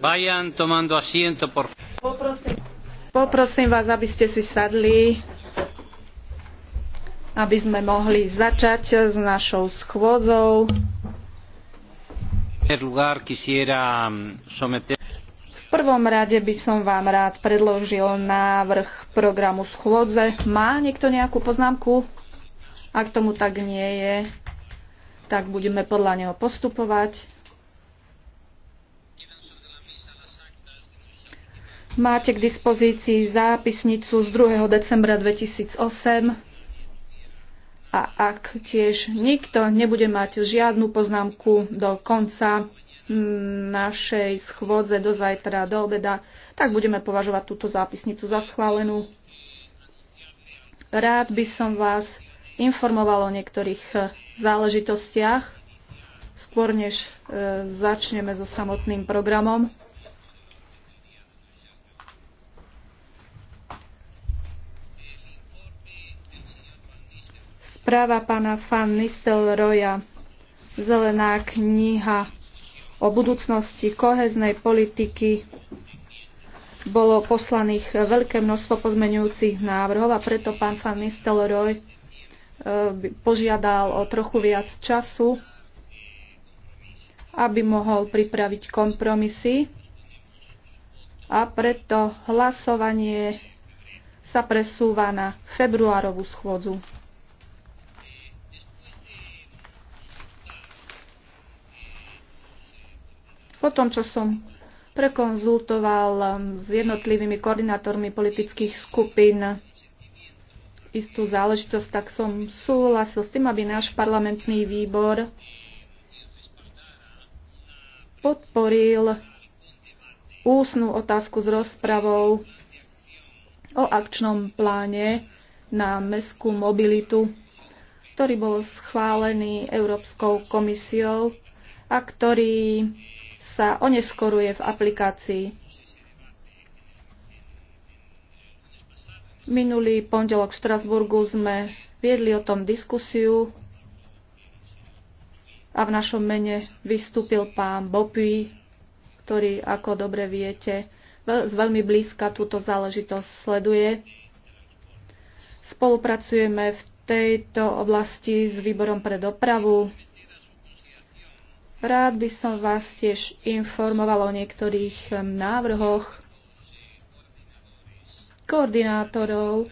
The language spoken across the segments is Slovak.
Vayan tomando asiento, por Poprosím, poprosím vás, aby ste si sadli, aby sme mohli začať s našou schôdzou. Mm, v prvom rade by som vám rád predložil návrh programu schôdze. Má niekto nejakú poznámku? Ak tomu tak nie je, tak budeme podľa neho postupovať. Máte k dispozícii zápisnicu z 2. decembra 2008 a ak tiež nikto nebude mať žiadnu poznámku do konca našej schôdze do zajtra, do obeda, tak budeme považovať túto zápisnicu za schválenú. Rád by som vás informoval o niektorých e, záležitostiach, skôr než e, začneme so samotným programom. Správa pána Van Nistelroja, zelená kniha o budúcnosti koheznej politiky bolo poslaných veľké množstvo pozmenujúcich návrhov a preto pán Van Nistelrooy e, požiadal o trochu viac času, aby mohol pripraviť kompromisy a preto hlasovanie sa presúva na februárovú schôdzu. Po tom, čo som prekonzultoval um, s jednotlivými koordinátormi politických skupín istú záležitosť, tak som súhlasil s tým, aby náš parlamentný výbor podporil úsnú otázku s rozpravou o akčnom pláne na mestskú mobilitu, ktorý bol schválený Európskou komisiou a ktorý sa oneskoruje v aplikácii. Minulý pondelok v Štrasburgu sme viedli o tom diskusiu a v našom mene vystúpil pán Bopy, ktorý, ako dobre viete, z veľmi blízka túto záležitosť sleduje. Spolupracujeme v tejto oblasti s výborom pre dopravu. Rád by som vás tiež informoval o niektorých ehm, návrhoch koordinátorov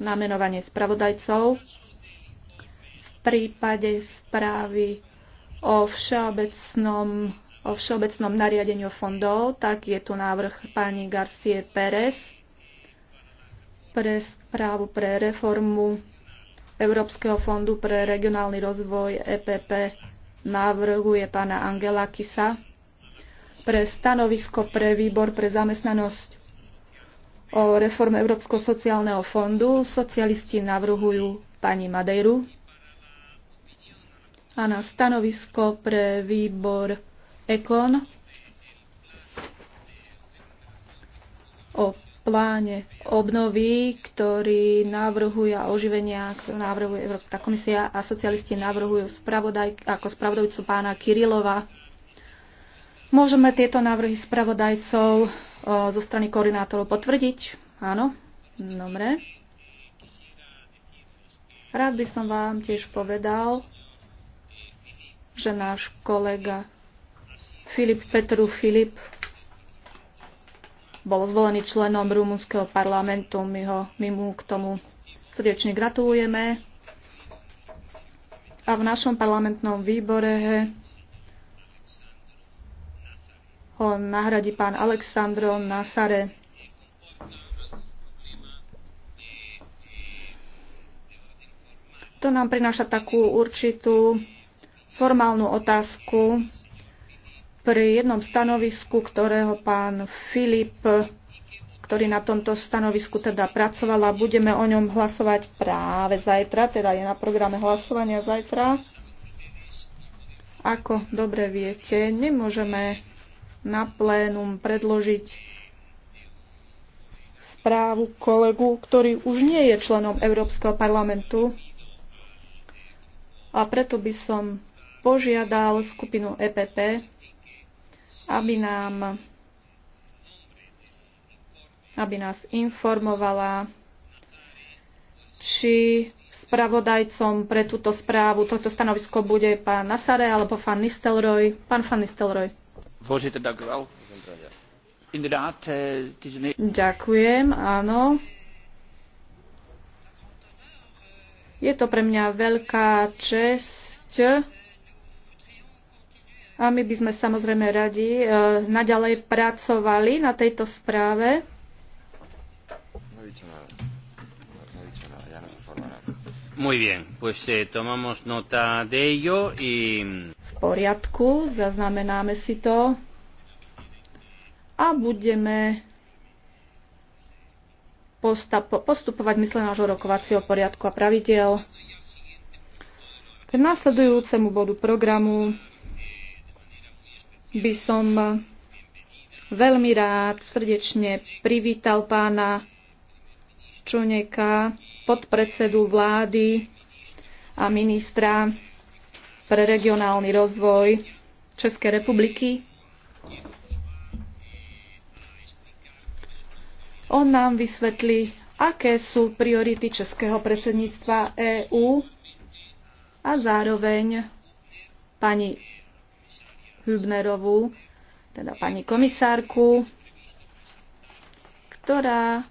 na menovanie spravodajcov v prípade správy o všeobecnom, o všeobecnom nariadeniu fondov, tak je tu návrh pani Garcie Pérez pre správu pre reformu Európskeho fondu pre regionálny rozvoj EPP návrhuje pána Angela Kisa pre stanovisko pre výbor pre zamestnanosť o reforme Európskeho sociálneho fondu. Socialisti navrhujú pani Madejru a na stanovisko pre výbor EKON o pláne obnovy, ktorý navrhuje oživenia, ktorý navrhuje Európska komisia a socialisti navrhujú spravodaj, ako spravodajcu pána Kirilova. Môžeme tieto návrhy spravodajcov o, e, zo strany koordinátorov potvrdiť? Áno? Dobre. Rád by som vám tiež povedal, že náš kolega Filip Petru Filip bol zvolený členom Rumunského parlamentu. My, ho, my mu k tomu srdečne gratulujeme. A v našom parlamentnom výbore ho nahradí pán Aleksandro Nasare. To nám prináša takú určitú formálnu otázku, pri jednom stanovisku, ktorého pán Filip, ktorý na tomto stanovisku teda pracoval a budeme o ňom hlasovať práve zajtra, teda je na programe hlasovania zajtra. Ako dobre viete, nemôžeme na plénum predložiť správu kolegu, ktorý už nie je členom Európskeho parlamentu. A preto by som požiadal skupinu EPP, aby nám aby nás informovala, či spravodajcom pre túto správu, toto stanovisko bude pán Nasare alebo pán Nistelroj. Pán van Nistelroj. Eh, Ďakujem, áno. Je to pre mňa veľká česť a my by sme samozrejme radi e, naďalej pracovali na tejto správe. Muy bien, pues eh, tomamos nota de ello y... V poriadku, zaznamenáme si to a budeme postupovať mysle nášho rokovacieho poriadku a pravidel k nasledujúcemu bodu programu by som veľmi rád srdečne privítal pána Čuneka, podpredsedu vlády a ministra pre regionálny rozvoj Českej republiky. On nám vysvetlí, aké sú priority Českého predsedníctva EÚ a zároveň pani Hübnerovú, teda pani komisárku, ktorá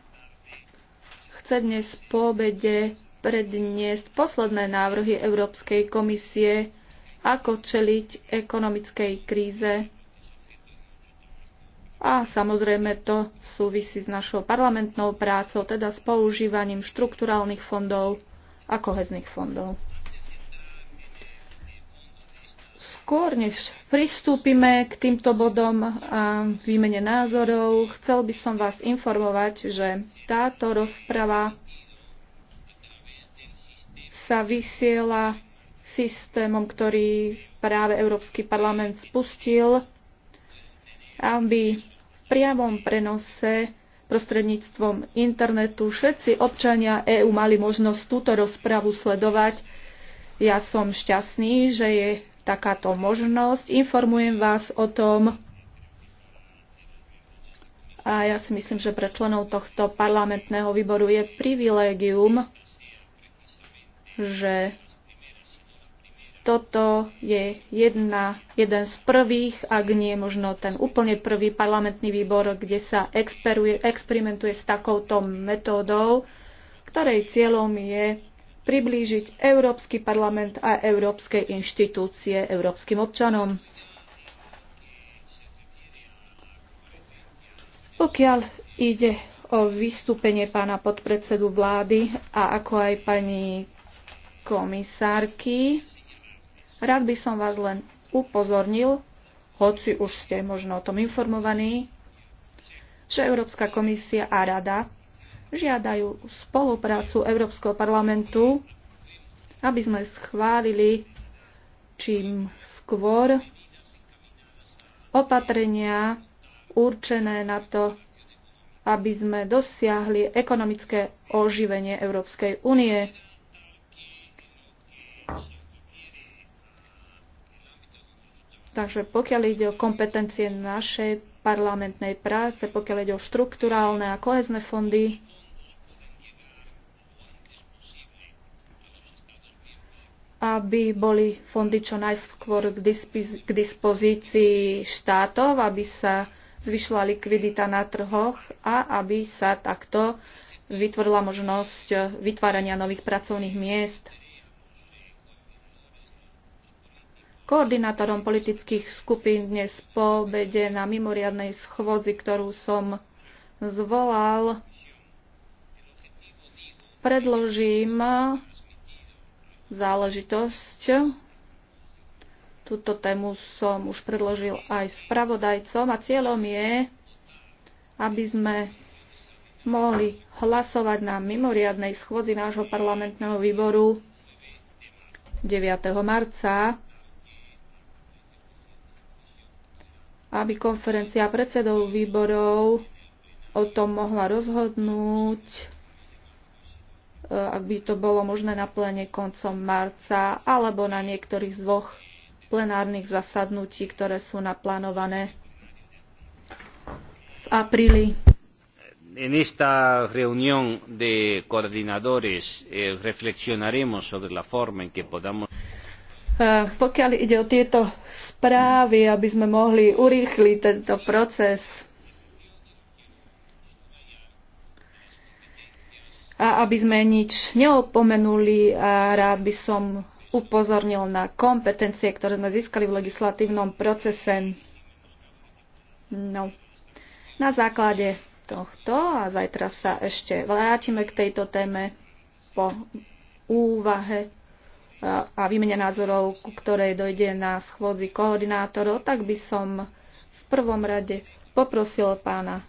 chce dnes po obede predniesť posledné návrhy Európskej komisie, ako čeliť ekonomickej kríze. A samozrejme to súvisí s našou parlamentnou prácou, teda s používaním štrukturálnych fondov a kohezných fondov. Skôr než pristúpime k týmto bodom a výmene názorov, chcel by som vás informovať, že táto rozprava sa vysiela systémom, ktorý práve Európsky parlament spustil, aby v priamom prenose prostredníctvom internetu všetci občania EÚ mali možnosť túto rozpravu sledovať. Ja som šťastný, že je takáto možnosť. Informujem vás o tom a ja si myslím, že pre členov tohto parlamentného výboru je privilégium, že toto je jedna, jeden z prvých, ak nie možno ten úplne prvý parlamentný výbor, kde sa experuje, experimentuje s takouto metódou, ktorej cieľom je priblížiť Európsky parlament a európske inštitúcie európskym občanom. Pokiaľ ide o vystúpenie pána podpredsedu vlády a ako aj pani komisárky, rád by som vás len upozornil, hoci už ste možno o tom informovaní, že Európska komisia a Rada žiadajú spoluprácu Európskeho parlamentu, aby sme schválili čím skôr opatrenia určené na to, aby sme dosiahli ekonomické oživenie Európskej únie. Takže pokiaľ ide o kompetencie našej parlamentnej práce, pokiaľ ide o štruktúrálne a kohezné fondy, aby boli fondy čo najskôr k, dispoz k dispozícii štátov, aby sa zvyšila likvidita na trhoch a aby sa takto vytvorila možnosť vytvárania nových pracovných miest. Koordinátorom politických skupín dnes po obede na mimoriadnej schôdzi, ktorú som zvolal, predložím záležitosť. Túto tému som už predložil aj spravodajcom a cieľom je, aby sme mohli hlasovať na mimoriadnej schôdzi nášho parlamentného výboru 9. marca, aby konferencia predsedov výborov o tom mohla rozhodnúť Eh, ak by to bolo možné na plene koncom marca alebo na niektorých z dvoch plenárnych zasadnutí, ktoré sú naplánované v apríli. En esta reunión de coordinadores eh, reflexionaremos sobre la forma en que podamos. Eh, pokiaľ ide o tieto správy, aby sme mohli urýchliť tento proces a aby sme nič neopomenuli, rád by som upozornil na kompetencie, ktoré sme získali v legislatívnom procese. No. Na základe tohto a zajtra sa ešte vrátime k tejto téme po úvahe a výmene názorov, ku ktorej dojde na schôdzi koordinátorov, tak by som v prvom rade poprosil pána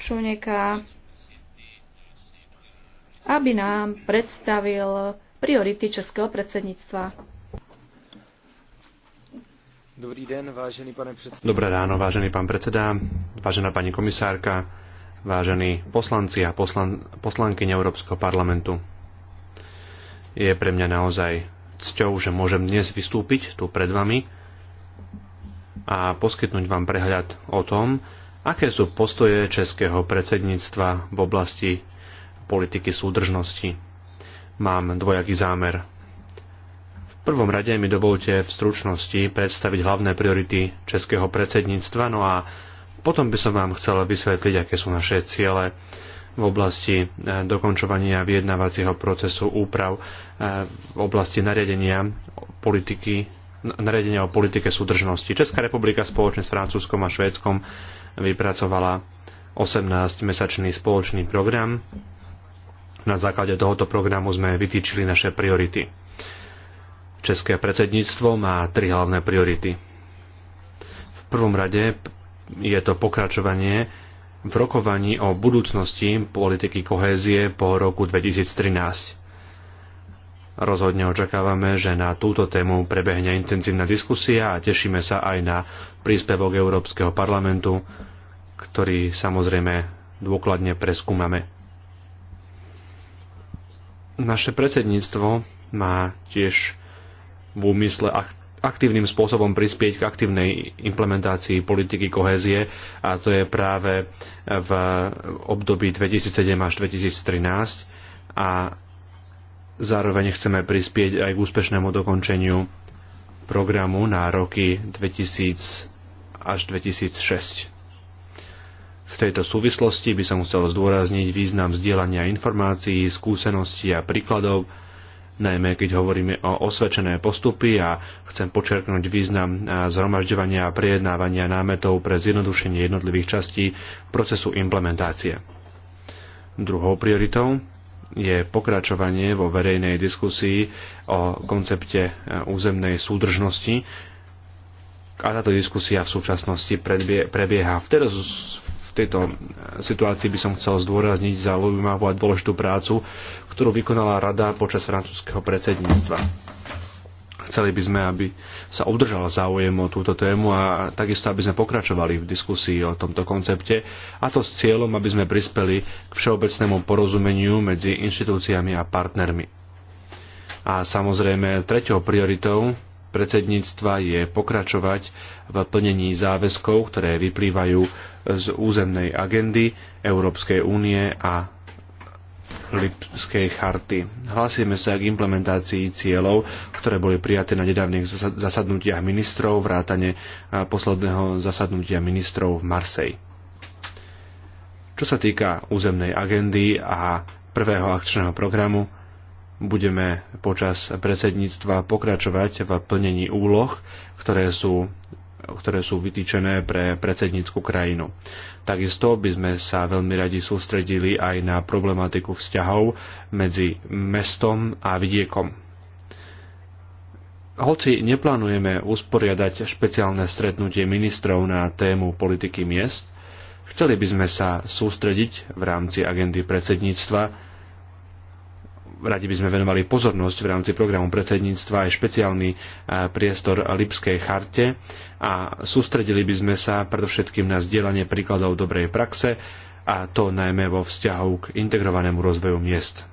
Čuneka, aby nám predstavil priority českého predsedníctva. Dobrý den, vážený pane predseda. Dobré ráno, vážený pán predseda, vážená pani komisárka, vážení poslanci a poslan- poslankyne Európskeho parlamentu. Je pre mňa naozaj cťou, že môžem dnes vystúpiť tu pred vami a poskytnúť vám prehľad o tom, aké sú postoje českého predsedníctva v oblasti politiky súdržnosti. Mám dvojaký zámer. V prvom rade mi dovolte v stručnosti predstaviť hlavné priority českého predsedníctva, no a potom by som vám chcel vysvetliť, aké sú naše ciele v oblasti eh, dokončovania vyjednávacieho procesu úprav eh, v oblasti nariadenia politiky nariadenia o politike súdržnosti. Česká republika spoločne s Francúzskom a Švédskom vypracovala 18-mesačný spoločný program na základe tohoto programu sme vytýčili naše priority. České predsedníctvo má tri hlavné priority. V prvom rade je to pokračovanie v rokovaní o budúcnosti politiky kohézie po roku 2013. Rozhodne očakávame, že na túto tému prebehne intenzívna diskusia a tešíme sa aj na príspevok Európskeho parlamentu, ktorý samozrejme dôkladne preskúmame. Naše predsedníctvo má tiež v úmysle aktívnym spôsobom prispieť k aktívnej implementácii politiky kohézie a to je práve v období 2007 až 2013 a zároveň chceme prispieť aj k úspešnému dokončeniu programu na roky 2000 až 2006. V tejto súvislosti by som chcel zdôrazniť význam vzdielania informácií, skúseností a príkladov, najmä keď hovoríme o osvedčené postupy a chcem počerknúť význam zhromažďovania a prijednávania námetov pre zjednodušenie jednotlivých častí procesu implementácie. Druhou prioritou je pokračovanie vo verejnej diskusii o koncepte e, územnej súdržnosti, a táto diskusia v súčasnosti prebieha. v tejto e, situácii by som chcel zdôrazniť zaujímavú a dôležitú prácu, ktorú vykonala Rada počas francúzského predsedníctva. Chceli by sme, aby sa udržal záujem o túto tému a takisto, aby sme pokračovali v diskusii o tomto koncepte a to s cieľom, aby sme prispeli k všeobecnému porozumeniu medzi inštitúciami a partnermi. A samozrejme, treťou prioritou predsedníctva je pokračovať v plnení záväzkov, ktoré vyplývajú z územnej agendy Európskej únie a Lipskej charty. Hlasíme sa k implementácii cieľov, ktoré boli prijaté na nedávnych zasadnutiach ministrov, vrátane posledného zasadnutia ministrov v Marsej. Čo sa týka územnej agendy a prvého akčného programu, budeme počas predsedníctva pokračovať v plnení úloh, ktoré sú ktoré sú vytýčené pre predsednícku krajinu. Takisto by sme sa veľmi radi sústredili aj na problematiku vzťahov medzi mestom a vidiekom. Hoci neplánujeme usporiadať špeciálne stretnutie ministrov na tému politiky miest, chceli by sme sa sústrediť v rámci agendy predsedníctva Radi by sme venovali pozornosť v rámci programu predsedníctva aj špeciálny e, priestor Lipskej charte a sústredili by sme sa predovšetkým na zdieľanie príkladov dobrej praxe a to najmä vo vzťahu k integrovanému rozvoju miest.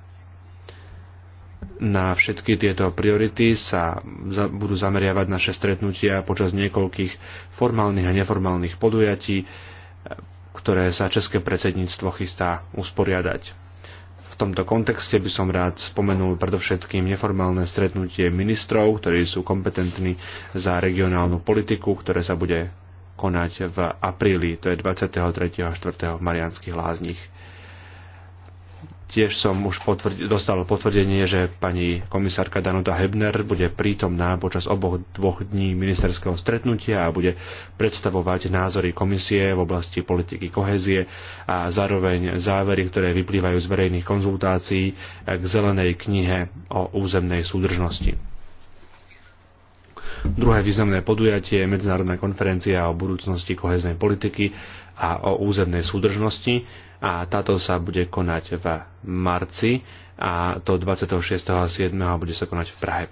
Na všetky tieto priority sa budú zameriavať naše stretnutia počas niekoľkých formálnych a neformálnych podujatí, e, ktoré sa České predsedníctvo chystá usporiadať. V tomto kontexte by som rád spomenul predovšetkým neformálne stretnutie ministrov, ktorí sú kompetentní za regionálnu politiku, ktoré sa bude konať v apríli, to je 23. a 4. v Marianských lázních. Tiež som už potvrd- dostal potvrdenie, že pani komisárka Danuta Hebner bude prítomná počas oboch dvoch dní ministerského stretnutia a bude predstavovať názory komisie v oblasti politiky kohezie a zároveň závery, ktoré vyplývajú z verejných konzultácií k zelenej knihe o územnej súdržnosti. Druhé významné podujatie je Medzinárodná konferencia o budúcnosti koheznej politiky a o územnej súdržnosti, a táto sa bude konať v marci a to 26. a 7. bude sa konať v Prahe.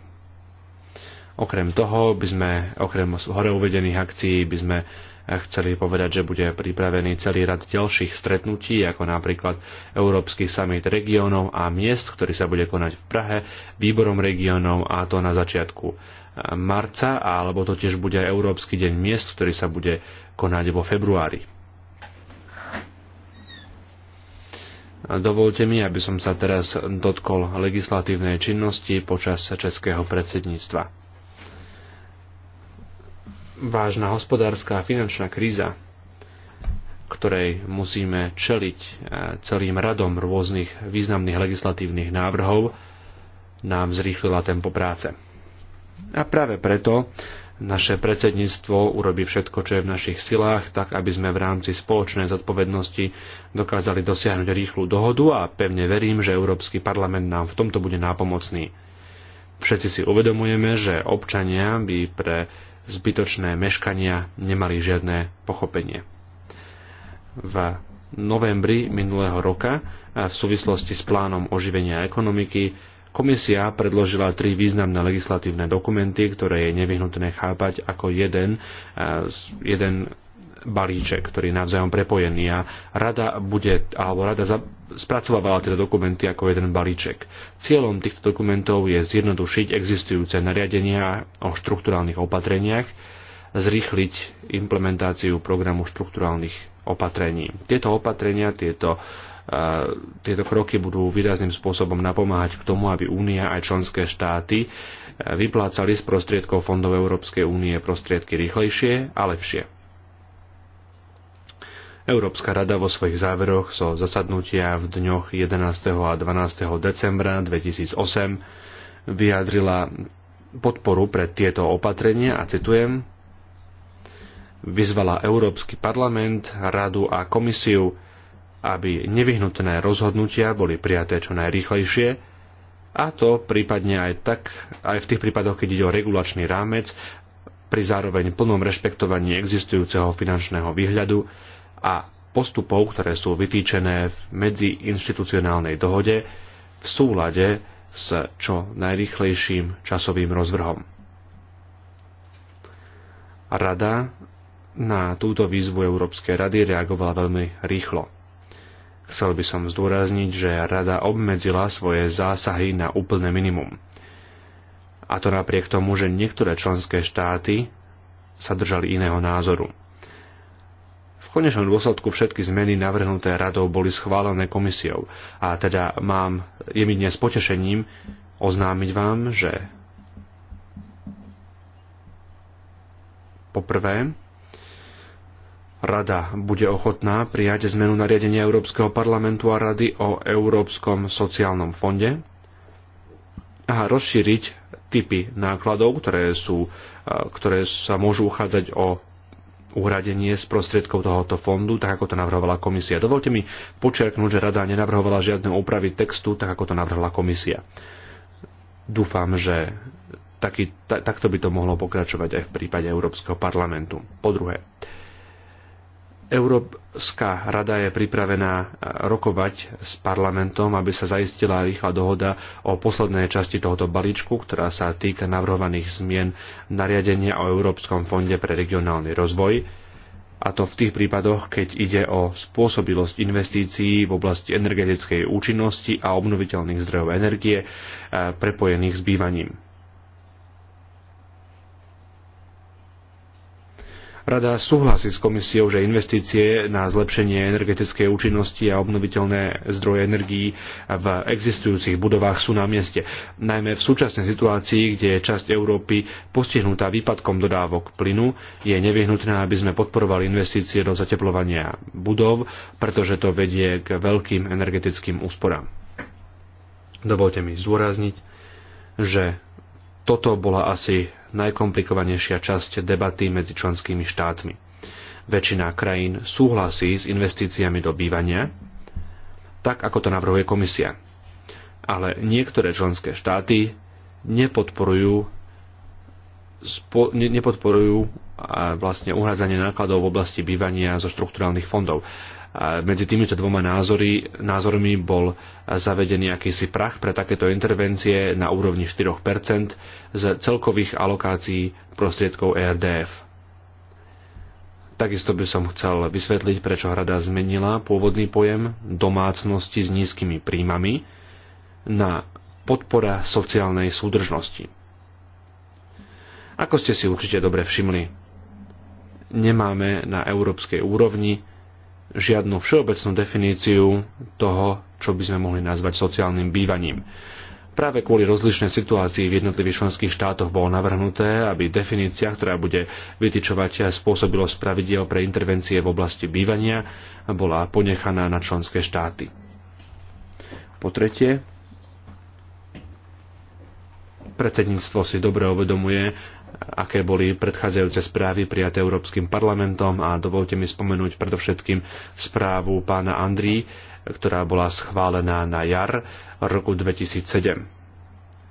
Okrem toho by sme, okrem hore uvedených akcií, by sme chceli povedať, že bude pripravený celý rad ďalších stretnutí, ako napríklad Európsky summit regiónov a miest, ktorý sa bude konať v Prahe, výborom regiónov a to na začiatku marca, alebo to tiež bude Európsky deň miest, ktorý sa bude konať vo februári. Dovolte mi, aby som sa teraz dotkol legislatívnej činnosti počas českého predsedníctva. Vážna hospodárska a finančná kríza, ktorej musíme čeliť eh, celým radom rôznych významných legislatívnych návrhov, nám zrýchlila tempo práce. A práve preto naše predsedníctvo urobí všetko, čo je v našich silách, tak aby sme v rámci spoločnej zodpovednosti dokázali dosiahnuť rýchlu dohodu a pevne verím, že Európsky parlament nám v tomto bude nápomocný. Všetci si uvedomujeme, že občania by pre zbytočné meškania nemali žiadne pochopenie. V novembri minulého roka v súvislosti s plánom oživenia ekonomiky Komisia predložila tri významné legislatívne dokumenty, ktoré je nevyhnutné chápať ako jeden, eh, jeden balíček, ktorý je navzájom prepojený a rada bude, alebo rada za, spracovávala tieto dokumenty ako jeden balíček. Cieľom týchto dokumentov je zjednodušiť existujúce nariadenia o štrukturálnych opatreniach, zrýchliť implementáciu programu štrukturálnych opatrení. Tieto opatrenia, tieto tieto kroky budú výrazným spôsobom napomáhať k tomu, aby Únia aj členské štáty e, vyplácali z prostriedkov fondov Európskej únie prostriedky rýchlejšie a lepšie. Európska rada vo svojich záveroch zo zasadnutia v dňoch 11. a 12. decembra 2008 vyjadrila podporu pre tieto opatrenia a citujem Vyzvala Európsky parlament, radu a komisiu aby nevyhnutné rozhodnutia boli prijaté čo najrýchlejšie, a to prípadne aj tak, aj v tých prípadoch, keď ide o regulačný rámec, pri zároveň plnom rešpektovaní existujúceho finančného výhľadu a postupov, ktoré sú vytýčené v medziinstitucionálnej dohode v súlade s čo najrýchlejším časovým rozvrhom. Rada na túto výzvu Európskej rady reagovala veľmi rýchlo. Chcel by som zdôrazniť, že rada obmedzila svoje zásahy na úplné minimum. A to napriek tomu, že niektoré členské štáty sa držali iného názoru. V konečnom dôsledku všetky zmeny navrhnuté radou boli schválené komisiou a teda mám, je s dnes potešením oznámiť vám, že poprvé Rada bude ochotná prijať zmenu nariadenia Európskeho parlamentu a Rady o Európskom sociálnom fonde a rozšíriť typy nákladov, ktoré, sú, ktoré sa môžu uchádzať o uhradenie z prostriedkov tohoto fondu, tak ako to navrhovala komisia. Dovolte mi počerknúť, že rada nenavrhovala žiadne úpravy textu, tak ako to navrhla komisia. Dúfam, že taký, ta, takto by to mohlo pokračovať aj v prípade Európskeho parlamentu. Po druhé, Európska rada je pripravená e, rokovať s parlamentom, aby sa zaistila rýchla dohoda o poslednej časti tohoto balíčku, ktorá sa týka navrhovaných zmien nariadenia o Európskom fonde pre regionálny rozvoj, a to v tých prípadoch, keď ide o spôsobilosť investícií v oblasti energetickej účinnosti a obnoviteľných zdrojov energie e, prepojených s bývaním. Rada súhlasí s komisiou, že investície na zlepšenie energetickej účinnosti a obnoviteľné zdroje energií v existujúcich budovách sú na mieste, najmä v súčasnej situácii, kde je časť Európy postihnutá výpadkom dodávok plynu, je nevyhnutné, aby sme podporovali investície do zateplovania budov, pretože to vedie k veľkým energetickým úsporám. Dovolte mi zdôrazniť, že toto bola asi najkomplikovanejšia časť debaty medzi členskými štátmi. Väčšina krajín súhlasí s investíciami do bývania, tak ako to navrhuje komisia. Ale niektoré členské štáty nepodporujú Spo, ne, nepodporujú vlastne uhrádzanie nákladov v oblasti bývania zo štrukturálnych fondov medzi týmito dvoma názory, názormi bol zavedený akýsi prach pre takéto intervencie na úrovni 4 z celkových alokácií prostriedkov ERDF. Takisto by som chcel vysvetliť, prečo hrada zmenila pôvodný pojem domácnosti s nízkymi príjmami na podpora sociálnej súdržnosti. Ako ste si určite dobre všimli, nemáme na európskej úrovni žiadnu všeobecnú definíciu toho, čo by sme mohli nazvať sociálnym bývaním. Práve kvôli rozlišnej situácii v jednotlivých členských štátoch bolo navrhnuté, aby definícia, ktorá bude vytičovať spôsobilosť pravidiel pre intervencie v oblasti bývania, bola ponechaná na členské štáty. Po tretie, predsedníctvo si dobre uvedomuje, aké boli predchádzajúce správy prijaté Európskym parlamentom a dovolte mi spomenúť predovšetkým správu pána Andrí, ktorá bola schválená na jar roku 2007.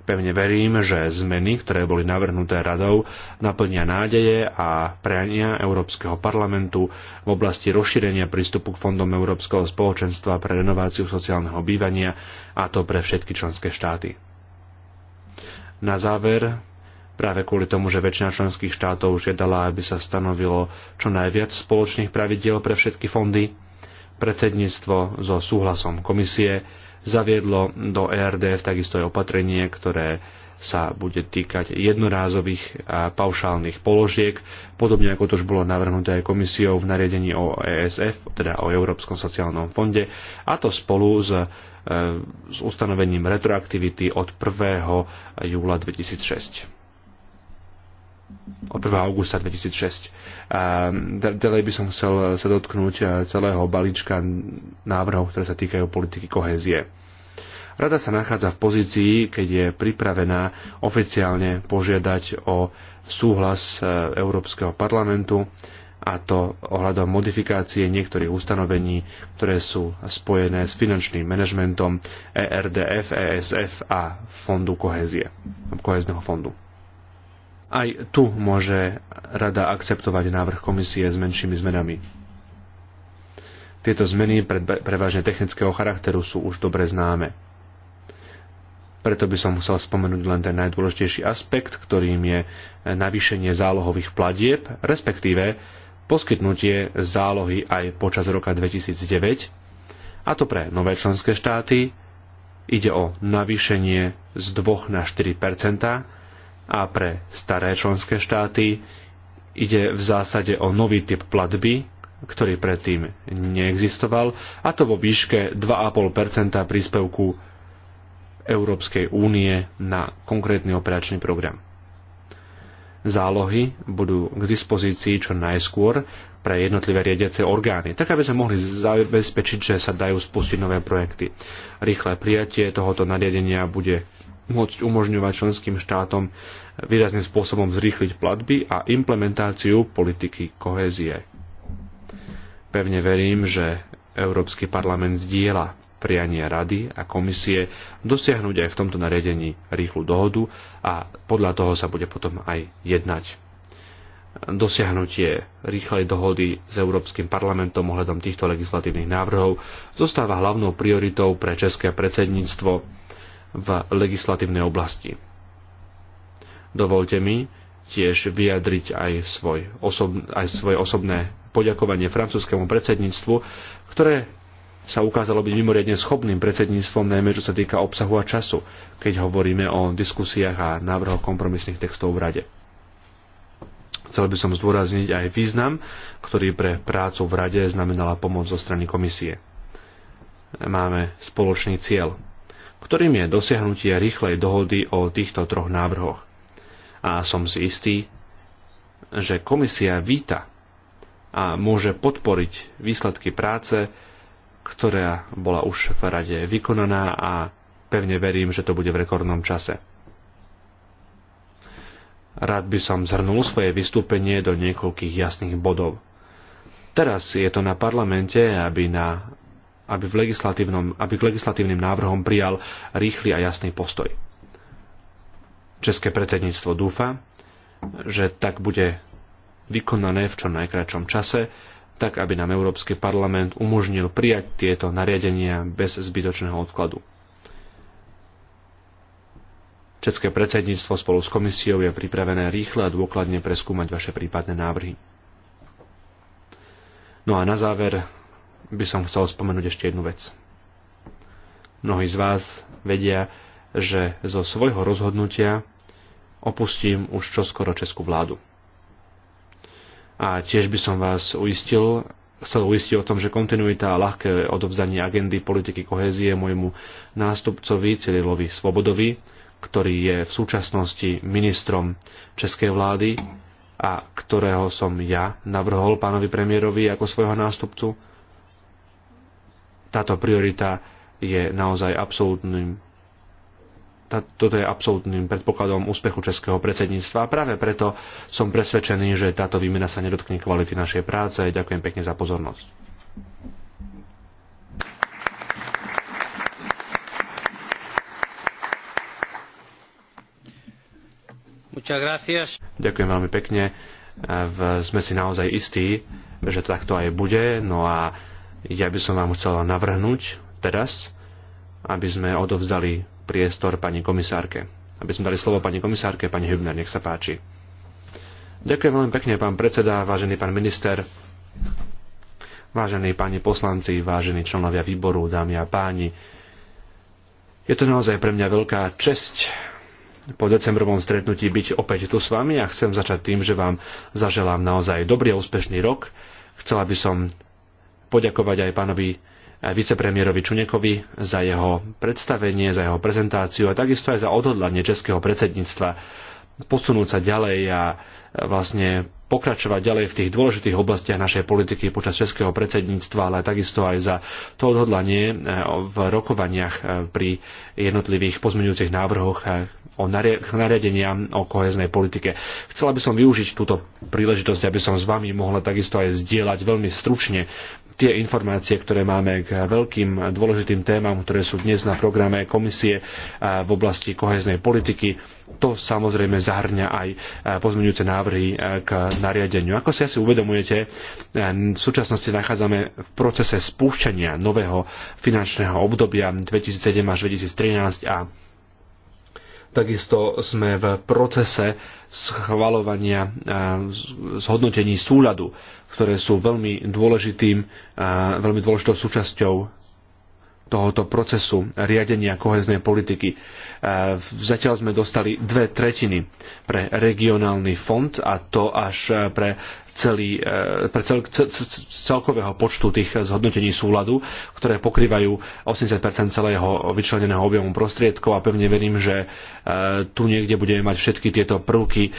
Pevne verím, že zmeny, ktoré boli navrhnuté radou, naplnia nádeje a priania Európskeho parlamentu v oblasti rozšírenia prístupu k fondom Európskeho spoločenstva pre renováciu sociálneho bývania, a to pre všetky členské štáty. Na záver práve kvôli tomu, že väčšina členských štátov žiadala, aby sa stanovilo čo najviac spoločných pravidiel pre všetky fondy. Predsedníctvo so súhlasom komisie zaviedlo do ERDF takisto aj opatrenie, ktoré sa bude týkať jednorázových a paušálnych položiek, podobne ako to už bolo navrhnuté aj komisiou v nariadení o ESF, teda o Európskom sociálnom fonde, a to spolu s, e, s ustanovením retroaktivity od 1. júla 2006 od 1. augusta 2006. A ďalej by som chcel sa dotknúť e, celého balíčka návrhov, ktoré sa týkajú politiky kohézie. Rada sa nachádza v pozícii, keď je pripravená oficiálne požiadať o súhlas e, Európskeho parlamentu a to ohľadom modifikácie niektorých ustanovení, ktoré sú spojené s finančným manažmentom ERDF, ESF a fondu kohézie, kohézneho fondu. Aj tu môže rada akceptovať návrh komisie s menšími zmenami. Tieto zmeny prevažne technického charakteru sú už dobre známe. Preto by som musel spomenúť len ten najdôležitejší aspekt, ktorým je navýšenie zálohových platieb, respektíve poskytnutie zálohy aj počas roka 2009, a to pre nové členské štáty, ide o navýšenie z 2 na 4 a pre staré členské štáty ide v zásade o nový typ platby, ktorý predtým neexistoval, a to vo výške 2,5 príspevku Európskej únie na konkrétny operačný program. Zálohy budú k dispozícii čo najskôr pre jednotlivé riadiace orgány, tak aby sa mohli zabezpečiť, že sa dajú spustiť nové projekty. Rýchle prijatie tohoto nariadenia bude môcť umožňovať členským štátom výrazným spôsobom zrýchliť platby a implementáciu politiky kohézie. Pevne verím, že Európsky parlament zdieľa prianie Rady a komisie dosiahnuť aj v tomto nariadení rýchlu dohodu a podľa toho sa bude potom aj jednať dosiahnutie rýchlej dohody s Európskym parlamentom ohľadom týchto legislatívnych návrhov zostáva hlavnou prioritou pre české predsedníctvo v legislatívnej oblasti. Dovolte mi tiež vyjadriť aj, svoj osob, aj svoje osobné poďakovanie francúzskému predsedníctvu, ktoré sa ukázalo byť mimoriadne schopným predsedníctvom, najmä čo sa týka obsahu a času, keď hovoríme o diskusiách a návrhoch kompromisných textov v Rade. Chcel by som zdôrazniť aj význam, ktorý pre prácu v Rade znamenala pomoc zo strany komisie. Máme spoločný cieľ – ktorým je dosiahnutie rýchlej dohody o týchto troch návrhoch. A som si istý, že komisia víta a môže podporiť výsledky práce, ktorá bola už v rade vykonaná a pevne verím, že to bude v rekordnom čase. Rád by som zhrnul svoje vystúpenie do niekoľkých jasných bodov. Teraz je to na parlamente, aby na aby, v legislatívnom, aby k legislatívnym návrhom prijal rýchly a jasný postoj. České predsedníctvo dúfa, že tak bude vykonané v čo najkračom čase, tak aby nám Európsky parlament umožnil prijať tieto nariadenia bez zbytočného odkladu. České predsedníctvo spolu s komisiou je pripravené rýchle a dôkladne preskúmať vaše prípadné návrhy. No a na záver by som chcel spomenúť ešte jednu vec. Mnohí z vás vedia, že zo svojho rozhodnutia opustím už čoskoro Českú vládu. A tiež by som vás uistil, chcel uistiť o tom, že kontinuita a ľahké odovzdanie agendy politiky kohézie môjmu nástupcovi Cyrilovi Svobodovi, ktorý je v súčasnosti ministrom Českej vlády a ktorého som ja navrhol pánovi premiérovi ako svojho nástupcu, táto priorita je naozaj absolútnym tá, toto je absolútnym predpokladom úspechu českého predsedníctva a práve preto som presvedčený, že táto výmena sa nedotkne kvality našej práce. Ďakujem pekne za pozornosť. Ďakujem veľmi pekne. E, v, sme si naozaj istí, že to takto aj bude. No a ja by som vám chcela navrhnúť teraz, aby sme odovzdali priestor pani komisárke. Aby sme dali slovo pani komisárke, pani Hübner, nech sa páči. Ďakujem veľmi pekne, pán predseda, vážený pán minister, vážení páni poslanci, vážení členovia výboru, dámy a páni. Je to naozaj pre mňa veľká česť po decembrovom stretnutí byť opäť tu s vami a chcem začať tým, že vám zaželám naozaj dobrý a úspešný rok. Chcela by som poďakovať aj pánovi eh, vicepremiérovi Čunekovi za jeho predstavenie, za jeho prezentáciu a takisto aj za odhodlanie českého predsedníctva posunúť sa ďalej a eh, vlastne pokračovať ďalej v tých dôležitých oblastiach našej politiky počas českého predsedníctva, ale takisto aj za to odhodlanie eh, v rokovaniach pri jednotlivých pozmeňujúcich návrhoch o nariadenia o koheznej politike. Chcela by som využiť túto príležitosť, aby som s vami mohla takisto aj zdieľať veľmi stručne tie informácie, ktoré máme k veľkým dôležitým témam, ktoré sú dnes na programe komisie v oblasti koheznej politiky. To samozrejme zahrňa aj e, pozmeňujúce návrhy e, k nariadeniu. Ako si asi uvedomujete, e, v súčasnosti nachádzame v procese spúšťania nového finančného obdobia 2007 až 2013 a Takisto sme v procese schvalovania zhodnotení súľadu ktoré sú veľmi dôležitým, veľmi dôležitou súčasťou tohoto procesu riadenia koheznej politiky. Zatiaľ sme dostali dve tretiny pre regionálny fond a to až pre celý, e, pre cel, celkového počtu tých zhodnotení súladu, ktoré pokrývajú 80 celého vyčleneného objemu prostriedkov a pevne verím, že e, tu niekde budeme mať všetky tieto prvky e,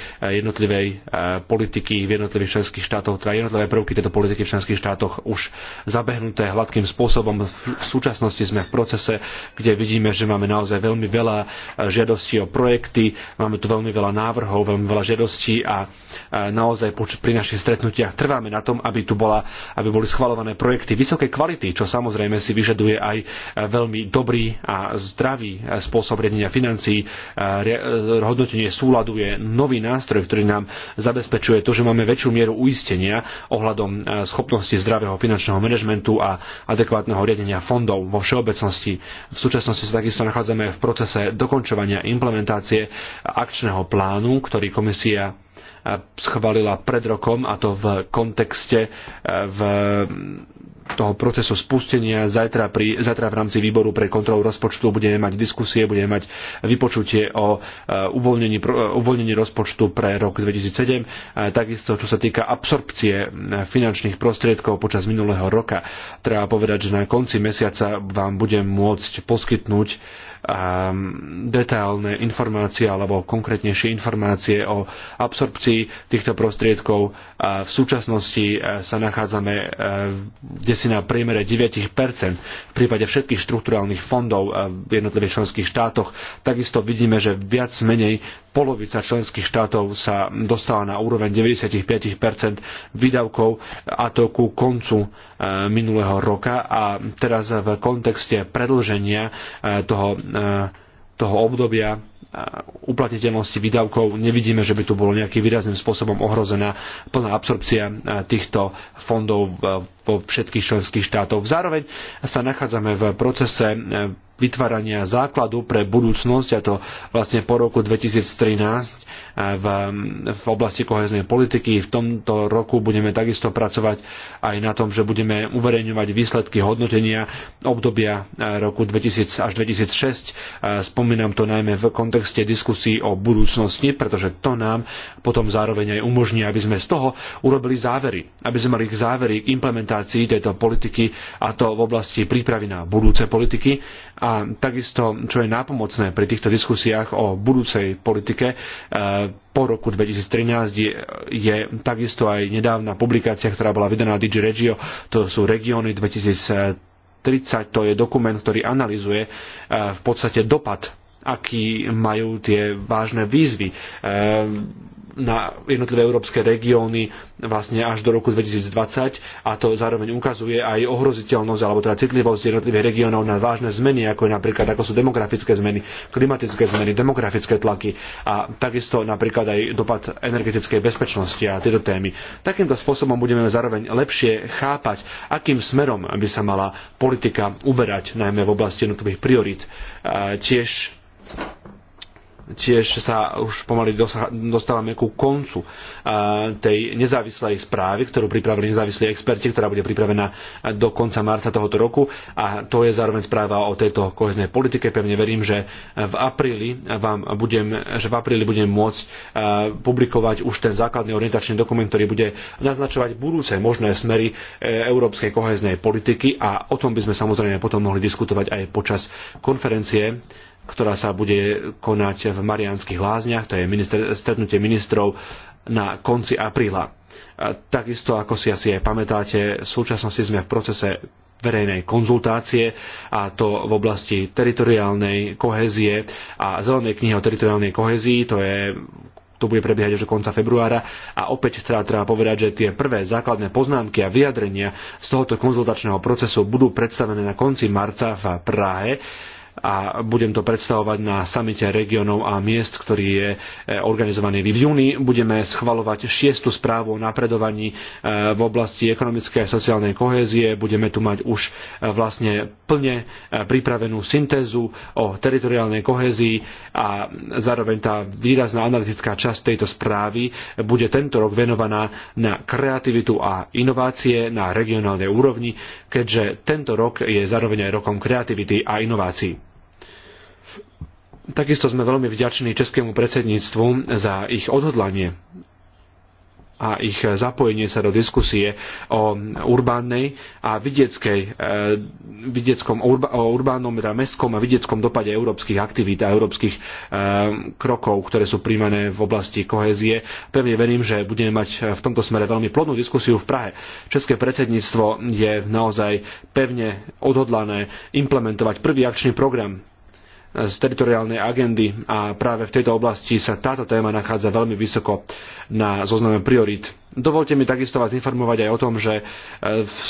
jednotlivej politiky v jednotlivých členských štátoch, teda jednotlivé prvky tejto politiky v členských štátoch už zabehnuté hladkým spôsobom. V súčasnosti sme v procese, kde vidíme, že máme naozaj veľmi veľa žiadostí o projekty, máme tu veľmi veľa návrhov, veľmi veľa žiadostí a naozaj pri našich stretnutiach trváme na tom, aby tu bola, aby boli schvalované projekty vysokej kvality, čo samozrejme si vyžaduje aj e, veľmi dobrý a zdravý e, spôsob riadenia financií. E, hodnotenie súladu je nový nástroj, ktorý nám zabezpečuje to, že máme väčšiu mieru uistenia ohľadom schopnosti zdravého finančného manažmentu a adekvátneho riadenia fondov vo všeobecnosti. V súčasnosti sa takisto nachádzame v procese dokončovania implementácie akčného plánu, ktorý komisia schválila pred rokom a to v kontexte e, v toho procesu spustenia. Zajtra, pri, zajtra v rámci výboru pre kontrolu rozpočtu budeme mať diskusie, budeme mať vypočutie o eh, uvoľnení, eh, uvoľnení rozpočtu pre rok 2007. Eh, takisto, čo sa týka absorpcie finančných prostriedkov počas minulého roka, treba povedať, že na konci mesiaca vám budem môcť poskytnúť ehm, detailné informácie alebo konkrétnejšie informácie o absorpcii týchto prostriedkov. V súčasnosti sa nachádzame v 10 si na priemere 9 v prípade všetkých štruktúrálnych fondov eh, v jednotlivých členských štátoch. Takisto vidíme, že viac menej polovica členských štátov sa dostala na úroveň 95 výdavkov a to ku koncu eh, minulého roka a teraz v kontexte predlženia eh, toho, toho obdobia uplatiteľnosti výdavkov nevidíme, že by tu bolo nejakým výrazným spôsobom ohrozená plná absorpcia týchto fondov vo všetkých členských štátoch. Zároveň sa nachádzame v procese e, vytvárania základu pre budúcnosť, a to vlastne po roku 2013 v, v oblasti koheznej politiky. V tomto roku budeme takisto pracovať aj na tom, že budeme uverejňovať výsledky hodnotenia obdobia e, roku 2000 až 2006. E, spomínam to najmä v kontexte diskusí o budúcnosti, pretože to nám potom zároveň aj umožní, aby sme z toho urobili závery, aby sme mali závery k implementácii tejto politiky a to v oblasti prípravy na budúce politiky a takisto, čo je nápomocné pri týchto diskusiách o budúcej politike, e, po roku 2013 je, je takisto aj nedávna publikácia, ktorá bola vydaná Digi Regio, to sú regióny 2030, to je dokument, ktorý analizuje e, v podstate dopad aký majú tie vážne výzvy e, na jednotlivé európske regióny vlastne až do roku 2020 a to zároveň ukazuje aj ohroziteľnosť alebo teda citlivosť jednotlivých regiónov na vážne zmeny, ako je napríklad ako sú demografické zmeny, klimatické zmeny, demografické tlaky a takisto napríklad aj dopad energetickej bezpečnosti a tieto témy. Takýmto spôsobom budeme zároveň lepšie chápať, akým smerom by sa mala politika uberať, najmä v oblasti jednotlivých priorít. Tiež tiež sa už pomaly dostávame ku koncu tej nezávislej správy, ktorú pripravili nezávislí experti, ktorá bude pripravená do konca marca tohoto roku a to je zároveň správa o tejto koheznej politike. Pevne verím, že v apríli vám budem, že v apríli budem môcť publikovať už ten základný orientačný dokument, ktorý bude naznačovať budúce možné smery e, európskej koheznej politiky a o tom by sme samozrejme potom mohli diskutovať aj počas konferencie ktorá sa bude konať v marianských lázniach, to je minister, stretnutie ministrov na konci apríla. Takisto, ako si asi aj pamätáte, v súčasnosti sme v procese verejnej konzultácie a to v oblasti teritoriálnej kohezie a zelenej knihy o teritoriálnej kohezii, to je to bude prebiehať až do konca februára a opäť teda treba povedať, že tie prvé základné poznámky a vyjadrenia z tohoto konzultačného procesu budú predstavené na konci marca v Prahe a budem to predstavovať na samite regionov a miest, ktorý je e, organizovaný v júni. Budeme schvalovať šiestu správu o napredovaní e, v oblasti ekonomickej a sociálnej kohézie. Budeme tu mať už e, vlastne plne pripravenú syntézu o teritoriálnej kohézii a zároveň tá výrazná analytická časť tejto správy bude tento rok venovaná na kreativitu a inovácie na regionálnej úrovni, keďže tento rok je zároveň aj rokom kreativity a inovácií. Takisto sme veľmi vďační českému predsedníctvu za ich odhodlanie a ich zapojenie sa do diskusie o urbánnej a vidieckej, e, vidieckom, urba, o urbánnom, teda mestskom a vidieckom dopade európskych aktivít a európskych e, krokov, ktoré sú príjmané v oblasti kohézie. Pevne verím, že budeme mať v tomto smere veľmi plodnú diskusiu v Prahe. České predsedníctvo je naozaj pevne odhodlané implementovať prvý akčný program z teritoriálnej agendy a práve v tejto oblasti sa táto téma nachádza veľmi vysoko na zozname priorít. Dovolte mi takisto vás informovať aj o tom, že e,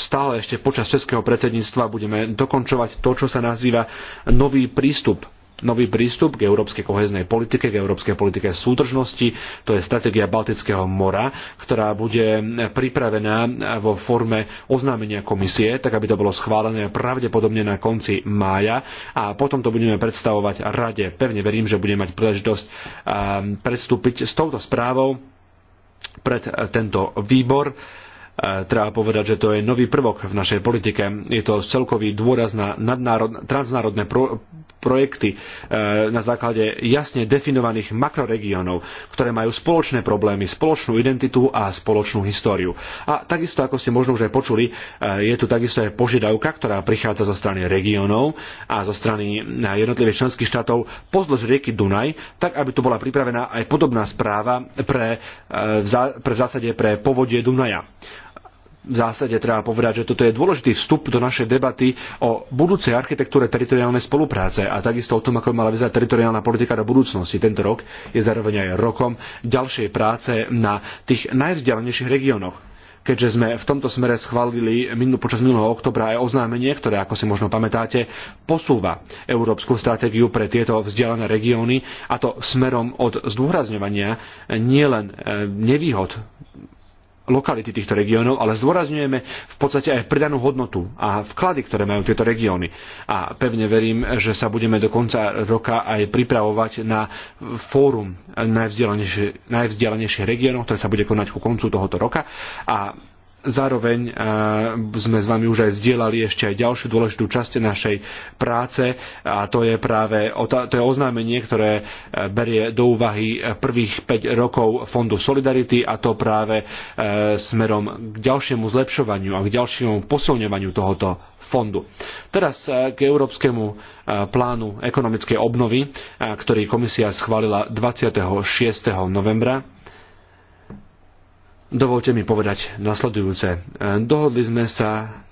stále ešte počas českého predsedníctva budeme dokončovať to, čo sa nazýva nový prístup nový prístup k európskej koheznej politike, k európskej politike súdržnosti. To je stratégia Baltického mora, ktorá bude pripravená vo forme oznámenia komisie, tak aby to bolo schválené pravdepodobne na konci mája a potom to budeme predstavovať rade. Pevne verím, že budeme mať príležitosť predstúpiť s touto správou pred tento výbor. Treba povedať, že to je nový prvok v našej politike. Je to celkový dôraz na transnárodné pro projekty e, na základe jasne definovaných makroregiónov, ktoré majú spoločné problémy, spoločnú identitu a spoločnú históriu. A takisto, ako ste možno už aj počuli, e, je tu takisto aj požiadavka, ktorá prichádza zo strany regiónov a zo strany e, jednotlivých členských štátov pozdĺž rieky Dunaj, tak aby tu bola pripravená aj podobná správa pre, pre v zásade pre povodie Dunaja v zásade treba povedať, že toto je dôležitý vstup do našej debaty o budúcej architektúre teritoriálnej spolupráce a takisto o tom, ako mala vyzerať teritoriálna politika do budúcnosti. Tento rok je zároveň aj rokom ďalšej práce na tých najvzdialenejších regiónoch keďže sme v tomto smere schválili minul, počas minulého oktobra aj oznámenie, ktoré, ako si možno pamätáte, posúva európsku stratégiu pre tieto vzdialené regióny, a to smerom od zdôrazňovania nielen eh, nevýhod lokality týchto regiónov, ale zdôrazňujeme v podstate aj pridanú hodnotu a vklady, ktoré majú tieto regióny. A pevne verím, že sa budeme do konca roka aj pripravovať na fórum najvzdialenejších, regiónov, ktoré sa bude konať ku koncu tohoto roka. A Zároveň e, sme s vami už aj zdieľali ešte aj ďalšiu dôležitú časť našej práce a to je práve to je oznámenie, ktoré e, berie do úvahy prvých 5 rokov Fondu Solidarity a to práve e, smerom k ďalšiemu zlepšovaniu a k ďalšiemu posilňovaniu tohoto fondu. Teraz k európskemu plánu ekonomickej obnovy, ktorý komisia schválila 26. novembra Dovolte mi povedať nasledujúce. E, dohodli sme sa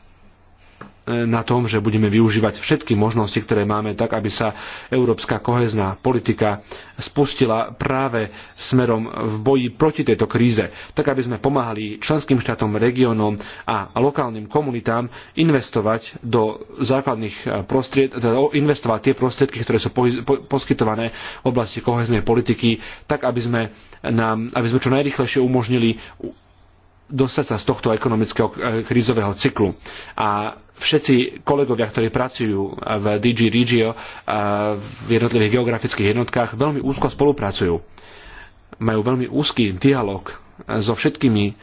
E, na tom, že budeme využívať všetky možnosti, ktoré máme, tak aby sa európska kohezná politika spustila práve smerom v boji proti tejto kríze, tak aby sme pomáhali členským štátom, regiónom a lokálnym komunitám investovať do základných e, prostried, teda investovať tie prostriedky, ktoré sú poskytované v oblasti koheznej politiky, tak aby sme, nám, aby sme čo najrychlejšie umožnili dostať sa z tohto ekonomického e, krízového cyklu. A všetci kolegovia, ktorí pracujú v DG Regio v jednotlivých geografických jednotkách, veľmi úzko spolupracujú. Majú veľmi úzky dialog so všetkými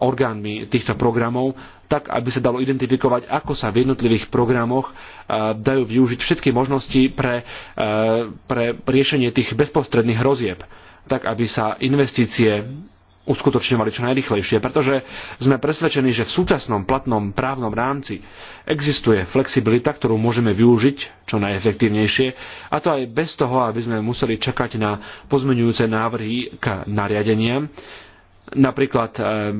orgánmi týchto programov, tak aby sa dalo identifikovať, ako sa v jednotlivých programoch dajú využiť všetky možnosti pre, pre riešenie tých bezprostredných hrozieb tak aby sa investície uskutočňovali čo najrychlejšie, pretože sme presvedčení, že v súčasnom platnom právnom rámci existuje flexibilita, ktorú môžeme využiť čo najefektívnejšie, a to aj bez toho, aby sme museli čakať na pozmenujúce návrhy k nariadeniam, napríklad eh,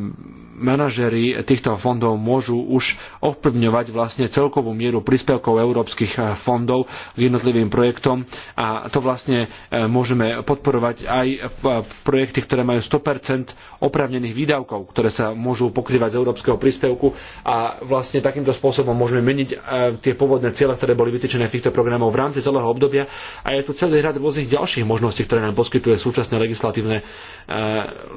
manažery týchto fondov môžu už ovplyvňovať vlastne celkovú mieru príspevkov európskych eh, fondov k jednotlivým projektom a to vlastne eh, môžeme podporovať aj v projekty, ktoré majú 100% opravnených výdavkov, ktoré sa môžu pokrývať z európskeho príspevku a vlastne takýmto spôsobom môžeme meniť tie pôvodné ciele, ktoré boli vytýčené v týchto programoch v rámci celého obdobia a je tu celý rad rôznych ďalších možností, ktoré nám poskytuje súčasné legislatívne,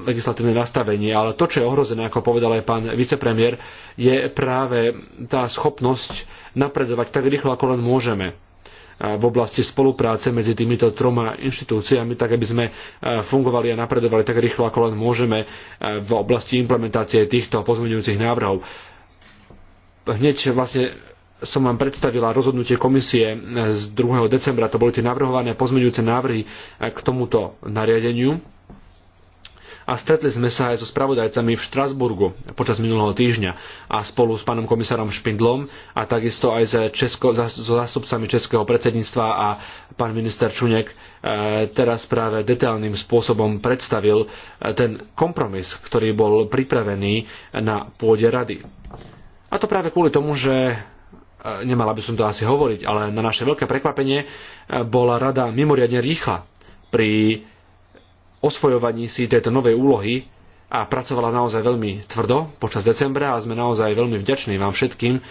legislatívne nastavenie. ale to, čo je ohrozené, ako povedal aj pán vicepremiér, je práve tá schopnosť napredovať tak rýchlo, ako len môžeme eh, v oblasti spolupráce medzi týmito troma inštitúciami, tak aby sme eh, fungovali a napredovali tak rýchlo, ako len môžeme eh, v oblasti implementácie týchto pozmeňujúcich návrhov. Hneď vlastne som vám predstavila rozhodnutie komisie z 2. decembra, to boli tie navrhované pozmeňujúce návrhy k tomuto nariadeniu a stretli sme sa aj so spravodajcami v Štrasburgu počas minulého týždňa a spolu s pánom komisárom Špindlom a takisto aj s Česko, so zástupcami českého predsedníctva a pán minister Čunek e, teraz práve detailným spôsobom predstavil e, ten kompromis, ktorý bol pripravený na pôde rady. A to práve kvôli tomu, že e, nemala by som to asi hovoriť, ale na naše veľké prekvapenie bola rada mimoriadne rýchla pri osvojovaní si tejto novej úlohy a pracovala naozaj veľmi tvrdo počas decembra a sme naozaj veľmi vďační vám všetkým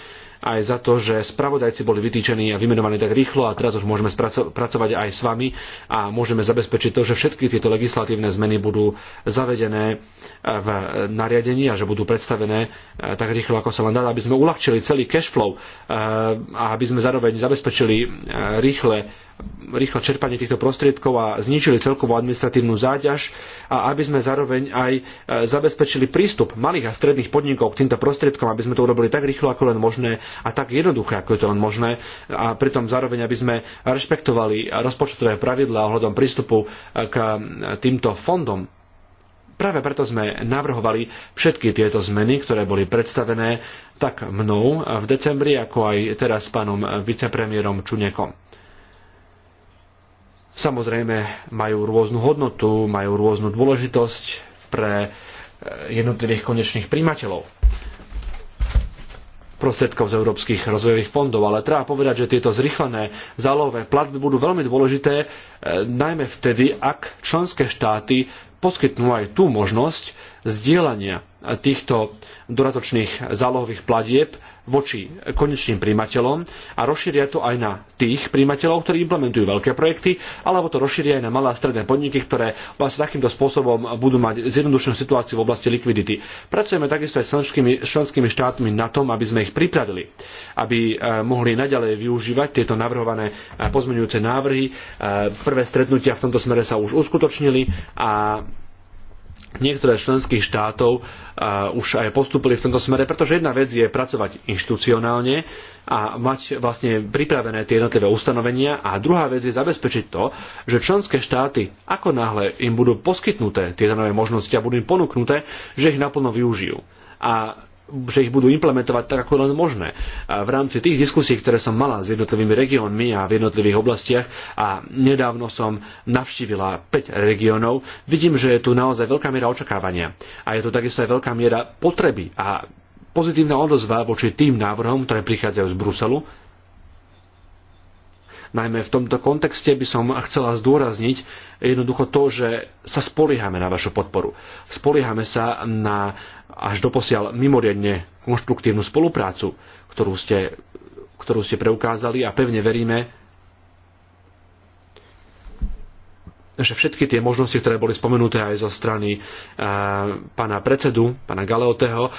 aj za to, že spravodajci boli vytýčení a vymenovaní tak rýchlo a teraz už môžeme pracovať aj s vami a môžeme zabezpečiť to, že všetky tieto legislatívne zmeny budú zavedené e, v nariadení a že budú predstavené e, tak rýchlo, ako sa len dá, aby sme uľahčili celý cash flow e, a aby sme zároveň zabezpečili rýchle rýchlo čerpanie týchto prostriedkov a zničili celkovú administratívnu záťaž a aby sme zároveň aj e, zabezpečili prístup malých a stredných podnikov k týmto prostriedkom, aby sme to urobili tak rýchlo, ako len možné a tak jednoduché, ako je to len možné a pritom zároveň, aby sme rešpektovali rozpočtové pravidlá ohľadom prístupu e, k e, týmto fondom Práve preto sme navrhovali všetky tieto zmeny, ktoré boli predstavené tak mnou v decembri, ako aj teraz s pánom vicepremiérom Čunekom samozrejme majú rôznu hodnotu, majú rôznu dôležitosť pre e, jednotlivých konečných príjmateľov prostriedkov z európskych rozvojových fondov. Ale treba povedať, že tieto zrychlené zálohové platby budú veľmi dôležité, e, najmä vtedy, ak členské štáty poskytnú aj tú možnosť zdieľania týchto dodatočných zálohových platieb voči konečným príjimateľom a rozšíria to aj na tých príjimateľov, ktorí implementujú veľké projekty, alebo to rozšíria aj na malé a stredné podniky, ktoré vlastne takýmto spôsobom budú mať zjednodušenú situáciu v oblasti likvidity. Pracujeme takisto aj s členskými, členskými štátmi na tom, aby sme ich pripravili, aby e, mohli naďalej využívať tieto navrhované e, pozmeňujúce návrhy. E, prvé stretnutia v tomto smere sa už uskutočnili a niektoré členských štátov už aj postupili v tomto smere, pretože jedna vec je pracovať inštitucionálne a mať vlastne pripravené tie jednotlivé ustanovenia a druhá vec je zabezpečiť to, že členské štáty ako náhle im budú poskytnuté tieto nové možnosti a budú im ponúknuté, že ich naplno využijú. A že ich budú implementovať tak, ako len možné. A v rámci tých diskusí, ktoré som mala s jednotlivými regiónmi a v jednotlivých oblastiach a nedávno som navštívila 5 regiónov, vidím, že je tu naozaj veľká miera očakávania a je tu takisto aj veľká miera potreby a pozitívna odozva voči tým návrhom, ktoré prichádzajú z Bruselu Najmä v tomto kontexte by som chcela zdôrazniť jednoducho to, že sa spoliehame na vašu podporu. Spoliehame sa na až doposiaľ mimoriadne konštruktívnu spoluprácu, ktorú ste, ktorú ste preukázali a pevne veríme, že všetky tie možnosti, ktoré boli spomenuté aj zo strany e, pána predsedu, pána Galeoteho, e,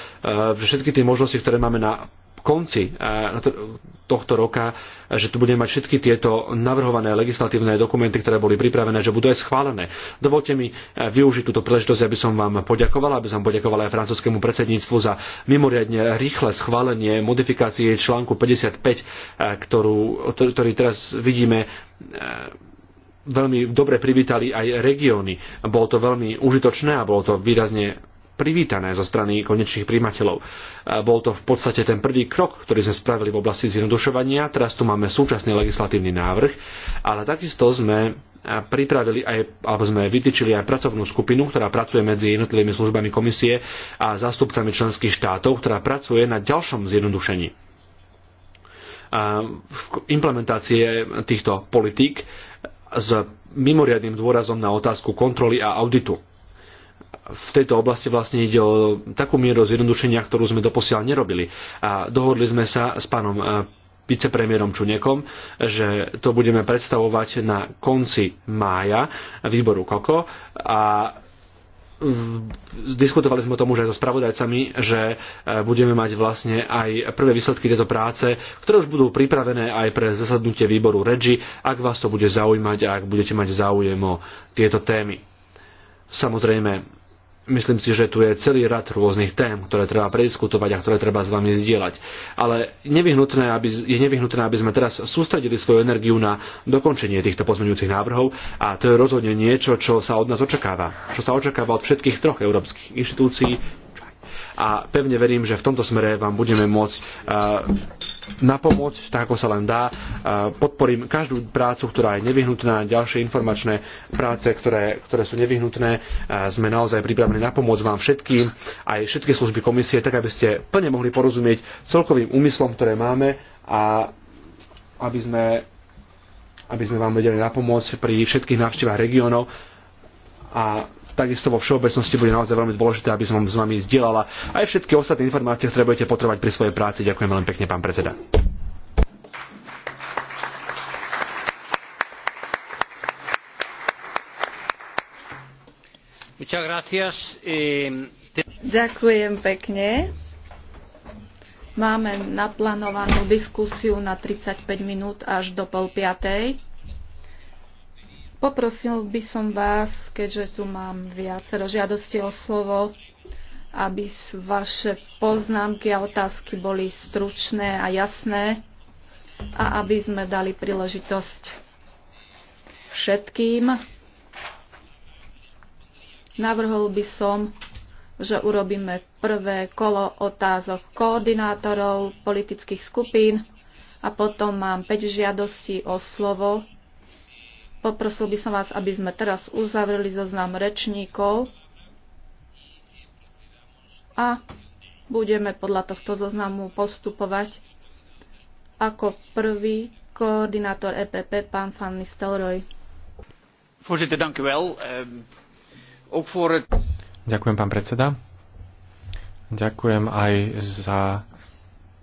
eh, že všetky tie možnosti, ktoré máme na konci eh, tohto roka, eh, že tu budeme mať všetky tieto navrhované legislatívne dokumenty, ktoré boli pripravené, že budú aj schválené. Dovolte mi eh, využiť túto príležitosť, aby som vám poďakovala, aby som poďakoval aj francúzskému predsedníctvu za mimoriadne rýchle schválenie modifikácie článku 55, ktorú, ktorý teraz vidíme veľmi dobre privítali aj regióny. Bolo to veľmi užitočné a bolo to výrazne privítané zo strany konečných príjmateľov. Bol to v podstate ten prvý krok, ktorý sme spravili v oblasti zjednodušovania. Teraz tu máme súčasný legislatívny návrh, ale takisto sme pripravili aj, alebo sme vytýčili aj pracovnú skupinu, ktorá pracuje medzi jednotlivými službami komisie a zástupcami členských štátov, ktorá pracuje na ďalšom zjednodušení v implementácie týchto politík s mimoriadným dôrazom na otázku kontroly a auditu v tejto oblasti vlastne ide o takú mieru zjednodušenia, ktorú sme doposiaľ nerobili. A dohodli sme sa s pánom e, vicepremiérom Čunekom, že to budeme predstavovať na konci mája výboru KOKO a diskutovali sme o tom už aj so spravodajcami, že e, budeme mať vlastne aj prvé výsledky tejto práce, ktoré už budú pripravené aj pre zasadnutie výboru REGI, ak vás to bude zaujímať a ak budete mať záujem o tieto témy. Samozrejme, Myslím si, že tu je celý rad rôznych tém, ktoré treba prediskutovať a ktoré treba s vami zdieľať. Ale nevyhnutné, aby, je nevyhnutné, aby sme teraz sústredili svoju energiu na dokončenie týchto pozmeňujúcich návrhov a to je rozhodne niečo, čo sa od nás očakáva. Čo sa očakáva od všetkých troch európskych inštitúcií, a pevne verím, že v tomto smere vám budeme môcť eh, napomôcť, tak ako sa len dá. Eh, podporím každú prácu, ktorá je nevyhnutná, ďalšie informačné práce, ktoré, ktoré sú nevyhnutné. Eh, sme naozaj pripravení napomôcť vám všetkým, aj všetky služby komisie, tak aby ste plne mohli porozumieť celkovým úmyslom, ktoré máme a aby sme, aby sme vám vedeli napomôcť pri všetkých návštevách regiónov a Takisto vo všeobecnosti bude naozaj veľmi dôležité, aby som s vami zdieľala aj všetky ostatné informácie, ktoré budete potrebovať pri svojej práci. Ďakujem veľmi pekne, pán predseda. Eh, Ďakujem pekne. Máme naplánovanú diskusiu na 35 minút až do pol piatej. Poprosil by som vás, keďže tu mám viacero žiadosti o slovo, aby vaše poznámky a otázky boli stručné a jasné a aby sme dali príležitosť všetkým. Navrhol by som, že urobíme prvé kolo otázok koordinátorov politických skupín a potom mám 5 žiadostí o slovo Poprosil by som vás, aby sme teraz uzavreli zoznam rečníkov a budeme podľa tohto zoznamu postupovať ako prvý koordinátor EPP, pán Van Nistelrooy. Ehm, Ďakujem, pán predseda. Ďakujem aj za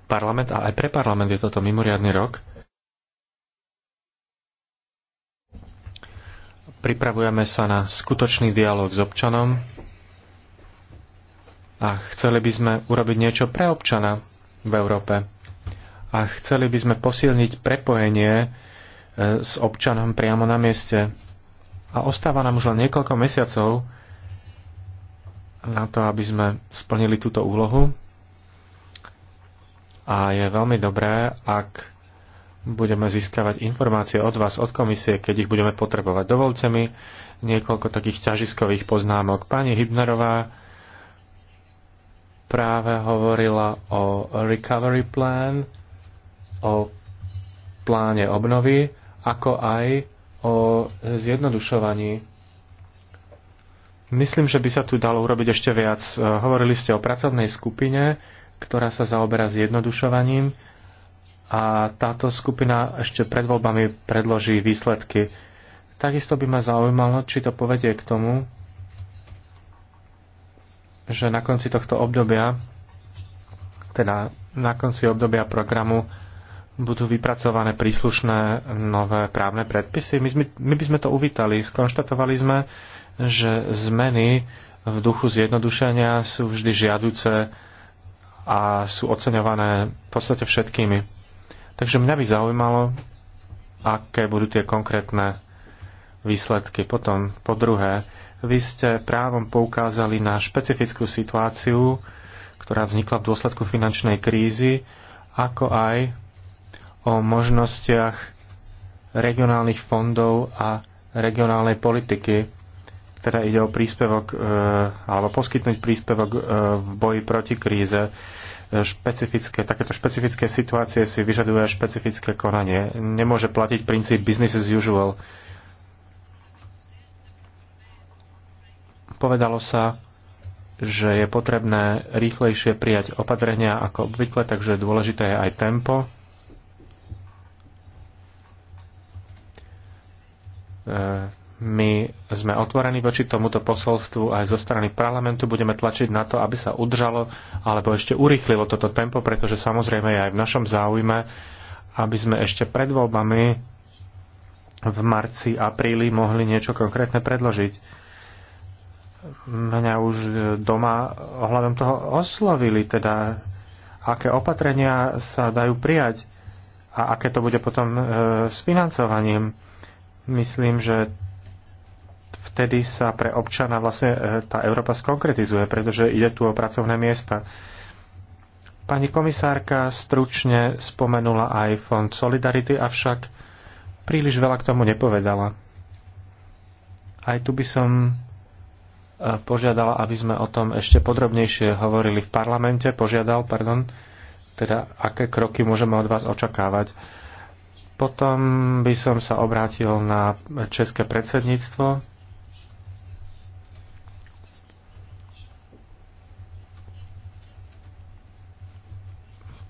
parlament a aj pre parlament je toto mimoriadný rok. pripravujeme sa na skutočný dialog s občanom a chceli by sme urobiť niečo pre občana v Európe. A chceli by sme posilniť prepojenie e, s občanom priamo na mieste. A ostáva nám už len niekoľko mesiacov na to, aby sme splnili túto úlohu. A je veľmi dobré, ak budeme získavať informácie od vás, od komisie, keď ich budeme potrebovať. Dovolte mi niekoľko takých ťažiskových poznámok. Pani Hybnerová práve hovorila o recovery plan, o pláne obnovy, ako aj o zjednodušovaní. Myslím, že by sa tu dalo urobiť ešte viac. Hovorili ste o pracovnej skupine, ktorá sa zaoberá zjednodušovaním a táto skupina ešte pred voľbami predloží výsledky. Takisto by ma zaujímalo, či to povedie k tomu, že na konci tohto obdobia, teda na konci obdobia programu, budú vypracované príslušné nové právne predpisy. My, sme, my by sme to uvítali. Skonštatovali sme, že zmeny v duchu zjednodušenia sú vždy žiaduce a sú oceňované v podstate všetkými. Takže mňa by zaujímalo, aké budú tie konkrétne výsledky. Potom, po druhé, vy ste právom poukázali na špecifickú situáciu, ktorá vznikla v dôsledku finančnej krízy, ako aj o možnostiach regionálnych fondov a regionálnej politiky, teda ide o príspevok, e, alebo poskytnúť príspevok e, v boji proti kríze špecifické, takéto špecifické situácie si vyžaduje špecifické konanie. Nemôže platiť princíp business as usual. Povedalo sa, že je potrebné rýchlejšie prijať opatrenia ako obvykle, takže dôležité je aj tempo. E my sme otvorení voči tomuto posolstvu aj zo strany parlamentu. Budeme tlačiť na to, aby sa udržalo alebo ešte urýchlilo toto tempo, pretože samozrejme je aj v našom záujme, aby sme ešte pred voľbami v marci, apríli mohli niečo konkrétne predložiť. Mňa už e, doma ohľadom toho oslovili, teda aké opatrenia sa dajú prijať a aké to bude potom e, s financovaním. Myslím, že vtedy sa pre občana vlastne e, tá Európa skonkretizuje, pretože ide tu o pracovné miesta. Pani komisárka stručne spomenula aj Fond Solidarity, avšak príliš veľa k tomu nepovedala. Aj tu by som e, požiadala, aby sme o tom ešte podrobnejšie hovorili v parlamente, požiadal, pardon, teda aké kroky môžeme od vás očakávať. Potom by som sa obrátil na české predsedníctvo.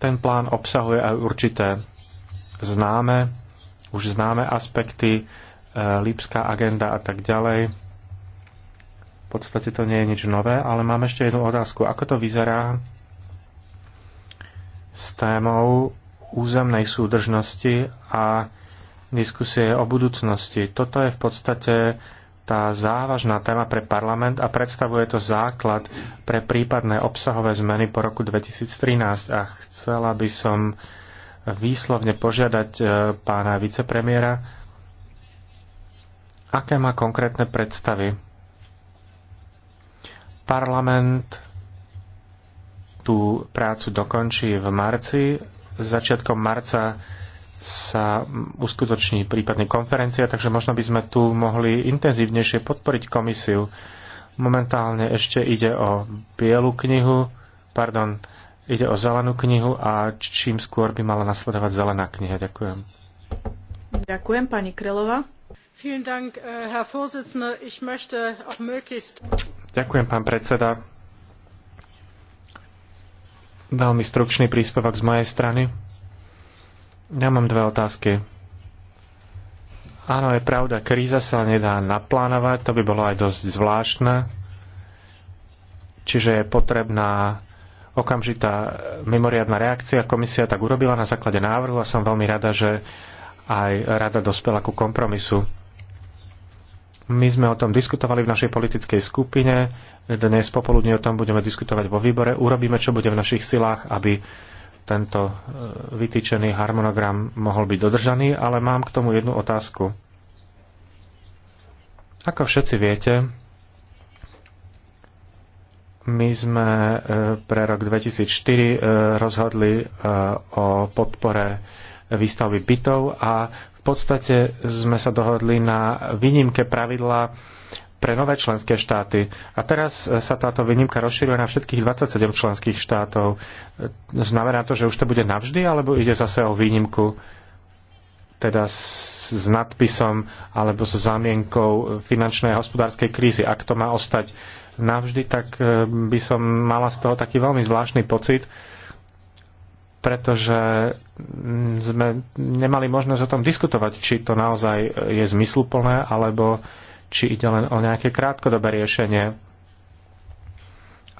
Ten plán obsahuje aj určité známe, už známe aspekty, e, lípská agenda a tak ďalej. V podstate to nie je nič nové, ale mám ešte jednu otázku. Ako to vyzerá s témou územnej súdržnosti a diskusie o budúcnosti. Toto je v podstate tá závažná téma pre parlament a predstavuje to základ pre prípadné obsahové zmeny po roku 2013 a chcela by som výslovne požiadať e, pána vicepremiera, aké má konkrétne predstavy. Parlament tú prácu dokončí v marci. Začiatkom marca sa uskutoční prípadne konferencia, takže možno by sme tu mohli intenzívnejšie podporiť komisiu. Momentálne ešte ide o bielu knihu, pardon, ide o zelenú knihu a čím skôr by mala nasledovať zelená kniha. Ďakujem. Ďakujem, pani Krelova. Äh, Ďakujem, pán predseda. Veľmi stručný príspevok z mojej strany. Ja mám dve otázky. Áno, je pravda, kríza sa nedá naplánovať, to by bolo aj dosť zvláštne. Čiže je potrebná okamžitá mimoriadná reakcia. Komisia tak urobila na základe návrhu a som veľmi rada, že aj rada dospela ku kompromisu. My sme o tom diskutovali v našej politickej skupine. Dnes popoludne o tom budeme diskutovať vo výbore. Urobíme, čo bude v našich silách, aby tento e, vytýčený harmonogram mohol byť dodržaný, ale mám k tomu jednu otázku. Ako všetci viete, my sme e, pre rok 2004 e, rozhodli o podpore výstavby bytov a v podstate sme sa dohodli na výnimke pravidla pre nové členské štáty. A teraz e, sa táto výnimka rozšíruje na všetkých 27 členských štátov. E, znamená to, že už to bude navždy, alebo ide zase o výnimku teda s, s nadpisom alebo so zámienkou finančnej a hospodárskej krízy. Ak to má ostať navždy, tak e, by som mala z toho taký veľmi zvláštny pocit, pretože mm, sme nemali možnosť o tom diskutovať, či to naozaj je zmysluplné, alebo či ide len o nejaké krátkodobé riešenie.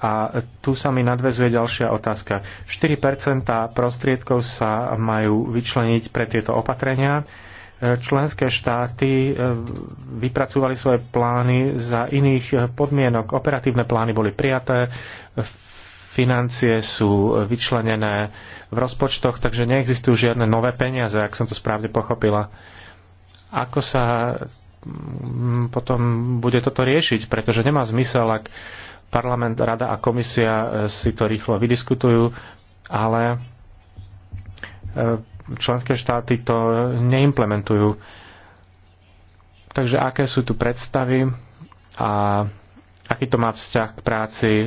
A tu sa mi nadvezuje ďalšia otázka. 4 prostriedkov sa majú vyčleniť pre tieto opatrenia. Členské štáty e, vypracúvali svoje plány za iných podmienok. Operatívne plány boli prijaté, financie sú vyčlenené v rozpočtoch, takže neexistujú žiadne nové peniaze, ak som to správne pochopila. Ako sa potom bude toto riešiť, pretože nemá zmysel, ak parlament, rada a komisia e, si to rýchlo vydiskutujú, ale e, členské štáty to neimplementujú. Takže aké sú tu predstavy a aký to má vzťah k práci e,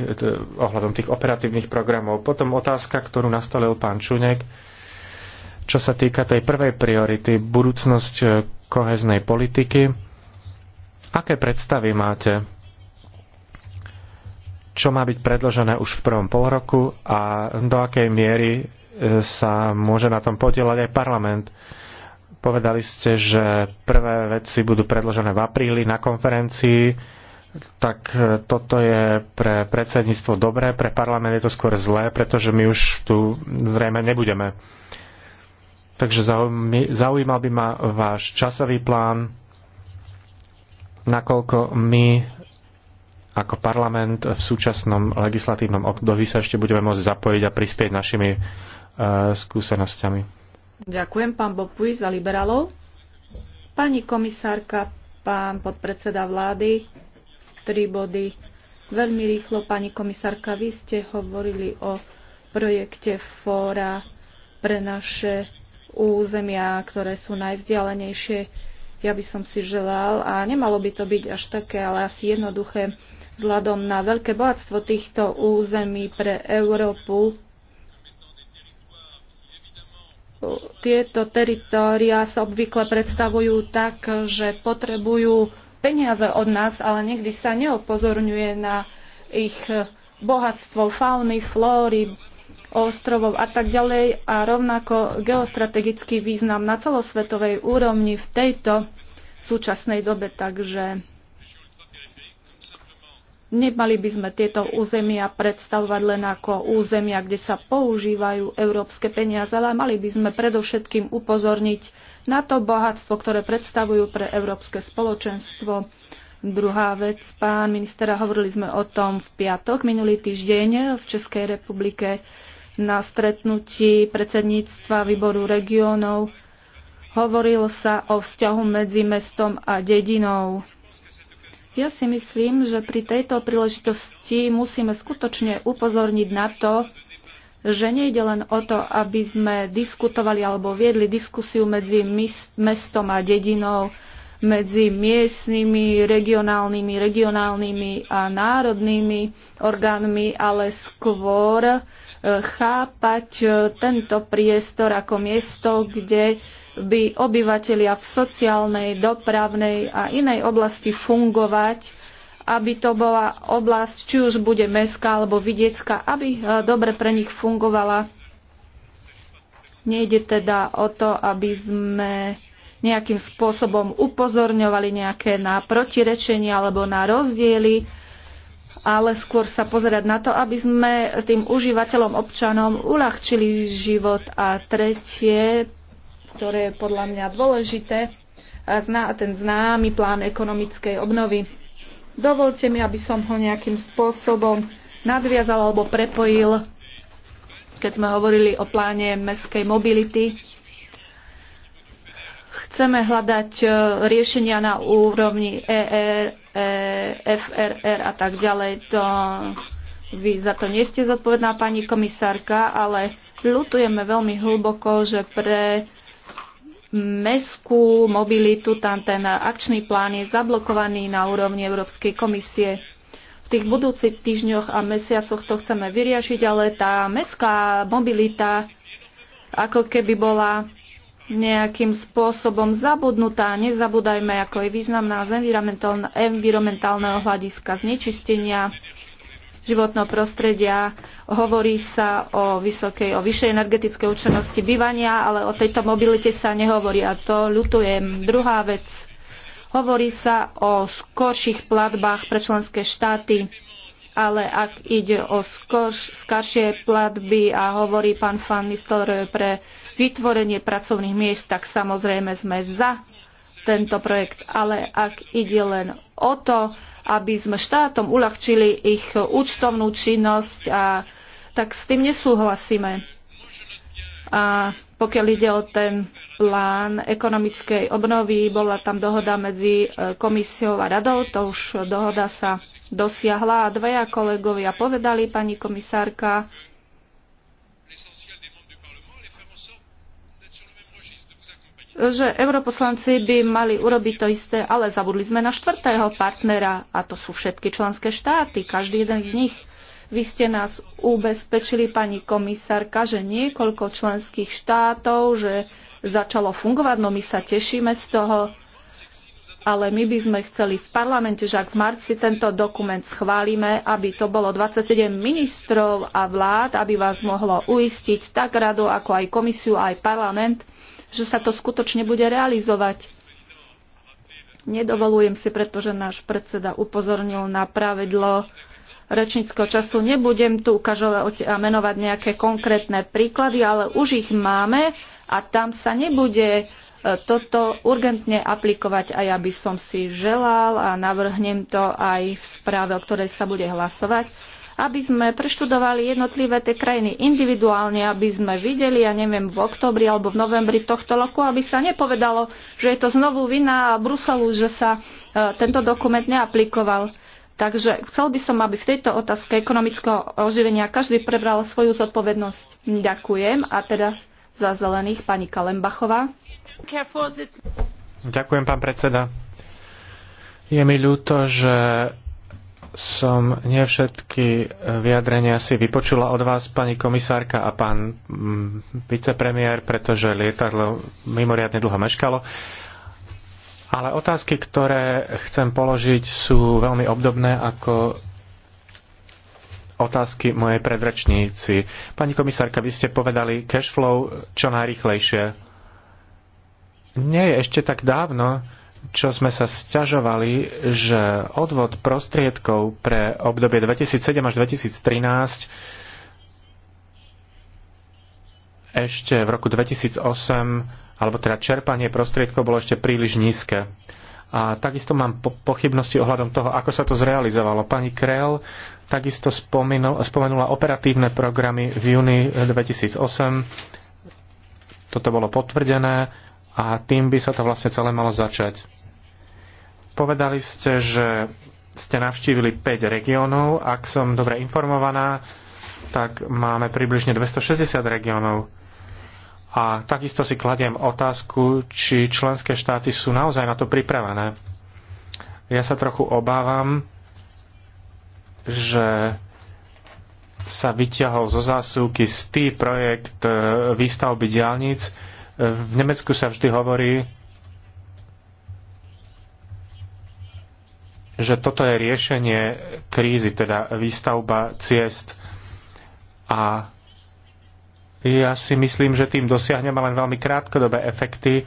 ohľadom tých operatívnych programov. Potom otázka, ktorú nastavil pán Čunek, čo sa týka tej prvej priority, budúcnosť koheznej politiky. Aké predstavy máte? Čo má byť predložené už v prvom pol roku a do akej miery e, sa môže na tom podielať aj parlament? Povedali ste, že prvé veci budú predložené v apríli na konferencii, tak e, toto je pre predsedníctvo dobré, pre parlament je to skôr zlé, pretože my už tu zrejme nebudeme. Takže zaujímal by ma váš časový plán, nakoľko my ako parlament v súčasnom legislatívnom období sa ešte budeme môcť zapojiť a prispieť našimi uh, skúsenosťami. Ďakujem, pán Bopuj, za liberálov. Pani komisárka, pán podpredseda vlády, tri body. Veľmi rýchlo, pani komisárka, vy ste hovorili o projekte fóra pre naše územia, ktoré sú najvzdialenejšie ja by som si želal, a nemalo by to byť až také, ale asi jednoduché, vzhľadom na veľké bohatstvo týchto území pre Európu, tieto teritória sa obvykle predstavujú tak, že potrebujú peniaze od nás, ale nikdy sa neopozorňuje na ich bohatstvo fauny, flóry, ostrovov a tak ďalej a rovnako geostrategický význam na celosvetovej úrovni v tejto súčasnej dobe. Takže Nemali by sme tieto územia predstavovať len ako územia, kde sa používajú európske peniaze, ale mali by sme predovšetkým upozorniť na to bohatstvo, ktoré predstavujú pre európske spoločenstvo. Druhá vec, pán ministera, hovorili sme o tom v piatok minulý týždeň v Českej republike na stretnutí predsedníctva výboru regiónov. Hovorilo sa o vzťahu medzi mestom a dedinou. Ja si myslím, že pri tejto príležitosti musíme skutočne upozorniť na to, že nejde len o to, aby sme diskutovali alebo viedli diskusiu medzi mestom a dedinou, medzi miestnymi, regionálnymi, regionálnymi a národnými orgánmi, ale skôr chápať e, tento priestor ako miesto, kde by obyvateľia v sociálnej, dopravnej a inej oblasti fungovať, aby to bola oblasť, či už bude mestská alebo vidiecká, aby e, dobre pre nich fungovala. Nejde teda o to, aby sme nejakým spôsobom upozorňovali nejaké na protirečenia alebo na rozdiely, ale skôr sa pozerať na to, aby sme tým užívateľom, občanom uľahčili život. A tretie, ktoré je podľa mňa dôležité, zná ten známy plán ekonomickej obnovy. Dovolte mi, aby som ho nejakým spôsobom nadviazal alebo prepojil, keď sme hovorili o pláne mestskej mobility. Chceme hľadať e, riešenia na úrovni ER E, FRR a tak ďalej. To, vy za to nie ste zodpovedná pani komisárka, ale ľutujeme veľmi hlboko, že pre mestskú mobilitu tam ten akčný plán je zablokovaný na úrovni Európskej komisie. V tých budúcich týždňoch a mesiacoch to chceme vyriešiť, ale tá mestská mobilita ako keby bola nejakým spôsobom zabudnutá. Nezabúdajme, ako je významná z environmentálneho hľadiska znečistenia životného prostredia. Hovorí sa o, vysokej, o vyššej energetickej účinnosti bývania, ale o tejto mobilite sa nehovorí a to ľutujem. Druhá vec. Hovorí sa o skorších platbách pre členské štáty ale ak ide o skorš, skaršie platby a hovorí pán Fan Nistor pre vytvorenie pracovných miest, tak samozrejme sme za tento projekt, ale ak ide len o to, aby sme štátom uľahčili ich účtovnú činnosť, a, tak s tým nesúhlasíme. A pokiaľ ide o ten plán ekonomickej obnovy, bola tam dohoda medzi e, komisiou a radou, to už dohoda sa dosiahla a dvaja kolegovia povedali, pani komisárka, že europoslanci by mali urobiť to isté, ale zabudli sme na štvrtého partnera a to sú všetky členské štáty, každý jeden z nich. Vy ste nás ubezpečili, pani komisárka, že niekoľko členských štátov, že začalo fungovať, no my sa tešíme z toho, ale my by sme chceli v parlamente, že ak v marci tento dokument schválime, aby to bolo 27 ministrov a vlád, aby vás mohlo uistiť tak radu, ako aj komisiu, aj parlament, že sa to skutočne bude realizovať. Nedovolujem si, pretože náš predseda upozornil na pravidlo rečníckého času. Nebudem tu ukažovať a menovať nejaké konkrétne príklady, ale už ich máme a tam sa nebude e, toto urgentne aplikovať a ja by som si želal a navrhnem to aj v správe, o ktorej sa bude hlasovať, aby sme preštudovali jednotlivé tie krajiny individuálne, aby sme videli, ja neviem, v oktobri alebo v novembri tohto roku, aby sa nepovedalo, že je to znovu vina Bruselu, že sa e, tento dokument neaplikoval. Takže chcel by som, aby v tejto otázke ekonomického oživenia každý prebral svoju zodpovednosť. Ďakujem a teda za zelených pani Kalembachová. Ďakujem, pán predseda. Je mi ľúto, že som nevšetky všetky vyjadrenia si vypočula od vás, pani komisárka a pán mm, vicepremiér, pretože lietadlo mimoriadne dlho meškalo. Ale otázky, ktoré chcem položiť, sú veľmi obdobné ako otázky mojej predrečníci. Pani komisárka, vy ste povedali cash flow čo najrychlejšie. Nie je ešte tak dávno, čo sme sa sťažovali, že odvod prostriedkov pre obdobie 2007 až 2013 ešte v roku 2008, alebo teda čerpanie prostriedkov bolo ešte príliš nízke. A takisto mám po- pochybnosti ohľadom toho, ako sa to zrealizovalo. Pani Krell takisto spomenul, spomenula operatívne programy v júni 2008. Toto bolo potvrdené a tým by sa to vlastne celé malo začať. Povedali ste, že ste navštívili 5 regiónov. Ak som dobre informovaná, tak máme približne 260 regiónov a takisto si kladiem otázku, či členské štáty sú naozaj na to pripravené. Ja sa trochu obávam, že sa vyťahol zo zásuvky tý projekt e, výstavby diálnic. E, v Nemecku sa vždy hovorí, že toto je riešenie krízy, teda výstavba ciest. A ja si myslím, že tým dosiahneme len veľmi krátkodobé efekty,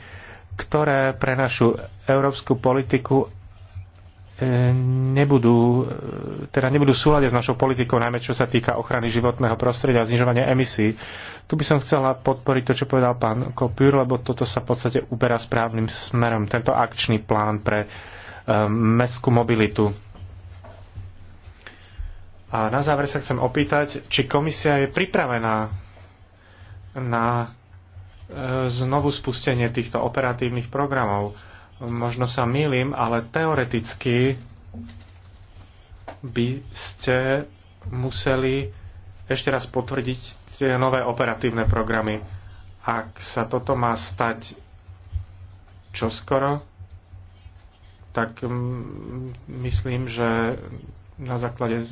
ktoré pre našu európsku politiku e, nebudú, e, teda nebudú súľade s našou politikou, najmä čo sa týka ochrany životného prostredia a znižovania emisí. Tu by som chcela podporiť to, čo povedal pán Kopyr, lebo toto sa v podstate uberá správnym smerom, tento akčný plán pre um, mestskú mobilitu. A na záver sa chcem opýtať, či komisia je pripravená na e, znovu spustenie týchto operatívnych programov. Možno sa milím, ale teoreticky by ste museli ešte raz potvrdiť tie nové operatívne programy. Ak sa toto má stať čoskoro, tak myslím, že na základe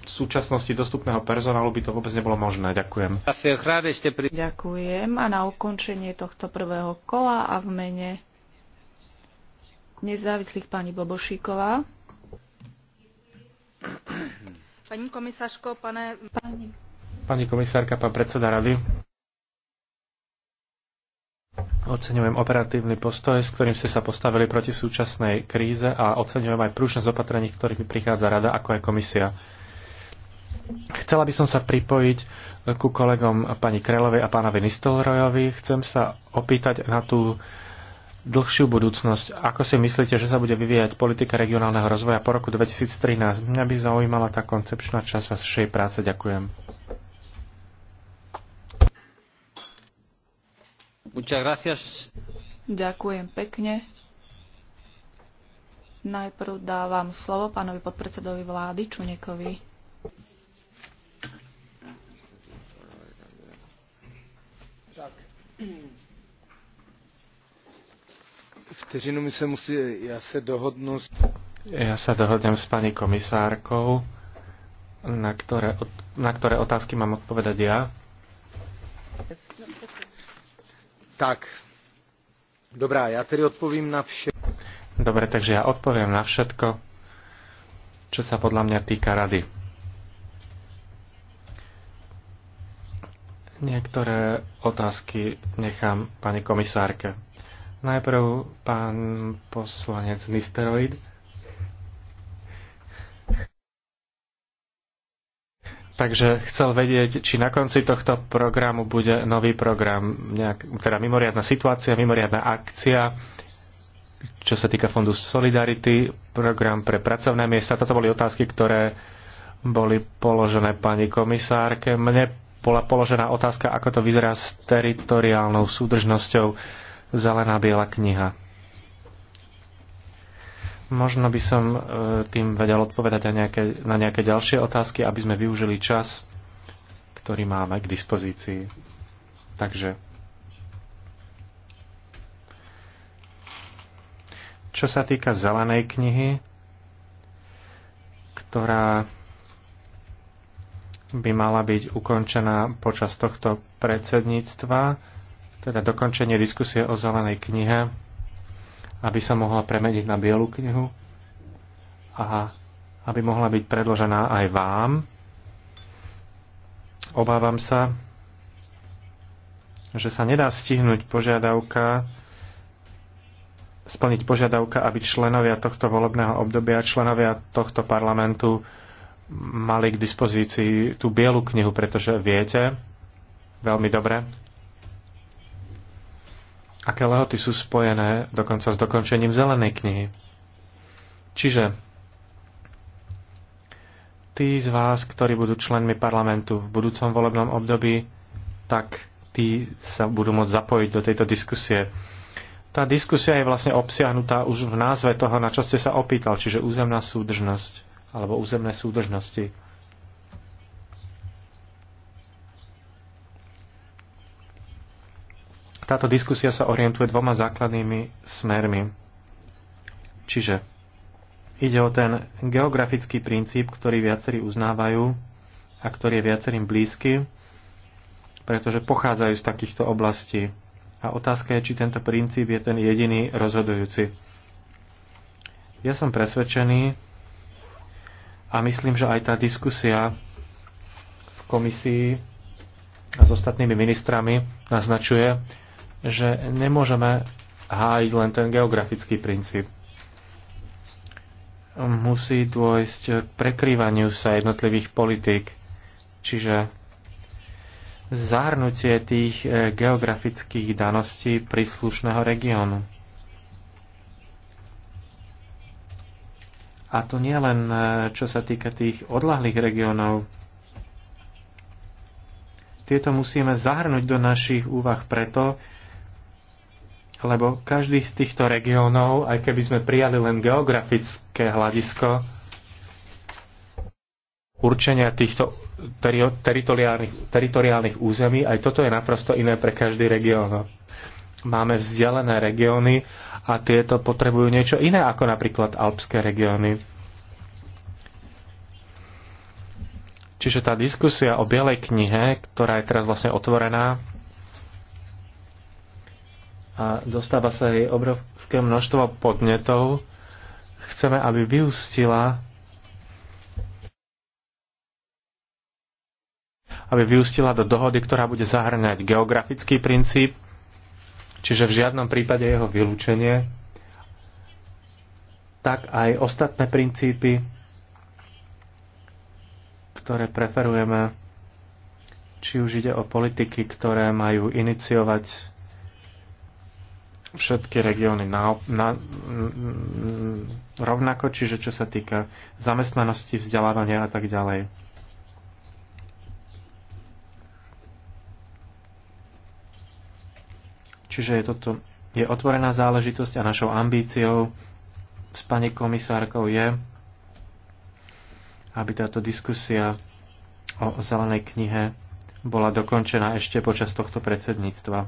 v súčasnosti dostupného personálu by to vôbec nebolo možné. Ďakujem. Ďakujem a na ukončenie tohto prvého kola a v mene nezávislých pani Bobošíková. Pani komisárko, pane... Pani, pani komisárka, pán predseda rady. Oceňujem operatívny postoj, s ktorým ste sa postavili proti súčasnej kríze a oceňujem aj prúžnosť opatrení, ktorými prichádza rada ako aj komisia. Chcela by som sa pripojiť ku kolegom pani Krelovej a pánovi Nistelrojovi. Chcem sa opýtať na tú dlhšiu budúcnosť. Ako si myslíte, že sa bude vyvíjať politika regionálneho rozvoja po roku 2013? Mňa by zaujímala tá koncepčná časť vašej práce. Ďakujem. Ďakujem pekne. Najprv dávam slovo pánovi podpredsedovi vlády Čunekovi. se ja sa dohodnem s pani komisárkou, na ktoré, na ktoré otázky mám odpovedať ja. Tak, dobrá, ja tedy na všetko. Dobre, takže ja odpoviem na všetko, čo sa podľa mňa týka rady Niektoré otázky nechám pani komisárke. Najprv pán poslanec Nisteroid. Takže chcel vedieť, či na konci tohto programu bude nový program, nejak, teda mimoriadná situácia, mimoriadná akcia, čo sa týka fondu Solidarity, program pre pracovné miesta. Toto boli otázky, ktoré boli položené pani komisárke. Mne bola položená otázka, ako to vyzerá s teritoriálnou súdržnosťou Zelená biela kniha. Možno by som e, tým vedel odpovedať aj nejaké, na nejaké ďalšie otázky, aby sme využili čas, ktorý máme k dispozícii. Takže. Čo sa týka zelenej knihy, ktorá by mala byť ukončená počas tohto predsedníctva, teda dokončenie diskusie o zelenej knihe, aby sa mohla premeniť na bielu knihu a aby mohla byť predložená aj vám. Obávam sa, že sa nedá stihnúť požiadavka splniť požiadavka, aby členovia tohto volebného obdobia, členovia tohto parlamentu mali k dispozícii tú bielu knihu, pretože viete veľmi dobre, aké lehoty sú spojené dokonca s dokončením zelenej knihy. Čiže tí z vás, ktorí budú členmi parlamentu v budúcom volebnom období, tak tí sa budú môcť zapojiť do tejto diskusie. Tá diskusia je vlastne obsiahnutá už v názve toho, na čo ste sa opýtal, čiže územná súdržnosť alebo územné súdržnosti. Táto diskusia sa orientuje dvoma základnými smermi. Čiže ide o ten geografický princíp, ktorý viacerí uznávajú a ktorý je viacerým blízky, pretože pochádzajú z takýchto oblastí. A otázka je, či tento princíp je ten jediný rozhodujúci. Ja som presvedčený, a myslím, že aj tá diskusia v komisii a s ostatnými ministrami naznačuje, že nemôžeme hájiť len ten geografický princíp. Musí dôjsť k prekrývaniu sa jednotlivých politík, čiže zahrnutie tých eh, geografických daností príslušného regiónu. A to nie len e, čo sa týka tých odlahlých regiónov. Tieto musíme zahrnúť do našich úvah preto, lebo každý z týchto regiónov, aj keby sme prijali len geografické hľadisko určenia týchto teritoriálnych, teritoriálnych území, aj toto je naprosto iné pre každý región. Máme vzdialené regióny a tieto potrebujú niečo iné ako napríklad alpské regióny. Čiže tá diskusia o Bielej knihe, ktorá je teraz vlastne otvorená a dostáva sa jej obrovské množstvo podnetov, chceme, aby vyústila aby vyústila do dohody, ktorá bude zahrňať geografický princíp, Čiže v žiadnom prípade jeho vylúčenie, tak aj ostatné princípy, ktoré preferujeme, či už ide o politiky, ktoré majú iniciovať všetky regióny na, na, rovnako, čiže čo sa týka zamestnanosti, vzdelávania a tak ďalej. Čiže je toto je otvorená záležitosť a našou ambíciou s pani komisárkou je, aby táto diskusia o zelenej knihe bola dokončená ešte počas tohto predsedníctva.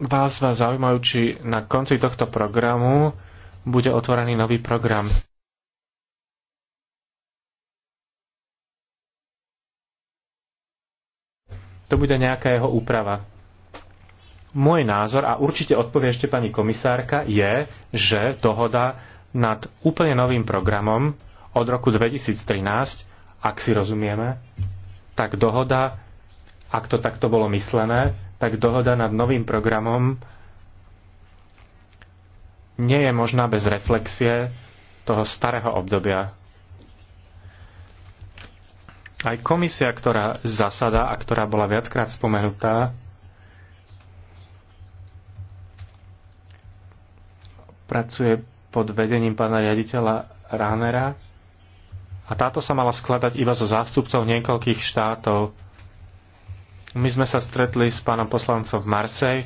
Vás vás zaujímajú, či na konci tohto programu bude otvorený nový program. to bude nejaká jeho úprava. Môj názor, a určite odpovie ešte pani komisárka, je, že dohoda nad úplne novým programom od roku 2013, ak si rozumieme, tak dohoda, ak to takto bolo myslené, tak dohoda nad novým programom nie je možná bez reflexie toho starého obdobia. Aj komisia, ktorá zasada a ktorá bola viackrát spomenutá, pracuje pod vedením pána riaditeľa Ránera a táto sa mala skladať iba zo zástupcov niekoľkých štátov. My sme sa stretli s pánom poslancom v Marsej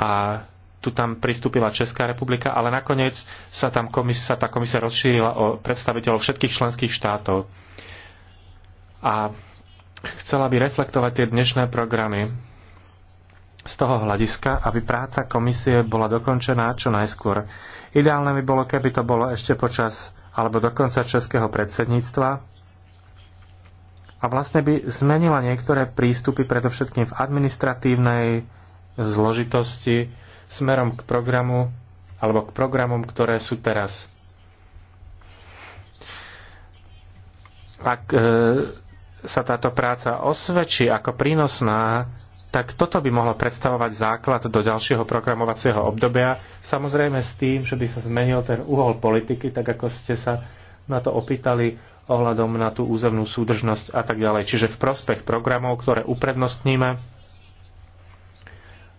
a tu tam pristúpila Česká republika, ale nakoniec sa, tam komis, sa tá komisia rozšírila o predstaviteľov všetkých členských štátov a chcela by reflektovať tie dnešné programy z toho hľadiska, aby práca komisie bola dokončená čo najskôr. Ideálne by bolo, keby to bolo ešte počas alebo dokonca českého predsedníctva a vlastne by zmenila niektoré prístupy predovšetkým v administratívnej zložitosti smerom k programu alebo k programom, ktoré sú teraz. Ak e, sa táto práca osvedčí ako prínosná, tak toto by mohlo predstavovať základ do ďalšieho programovacieho obdobia. Samozrejme s tým, že by sa zmenil ten uhol politiky, tak ako ste sa na to opýtali ohľadom na tú územnú súdržnosť a tak ďalej. Čiže v prospech programov, ktoré uprednostníme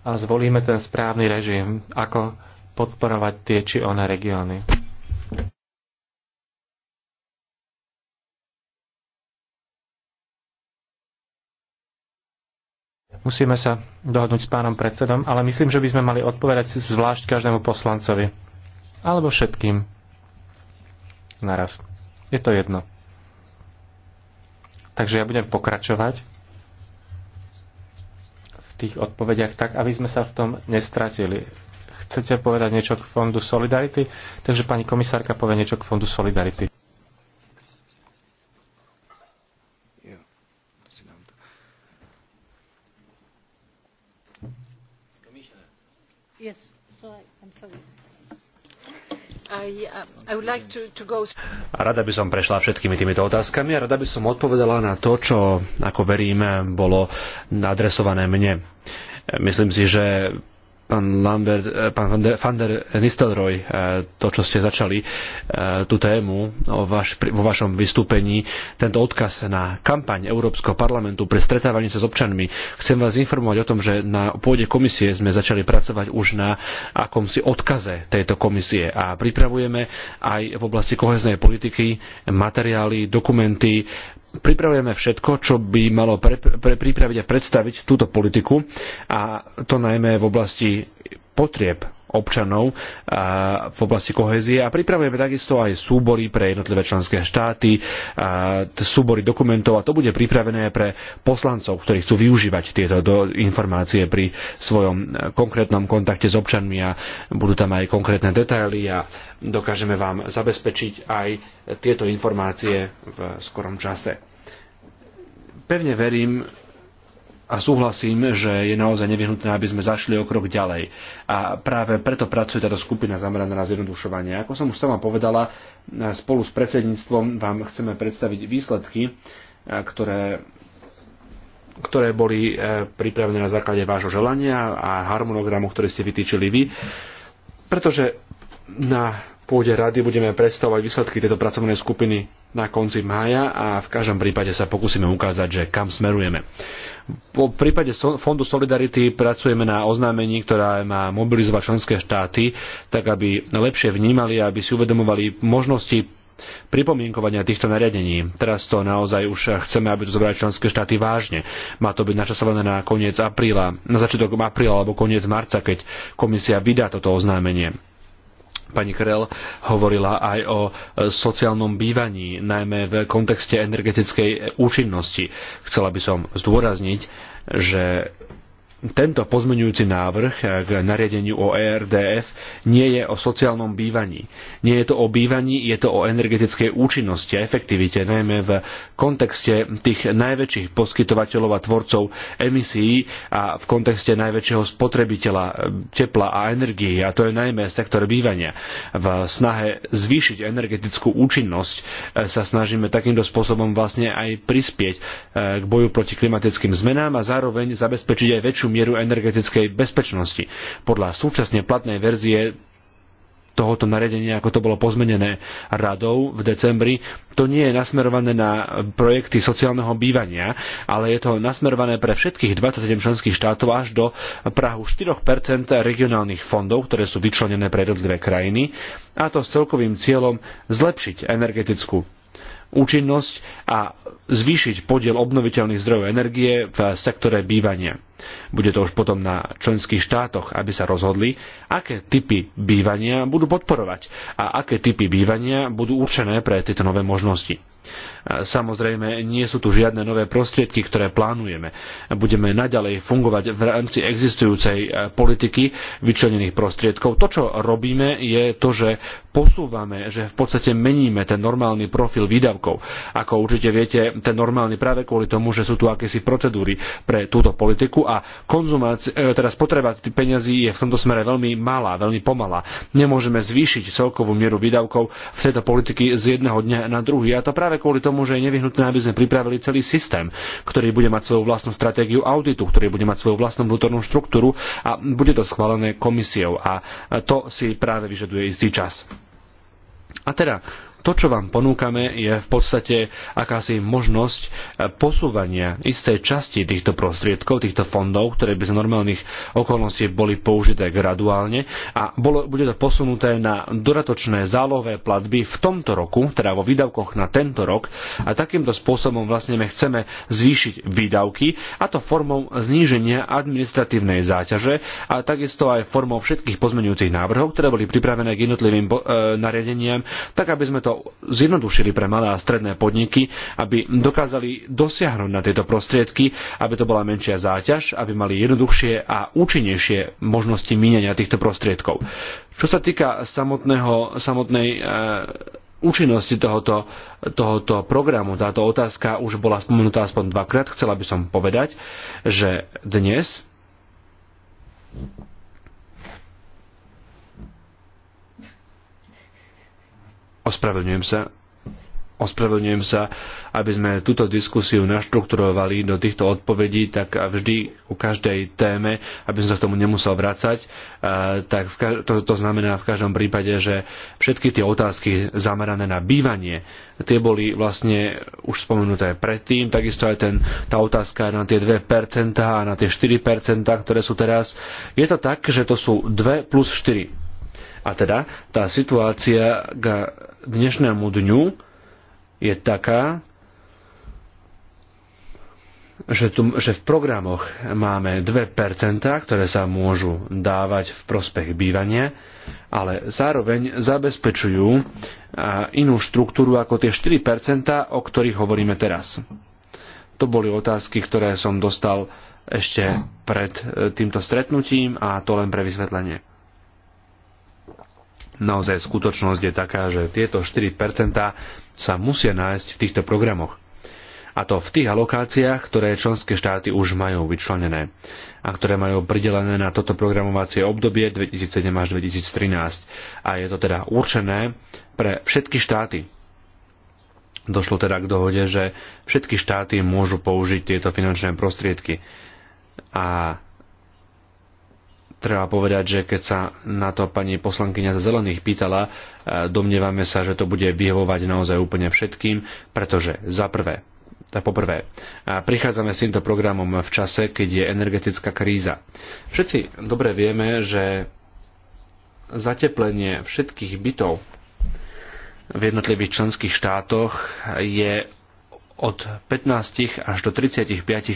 a zvolíme ten správny režim, ako podporovať tie či oné regióny. Musíme sa dohodnúť s pánom predsedom, ale myslím, že by sme mali odpovedať zvlášť každému poslancovi. Alebo všetkým. Naraz. Je to jedno. Takže ja budem pokračovať v tých odpovediach tak, aby sme sa v tom nestratili. Chcete povedať niečo k Fondu Solidarity? Takže pani komisárka povie niečo k Fondu Solidarity. rada by som prešla všetkými týmito otázkami a rada by som odpovedala na to, čo, ako verím, bolo adresované mne. Myslím si, že pán Lambert, eh, pán van der, van der Nistelrooy, eh, to, čo ste začali, eh, tú tému o vaš, vo vašom vystúpení, tento odkaz na kampaň Európskeho parlamentu pre stretávanie sa s občanmi. Chcem vás informovať o tom, že na pôde komisie sme začali pracovať už na akomsi odkaze tejto komisie a pripravujeme aj v oblasti koheznej politiky materiály, dokumenty, pripravujeme všetko, čo by malo pre, pre, pripraviť a predstaviť túto politiku a to najmä v oblasti potrieb občanov v oblasti kohézie a pripravujeme takisto aj súbory pre jednotlivé členské štáty, súbory dokumentov a to bude pripravené pre poslancov, ktorí chcú využívať tieto informácie pri svojom e, konkrétnom kontakte s občanmi a budú tam aj konkrétne detaily a dokážeme vám zabezpečiť aj tieto informácie v skorom čase. Pevne verím, a súhlasím, že je naozaj nevyhnutné, aby sme zašli o krok ďalej. A práve preto pracuje táto skupina zameraná na zjednodušovanie. Ako som už sama povedala, spolu s predsedníctvom vám chceme predstaviť výsledky, e, ktoré ktoré boli e, pripravené na základe vášho želania a harmonogramu, ktorý ste vytýčili vy. Pretože na pôde rady budeme predstavovať výsledky tejto pracovnej skupiny na konci mája a v každom prípade sa pokúsime ukázať, že kam smerujeme. V prípade Fondu Solidarity pracujeme na oznámení, ktorá má mobilizovať členské štáty, tak aby lepšie vnímali a aby si uvedomovali možnosti pripomienkovania týchto nariadení. Teraz to naozaj už chceme, aby to zobrali členské štáty vážne. Má to byť načasované na koniec apríla, na začiatok apríla alebo koniec marca, keď komisia vydá toto oznámenie pani Krell hovorila aj o e, sociálnom bývaní, najmä v kontexte energetickej účinnosti. Chcela by som zdôrazniť, že tento pozmeňujúci návrh k nariadeniu o ERDF nie je o sociálnom bývaní. Nie je to o bývaní, je to o energetickej účinnosti a efektivite, najmä v kontexte tých najväčších poskytovateľov a tvorcov emisií a v kontexte najväčšieho spotrebiteľa e, tepla a energie, a to je najmä sektor bývania. V snahe zvýšiť energetickú účinnosť e, sa snažíme takýmto spôsobom vlastne aj prispieť e, k boju proti klimatickým zmenám a zároveň zabezpečiť aj väčšiu mieru energetickej bezpečnosti. Podľa súčasne platnej verzie tohoto nariadenia, ako to bolo pozmenené radou v decembri, to nie je nasmerované na projekty sociálneho bývania, ale je to nasmerované pre všetkých 27 členských štátov až do Prahu 4 regionálnych fondov, ktoré sú vyčlenené pre jednotlivé krajiny, a to s celkovým cieľom zlepšiť energetickú účinnosť a zvýšiť podiel obnoviteľných zdrojov energie v sektore bývania. Bude to už potom na členských štátoch, aby sa rozhodli, aké typy bývania budú podporovať a aké typy bývania budú určené pre tieto nové možnosti. Samozrejme, nie sú tu žiadne nové prostriedky, ktoré plánujeme. Budeme naďalej fungovať v rámci existujúcej e, politiky vyčlenených prostriedkov. To, čo robíme, je to, že posúvame, že v podstate meníme ten normálny profil výdavkov. Ako určite viete, ten normálny práve kvôli tomu, že sú tu akési procedúry pre túto politiku a E, teda spotreba tých peňazí je v tomto smere veľmi malá, veľmi pomalá. Nemôžeme zvýšiť celkovú mieru výdavkov v tejto politiky z jedného dňa na druhý. A to práve kvôli tomu, že je nevyhnutné, aby sme pripravili celý systém, ktorý bude mať svoju vlastnú stratégiu auditu, ktorý bude mať svoju vlastnú vnútornú štruktúru a bude to schválené komisiou. A to si práve vyžaduje istý čas. A teda to, čo vám ponúkame, je v podstate akási možnosť eh, posúvania istej časti týchto prostriedkov, týchto fondov, ktoré by z normálnych okolností boli použité graduálne a bolo, bude to posunuté na dodatočné zálohové platby v tomto roku, teda vo výdavkoch na tento rok a takýmto spôsobom vlastne chceme zvýšiť výdavky a to formou zníženia administratívnej záťaže a takisto aj formou všetkých pozmeňujúcich návrhov, ktoré boli pripravené k jednotlivým eh, nariadeniam, tak aby sme to zjednodušili pre malé a stredné podniky, aby dokázali dosiahnuť na tieto prostriedky, aby to bola menšia záťaž, aby mali jednoduchšie a účinnejšie možnosti míňania týchto prostriedkov. Čo sa týka samotného, samotnej e, účinnosti tohoto, tohoto programu. Táto otázka už bola spomenutá aspoň dvakrát. Chcela by som povedať, že dnes Ospravedlňujem sa. Ospravedlňujem sa, aby sme túto diskusiu naštrukturovali do týchto odpovedí, tak vždy u každej téme, aby som sa k tomu nemusel vracať, tak to, to znamená v každom prípade, že všetky tie otázky zamerané na bývanie, tie boli vlastne už spomenuté predtým, takisto aj ten, tá otázka na tie 2% a na tie 4%, ktoré sú teraz. Je to tak, že to sú 2 plus 4 a teda tá situácia, dnešnému dňu je taká, že, tu, že v programoch máme 2%, ktoré sa môžu dávať v prospech bývania, ale zároveň zabezpečujú inú štruktúru ako tie 4%, o ktorých hovoríme teraz. To boli otázky, ktoré som dostal ešte pred e, týmto stretnutím a to len pre vysvetlenie. Naozaj skutočnosť je taká, že tieto 4% sa musia nájsť v týchto programoch. A to v tých alokáciách, ktoré členské štáty už majú vyčlenené a ktoré majú pridelené na toto programovacie obdobie 2007 až 2013. A je to teda určené pre všetky štáty, Došlo teda k dohode, že všetky štáty môžu použiť tieto finančné prostriedky. A treba povedať, že keď sa na to pani poslankyňa za zelených pýtala, e, domnievame sa, že to bude vyhovovať naozaj úplne všetkým, pretože za prvé, tak poprvé, e, prichádzame s týmto programom v čase, keď je energetická kríza. Všetci dobre vieme, že zateplenie všetkých bytov v jednotlivých členských štátoch je od 15 až do 35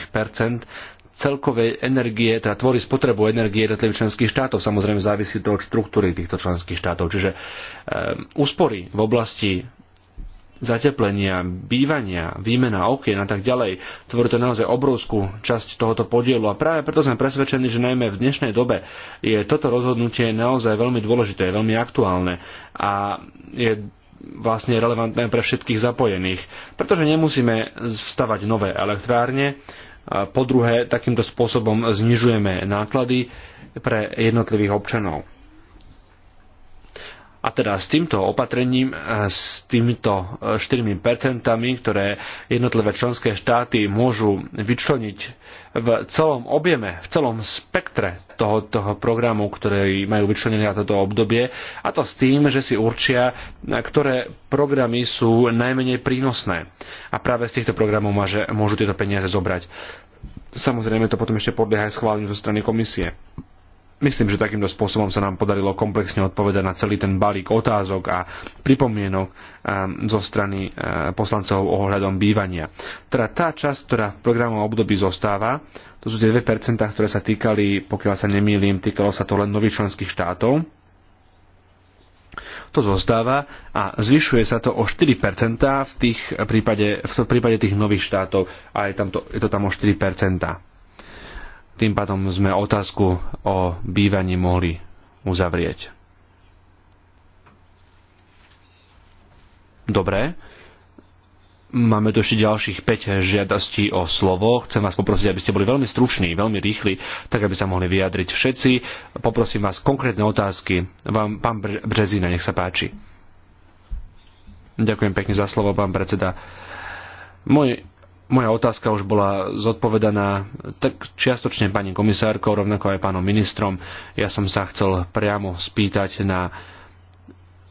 celkovej energie, teda tvorí spotrebu energie jednotlivých členských štátov. Samozrejme závisí to od štruktúry týchto členských štátov. Čiže e, úspory v oblasti zateplenia, bývania, výmena okien a tak ďalej, tvorí to naozaj obrovskú časť tohoto podielu a práve preto sme presvedčení, že najmä v dnešnej dobe je toto rozhodnutie naozaj veľmi dôležité, veľmi aktuálne a je vlastne relevantné pre všetkých zapojených, pretože nemusíme vstavať nové elektrárne, po druhé, takýmto spôsobom znižujeme náklady pre jednotlivých občanov. A teda s týmto opatrením, e, s týmito 4%, e, ktoré jednotlivé členské štáty môžu vyčleniť v celom objeme, v celom spektre toho, toho programu, ktorý majú vyčlenené na toto obdobie, a to s tým, že si určia, e, ktoré programy sú najmenej prínosné. A práve z týchto programov môžu tieto peniaze zobrať. Samozrejme, to potom ešte podlieha aj schváleniu zo strany komisie. Myslím, že takýmto spôsobom sa nám podarilo komplexne odpovedať na celý ten balík otázok a pripomienok um, zo strany uh, poslancov ohľadom bývania. Teda tá časť, ktorá v programovom období zostáva, to sú tie 2%, ktoré sa týkali, pokiaľ sa nemýlim, týkalo sa to len nových členských štátov. To zostáva a zvyšuje sa to o 4% v, tých prípade, v prípade tých nových štátov a je, tam to, je to tam o 4%. Tým pádom sme otázku o bývaní mohli uzavrieť. Dobre. Máme tu ešte ďalších 5 žiadostí o slovo. Chcem vás poprosiť, aby ste boli veľmi struční, veľmi rýchli, tak aby sa mohli vyjadriť všetci. Poprosím vás konkrétne otázky. Vám, pán Březina, nech sa páči. Ďakujem pekne za slovo, pán predseda. Môj moja otázka už bola zodpovedaná tak čiastočne pani komisárkou, rovnako aj pánom ministrom. Ja som sa chcel priamo spýtať na,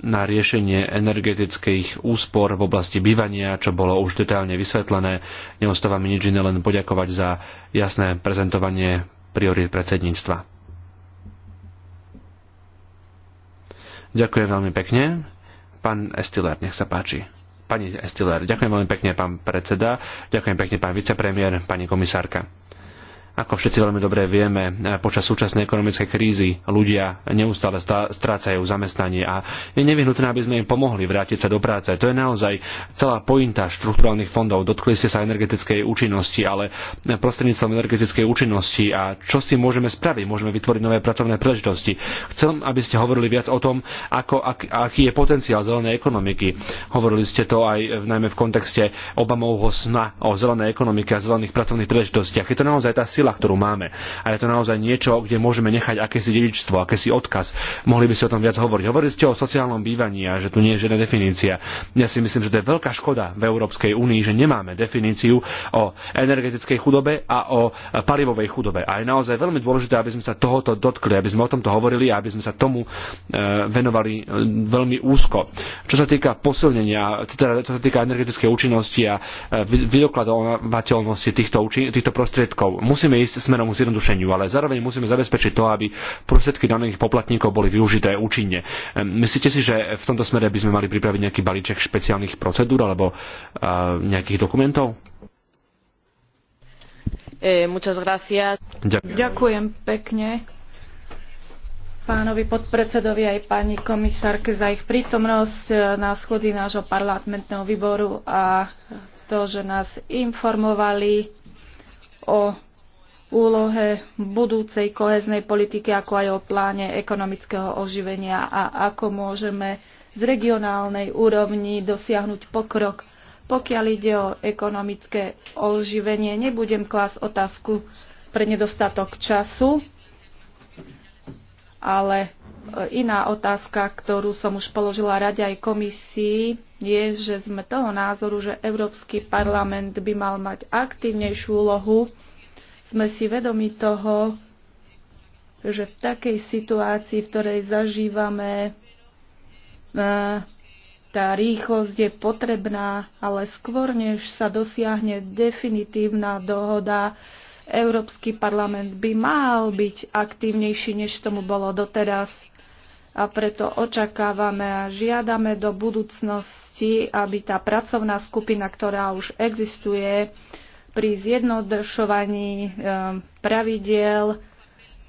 na riešenie energetických úspor v oblasti bývania, čo bolo už detailne vysvetlené. Neostáva mi nič iné, len poďakovať za jasné prezentovanie priorít predsedníctva. Ďakujem veľmi pekne. Pán Estiler, nech sa páči. Pani Stiller, ďakujem veľmi pekne, pán predseda, ďakujem pekne, pán vicepremiér, pani komisárka. Ako všetci veľmi dobre vieme, počas súčasnej ekonomickej krízy ľudia neustále strácajú zamestnanie a je nevyhnutné, aby sme im pomohli vrátiť sa do práce. To je naozaj celá pointa štruktúrálnych fondov. Dotkli ste sa energetickej účinnosti, ale prostredníctvom energetickej účinnosti a čo si môžeme spraviť? Môžeme vytvoriť nové pracovné príležitosti. Chcem, aby ste hovorili viac o tom, ako, ak, aký je potenciál zelenej ekonomiky. Hovorili ste to aj najmä v kontexte Obamovho sna o zelenej ekonomike a zelených pracovných príležitostiach. Je to naozaj tá sila sila, ktorú máme. A je to naozaj niečo, kde môžeme nechať akési dedičstvo, akési odkaz. Mohli by ste o tom viac hovoriť. Hovorili ste o sociálnom bývaní a že tu nie je žiadna definícia. Ja si myslím, že to je veľká škoda v Európskej únii, že nemáme definíciu o energetickej chudobe a o palivovej chudobe. A je naozaj veľmi dôležité, aby sme sa tohoto dotkli, aby sme o tomto hovorili a aby sme sa tomu venovali veľmi úzko. Čo sa týka posilnenia, teda, čo sa týka energetickej účinnosti a vydokladovateľnosti týchto, týchto prostriedkov, musíme musíme ísť smerom k zjednodušeniu, ale zároveň musíme zabezpečiť to, aby prostriedky daných poplatníkov boli využité účinne. Myslíte si, že v tomto smere by sme mali pripraviť nejaký balíček špeciálnych procedúr alebo nejakých dokumentov? Eh, Ďakujem. Ďakujem pekne pánovi podpredsedovi aj pani komisárke za ich prítomnosť e, na schodzi nášho parlamentného výboru a to, že nás informovali o úlohe budúcej koheznej politiky, ako aj o pláne ekonomického oživenia a ako môžeme z regionálnej úrovni dosiahnuť pokrok. Pokiaľ ide o ekonomické oživenie, nebudem klas otázku pre nedostatok času, ale e, iná otázka, ktorú som už položila rade aj komisii, je, že sme toho názoru, že Európsky parlament by mal mať aktívnejšiu úlohu sme si vedomi toho, že v takej situácii, v ktorej zažívame, e, tá rýchlosť je potrebná, ale skôr než sa dosiahne definitívna dohoda, Európsky parlament by mal byť aktívnejší, než tomu bolo doteraz. A preto očakávame a žiadame do budúcnosti, aby tá pracovná skupina, ktorá už existuje, pri zjednodušovaní eh, pravidiel,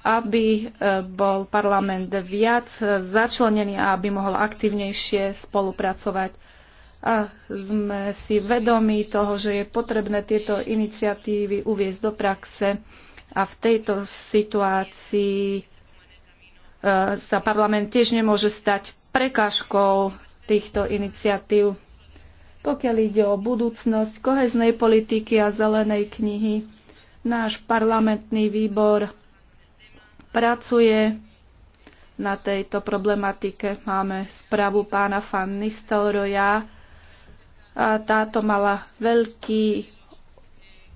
aby eh, bol parlament viac začlenený a aby mohol aktívnejšie spolupracovať. A sme si vedomi toho, že je potrebné tieto iniciatívy uviezť do praxe a v tejto situácii eh, sa parlament tiež nemôže stať prekážkou týchto iniciatív. Pokiaľ ide o budúcnosť koheznej politiky a zelenej knihy, náš parlamentný výbor pracuje na tejto problematike. Máme správu pána Fan Nistelroja. A táto mala veľký,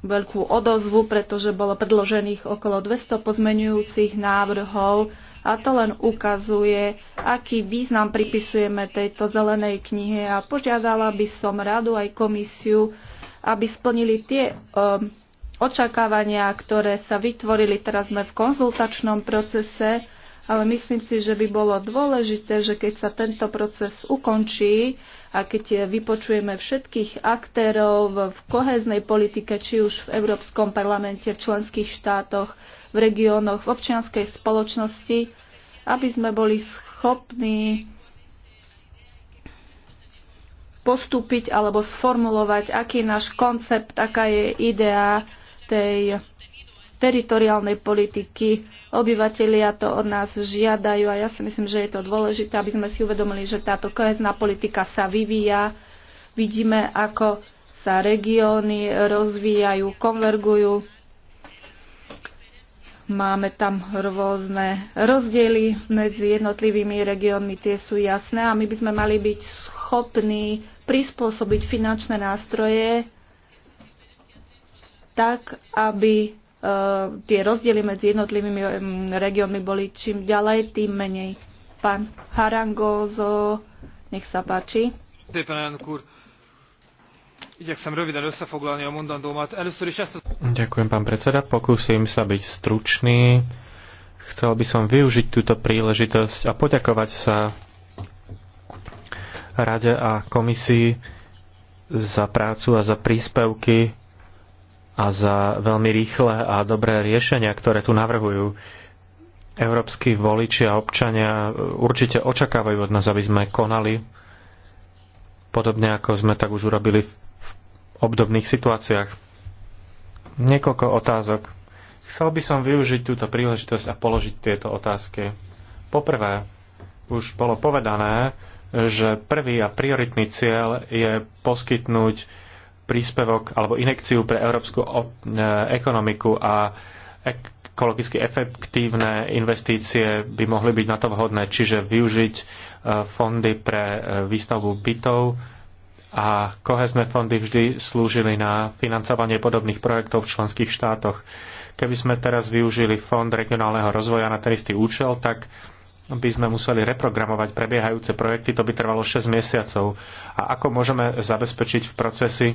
veľkú odozvu, pretože bolo predložených okolo 200 pozmenujúcich návrhov a to len ukazuje, aký význam pripisujeme tejto zelenej knihe a požiadala by som radu aj komisiu, aby splnili tie um, očakávania, ktoré sa vytvorili. Teraz sme v konzultačnom procese, ale myslím si, že by bolo dôležité, že keď sa tento proces ukončí, a keď vypočujeme všetkých aktérov v koheznej politike, či už v Európskom parlamente, v členských štátoch, v regiónoch, v občianskej spoločnosti, aby sme boli schopní postúpiť alebo sformulovať, aký je náš koncept, aká je idea tej teritoriálnej politiky. Obyvatelia to od nás žiadajú a ja si myslím, že je to dôležité, aby sme si uvedomili, že táto kohezná politika sa vyvíja. Vidíme, ako sa regióny rozvíjajú, konvergujú. Máme tam rôzne rozdiely medzi jednotlivými regiónmi, tie sú jasné a my by sme mali byť schopní prispôsobiť finančné nástroje tak, aby e, tie rozdiely medzi jednotlivými regiónmi boli čím ďalej, tým menej. Pán Harangozo, nech sa páči. Pán Ďakujem, pán predseda. Pokúsim sa byť stručný. Chcel by som využiť túto príležitosť a poďakovať sa Rade a komisii za prácu a za príspevky a za veľmi rýchle a dobré riešenia, ktoré tu navrhujú. Európsky voliči a občania určite očakávajú od nás, aby sme konali podobne ako sme tak už urobili v obdobných situáciách. Niekoľko otázok. Chcel by som využiť túto príležitosť a položiť tieto otázky. Poprvé, už bolo povedané, že prvý a prioritný cieľ je poskytnúť príspevok alebo inekciu pre európsku eh, ekonomiku a ekologicky efektívne investície by mohli byť na to vhodné, čiže využiť eh, fondy pre eh, výstavbu bytov, a kohezné fondy vždy slúžili na financovanie podobných projektov v členských štátoch. Keby sme teraz využili Fond regionálneho rozvoja na ten istý účel, tak by sme museli reprogramovať prebiehajúce projekty, to by trvalo 6 mesiacov. A ako môžeme zabezpečiť v procesy,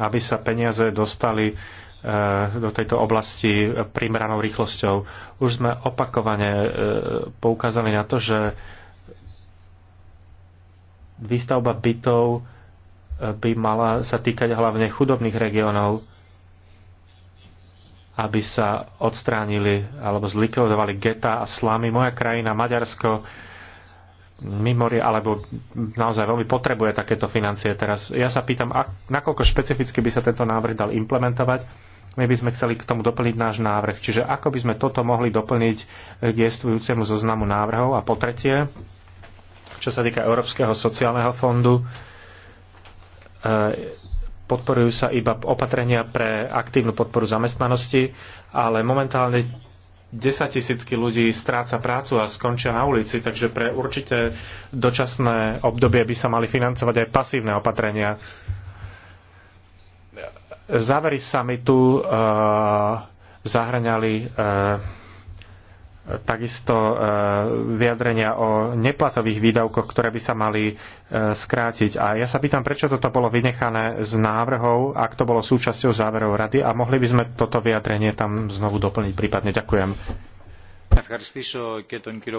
aby sa peniaze dostali e, do tejto oblasti primeranou rýchlosťou. Už sme opakovane e, poukázali na to, že výstavba bytov e, by mala sa týkať hlavne chudobných regiónov, aby sa odstránili alebo zlikvidovali geta a slamy. Moja krajina, Maďarsko, mimori, alebo naozaj veľmi potrebuje takéto financie teraz. Ja sa pýtam, ak, nakoľko špecificky by sa tento návrh dal implementovať. My by sme chceli k tomu doplniť náš návrh. Čiže ako by sme toto mohli doplniť k existujúcemu zoznamu návrhov. A po tretie, čo sa týka Európskeho sociálneho fondu, e, podporujú sa iba opatrenia pre aktívnu podporu zamestnanosti, ale momentálne 10 tisícky ľudí stráca prácu a skončia na ulici, takže pre určité dočasné obdobie by sa mali financovať aj pasívne opatrenia. Závery samitu uh, e, zahraňali uh, e, takisto e, vyjadrenia o neplatových výdavkoch, ktoré by sa mali e, skrátiť. A ja sa pýtam, prečo toto bolo vynechané z návrhov, ak to bolo súčasťou záverov rady a mohli by sme toto vyjadrenie tam znovu doplniť prípadne. Ďakujem.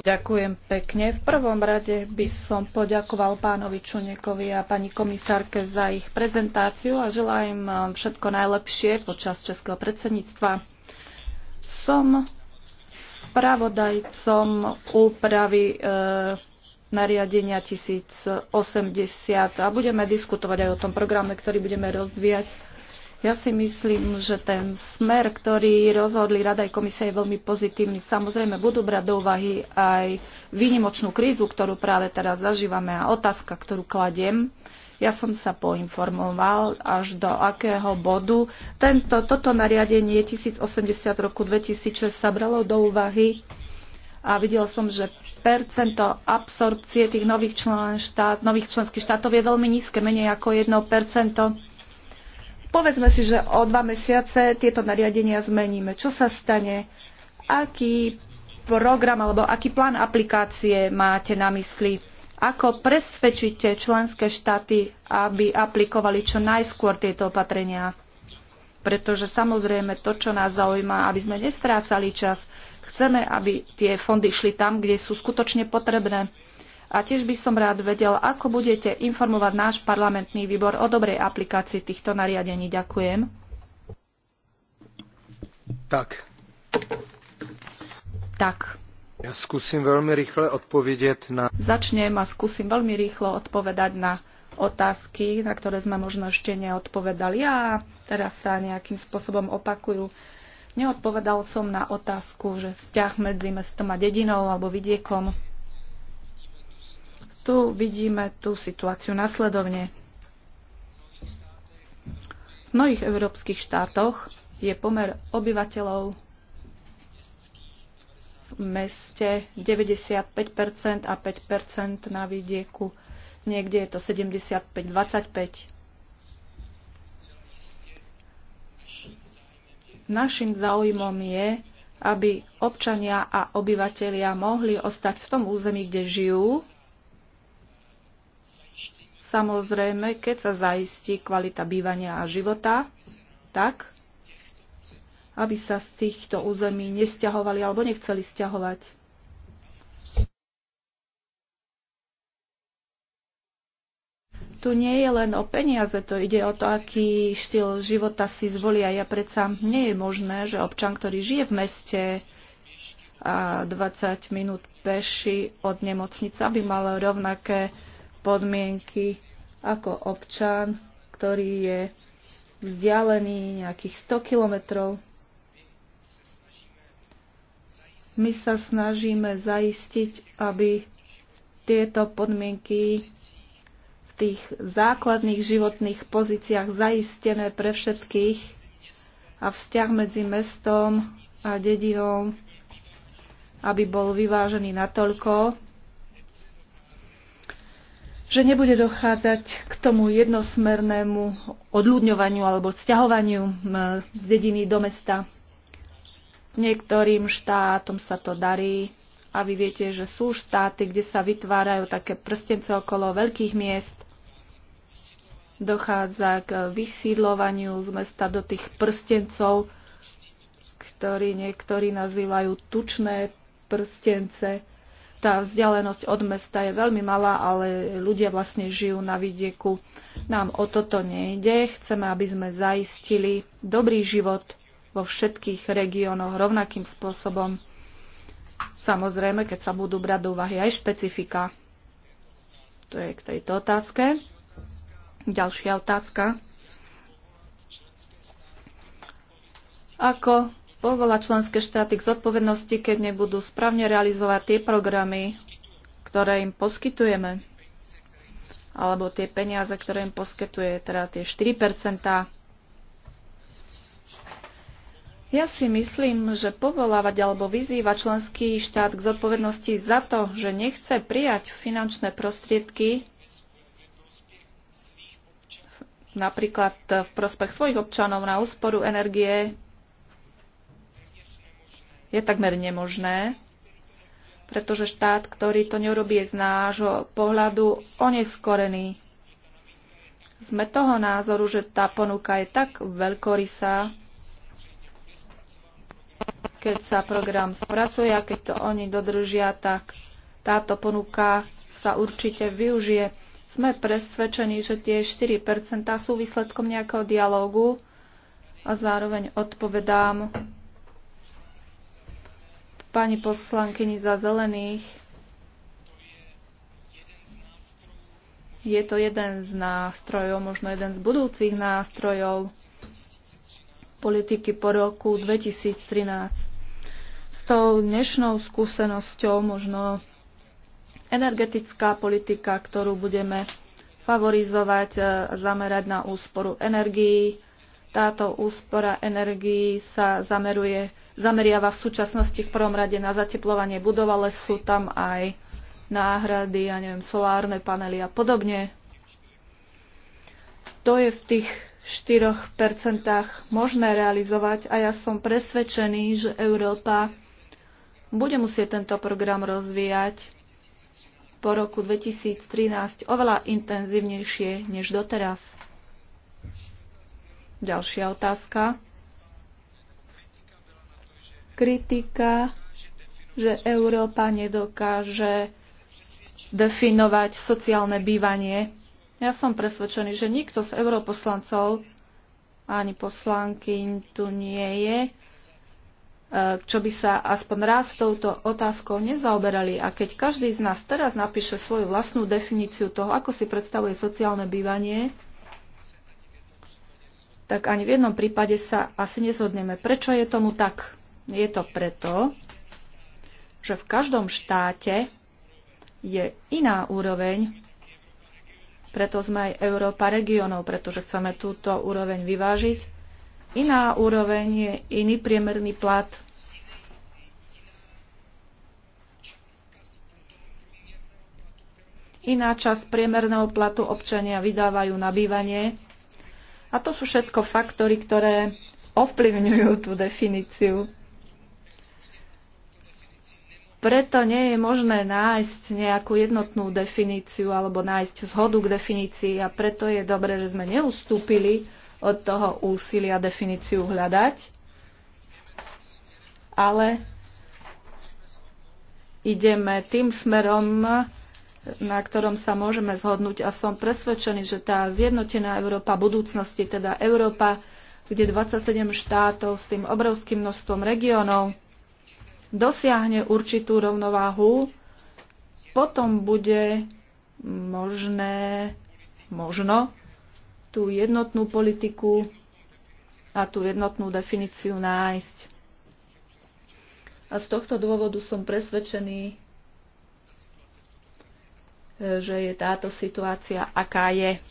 Ďakujem pekne. V prvom rade by som poďakoval pánovi Čunekovi a pani komisárke za ich prezentáciu a želám všetko najlepšie počas českého predsedníctva. Som spravodajcom úpravy e, nariadenia 1080 a budeme diskutovať aj o tom programe, ktorý budeme rozvíjať. Ja si myslím, že ten smer, ktorý rozhodli Rada aj komisia, je veľmi pozitívny. Samozrejme, budú brať do úvahy aj výnimočnú krízu, ktorú práve teraz zažívame a otázka, ktorú kladiem, ja som sa poinformoval, až do akého bodu tento, toto nariadenie 1080 roku 2006 sa bralo do úvahy a videl som, že percento absorpcie tých nových, člen štát, nových členských štátov je veľmi nízke, menej ako 1%. Povedzme si, že o dva mesiace tieto nariadenia zmeníme. Čo sa stane? Aký program alebo aký plán aplikácie máte na mysli? Ako presvedčíte členské štáty, aby aplikovali čo najskôr tieto opatrenia? Pretože samozrejme to, čo nás zaujíma, aby sme nestrácali čas, chceme, aby tie fondy šli tam, kde sú skutočne potrebné. A tiež by som rád vedel, ako budete informovať náš parlamentný výbor o dobrej aplikácii týchto nariadení. Ďakujem. Tak. Tak. Ja skúsim veľmi rýchle odpovedať na... Začnem a skúsim veľmi rýchlo odpovedať na otázky, na ktoré sme možno ešte neodpovedali a teraz sa nejakým spôsobom opakujú. Neodpovedal som na otázku, že vzťah medzi mestom a dedinou alebo vidiekom. Tu vidíme tú situáciu nasledovne. V mnohých európskych štátoch je pomer obyvateľov v meste 95% a 5% na vidieku. Niekde je to 75-25. Našim záujmom je, aby občania a obyvatelia mohli ostať v tom území, kde žijú. Samozrejme, keď sa zaistí kvalita bývania a života, tak aby sa z týchto území nesťahovali alebo nechceli stiahovať. tu nie je len o peniaze, to ide o to, aký štýl života si zvolia. Ja predsa nie je možné, že občan, ktorý žije v meste a 20 minút peši od nemocnice, aby mal rovnaké podmienky ako občan, ktorý je vzdialený nejakých 100 kilometrov. My sa snažíme zaistiť, aby tieto podmienky v tých základných životných pozíciách zaistené pre všetkých a vzťah medzi mestom a dedinou, aby bol vyvážený natoľko, že nebude dochádzať k tomu jednosmernému odľudňovaniu alebo vzťahovaniu z dediny do mesta. Niektorým štátom sa to darí a vy viete, že sú štáty, kde sa vytvárajú také prstence okolo veľkých miest. Dochádza k vysídlovaniu z mesta do tých prstencov, ktorí niektorí nazývajú tučné prstence. Tá vzdialenosť od mesta je veľmi malá, ale ľudia vlastne žijú na vidieku. Nám o toto nejde. Chceme, aby sme zaistili dobrý život vo všetkých regiónoch rovnakým spôsobom. Samozrejme, keď sa budú brať do úvahy aj špecifika. To je k tejto otázke. Ďalšia otázka. Ako povola členské štáty k zodpovednosti, keď nebudú správne realizovať tie programy, ktoré im poskytujeme? Alebo tie peniaze, ktoré im poskytuje, teda tie 4 ja si myslím, že povolávať alebo vyzýva členský štát k zodpovednosti za to, že nechce prijať finančné prostriedky napríklad v prospech svojich občanov na úsporu energie, je takmer nemožné, pretože štát, ktorý to neurobí, je z nášho pohľadu oneskorený. Sme toho názoru, že tá ponuka je tak veľkorysá, keď sa program spracuje a keď to oni dodržia, tak táto ponuka sa určite využije. Sme presvedčení, že tie 4 sú výsledkom nejakého dialógu a zároveň odpovedám pani poslankyni za zelených. Je to jeden z nástrojov, možno jeden z budúcich nástrojov politiky po roku 2013. S tou dnešnou skúsenosťou možno energetická politika, ktorú budeme favorizovať, a zamerať na úsporu energií. Táto úspora energií sa zameruje, zameriava v súčasnosti v prvom rade na zateplovanie budov, ale sú tam aj náhrady, ja neviem, solárne panely a podobne. To je v tých 4% možné realizovať a ja som presvedčený, že Európa bude musieť tento program rozvíjať po roku 2013 oveľa intenzívnejšie než doteraz. Ďalšia otázka. Kritika, že Európa nedokáže definovať sociálne bývanie. Ja som presvedčený, že nikto z europoslancov ani poslanky tu nie je, e, čo by sa aspoň raz touto otázkou nezaoberali. A keď každý z nás teraz napíše svoju vlastnú definíciu toho, ako si predstavuje sociálne bývanie, tak ani v jednom prípade sa asi nezhodneme. Prečo je tomu tak? Je to preto, že v každom štáte je iná úroveň preto sme aj Európa regionov, pretože chceme túto úroveň vyvážiť. Iná úroveň je iný priemerný plat. Iná časť priemerného platu občania vydávajú na bývanie. A to sú všetko faktory, ktoré ovplyvňujú tú definíciu. Preto nie je možné nájsť nejakú jednotnú definíciu alebo nájsť zhodu k definícii a preto je dobré, že sme neustúpili od toho úsilia definíciu hľadať, ale ideme tým smerom, na ktorom sa môžeme zhodnúť a som presvedčený, že tá zjednotená Európa budúcnosti, teda Európa, kde 27 štátov s tým obrovským množstvom regiónov, dosiahne určitú rovnováhu, potom bude možné, možno tú jednotnú politiku a tú jednotnú definíciu nájsť. A z tohto dôvodu som presvedčený, že je táto situácia, aká je.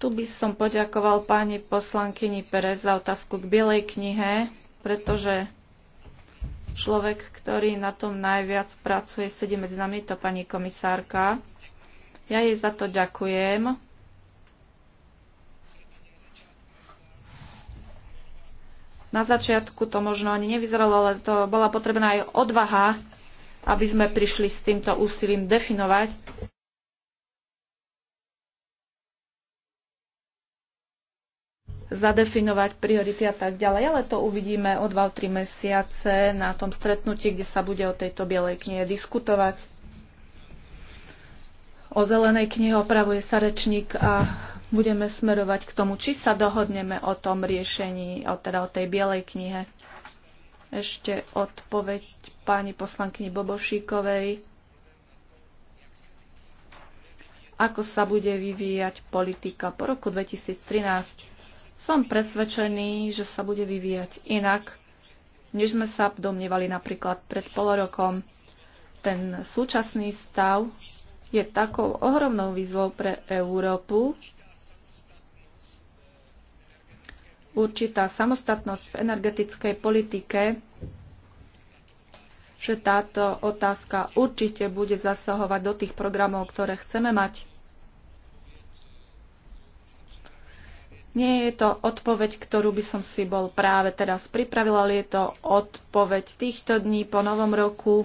Tu by som poďakoval pani poslankyni Perez za otázku k Bielej knihe, pretože Človek, ktorý na tom najviac pracuje, sedí medzi nami, to pani komisárka. Ja jej za to ďakujem. Na začiatku to možno ani nevyzeralo, ale to bola potrebná aj odvaha, aby sme prišli s týmto úsilím definovať zadefinovať priority a tak ďalej, ale to uvidíme o 2-3 mesiace na tom stretnutí, kde sa bude o tejto bielej knihe diskutovať. O zelenej knihe opravuje sa rečník a budeme smerovať k tomu, či sa dohodneme o tom riešení, o, teda o tej bielej knihe. Ešte odpoveď pani poslankyni Bobošíkovej. Ako sa bude vyvíjať politika po roku 2013? Som presvedčený, že sa bude vyvíjať inak, než sme sa domnievali napríklad pred pol rokom. Ten súčasný stav je takou ohromnou výzvou pre Európu. Určitá samostatnosť v energetickej politike že táto otázka určite bude zasahovať do tých programov, ktoré chceme mať. Nie je to odpoveď, ktorú by som si bol práve teraz pripravil, ale je to odpoveď týchto dní po novom roku.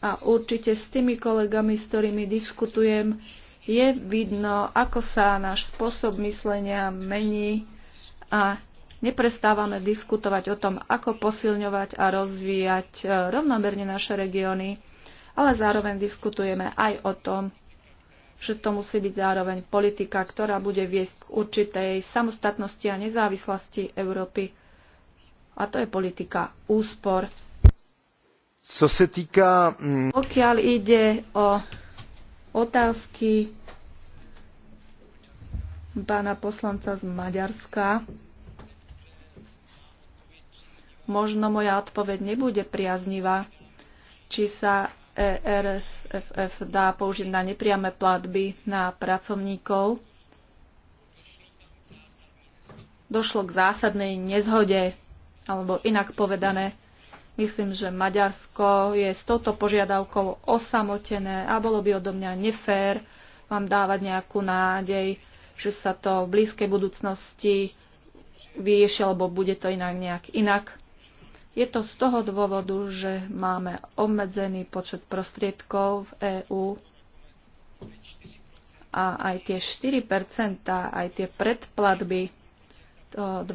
A určite s tými kolegami, s ktorými diskutujem, je vidno, ako sa náš spôsob myslenia mení a neprestávame diskutovať o tom, ako posilňovať a rozvíjať eh, rovnomerne naše regióny, ale zároveň diskutujeme aj o tom, že to musí byť zároveň politika, ktorá bude viesť k určitej samostatnosti a nezávislosti Európy. A to je politika úspor. Co se týka... Mm, Pokiaľ ide o otázky pána poslanca z Maďarska, možno moja odpoveď nebude priaznivá, či sa ERSFF dá použiť na nepriame platby na pracovníkov, došlo k zásadnej nezhode, alebo inak povedané, myslím, že Maďarsko je s touto požiadavkou osamotené a bolo by odo mňa nefér vám dávať nejakú nádej, že sa to v blízkej budúcnosti vyrieši, alebo bude to inak nejak inak. Je to z toho dôvodu, že máme obmedzený počet prostriedkov v EÚ a aj tie 4%, aj tie predplatby, 2,5%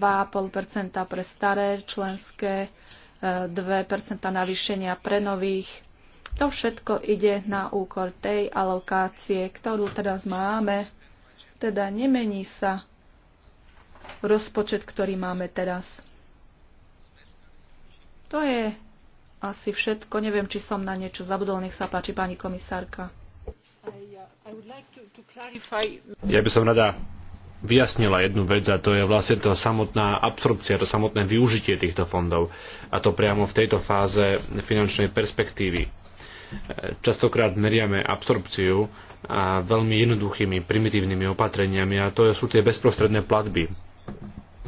pre staré členské, 2% e, navýšenia pre nových. To všetko ide na úkor tej alokácie, ktorú teraz máme. Teda nemení sa rozpočet, ktorý máme teraz. To je asi všetko. Neviem, či som na niečo zabudol. Nech sa páči, pani komisárka. Ja by som rada vyjasnila jednu vec a to je vlastne to samotná absorpcia, to samotné využitie týchto fondov a to priamo v tejto fáze finančnej perspektívy. Častokrát meriame absorpciu a veľmi jednoduchými, primitívnymi opatreniami a to sú tie bezprostredné platby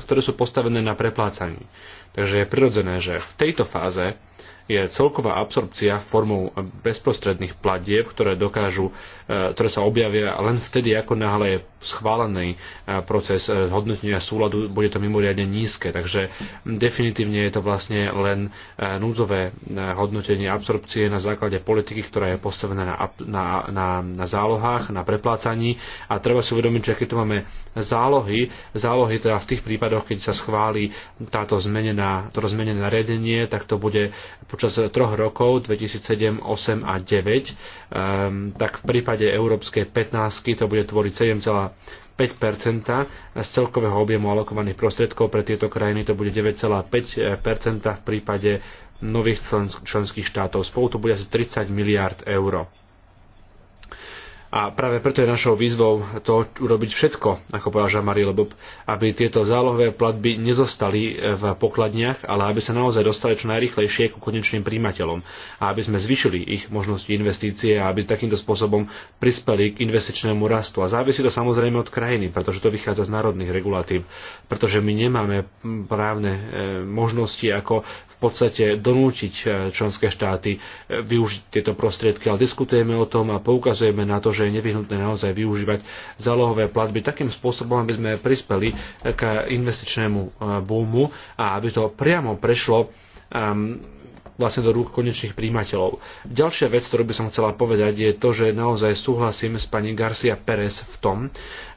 ktoré sú postavené na preplácaní. Takže je prirodzené, že v tejto fáze je celková absorpcia formou bezprostredných platieb, ktoré dokážu, e, ktoré sa objavia len vtedy, ako náhle je schválený e, proces e, hodnotenia súladu, bude to mimoriadne nízke. Takže definitívne je to vlastne len núdzové hodnotenie absorpcie na základe politiky, ktorá je postavená na, na, na, na zálohách, na preplácaní a treba si uvedomiť, že keď tu máme zálohy, zálohy teda v tých prípadoch, keď sa schváli táto zmenená, to zmenené nariadenie, tak to bude počas troch rokov 2007, 8 a 9, ehm, tak v prípade európskej 15 to bude tvoriť 7,5 5 z celkového objemu alokovaných prostriedkov pre tieto krajiny to bude 9,5 v prípade nových členských štátov. Spolu to bude asi 30 miliard eur. A práve preto je našou výzvou to urobiť všetko, ako povedal Jean-Marie Lebob, aby tieto zálohové platby nezostali e, v pokladniach, ale aby sa naozaj dostali čo najrychlejšie ku konečným príjimateľom a aby sme zvýšili ich možnosti investície a aby takýmto spôsobom prispeli k investičnému rastu. A závisí to samozrejme od krajiny, pretože to vychádza z národných regulatív, pretože my nemáme právne e, možnosti, ako v podstate donútiť e, členské štáty využiť tieto prostriedky, ale diskutujeme o tom a poukazujeme na to, že že je nevyhnutné naozaj využívať zálohové platby takým spôsobom, aby sme prispeli k investičnému eh, boomu a aby to priamo prešlo ehm, vlastne do rúk konečných príjimateľov. Ďalšia vec, ktorú by som chcela povedať, je to, že naozaj súhlasím s pani Garcia Perez v tom,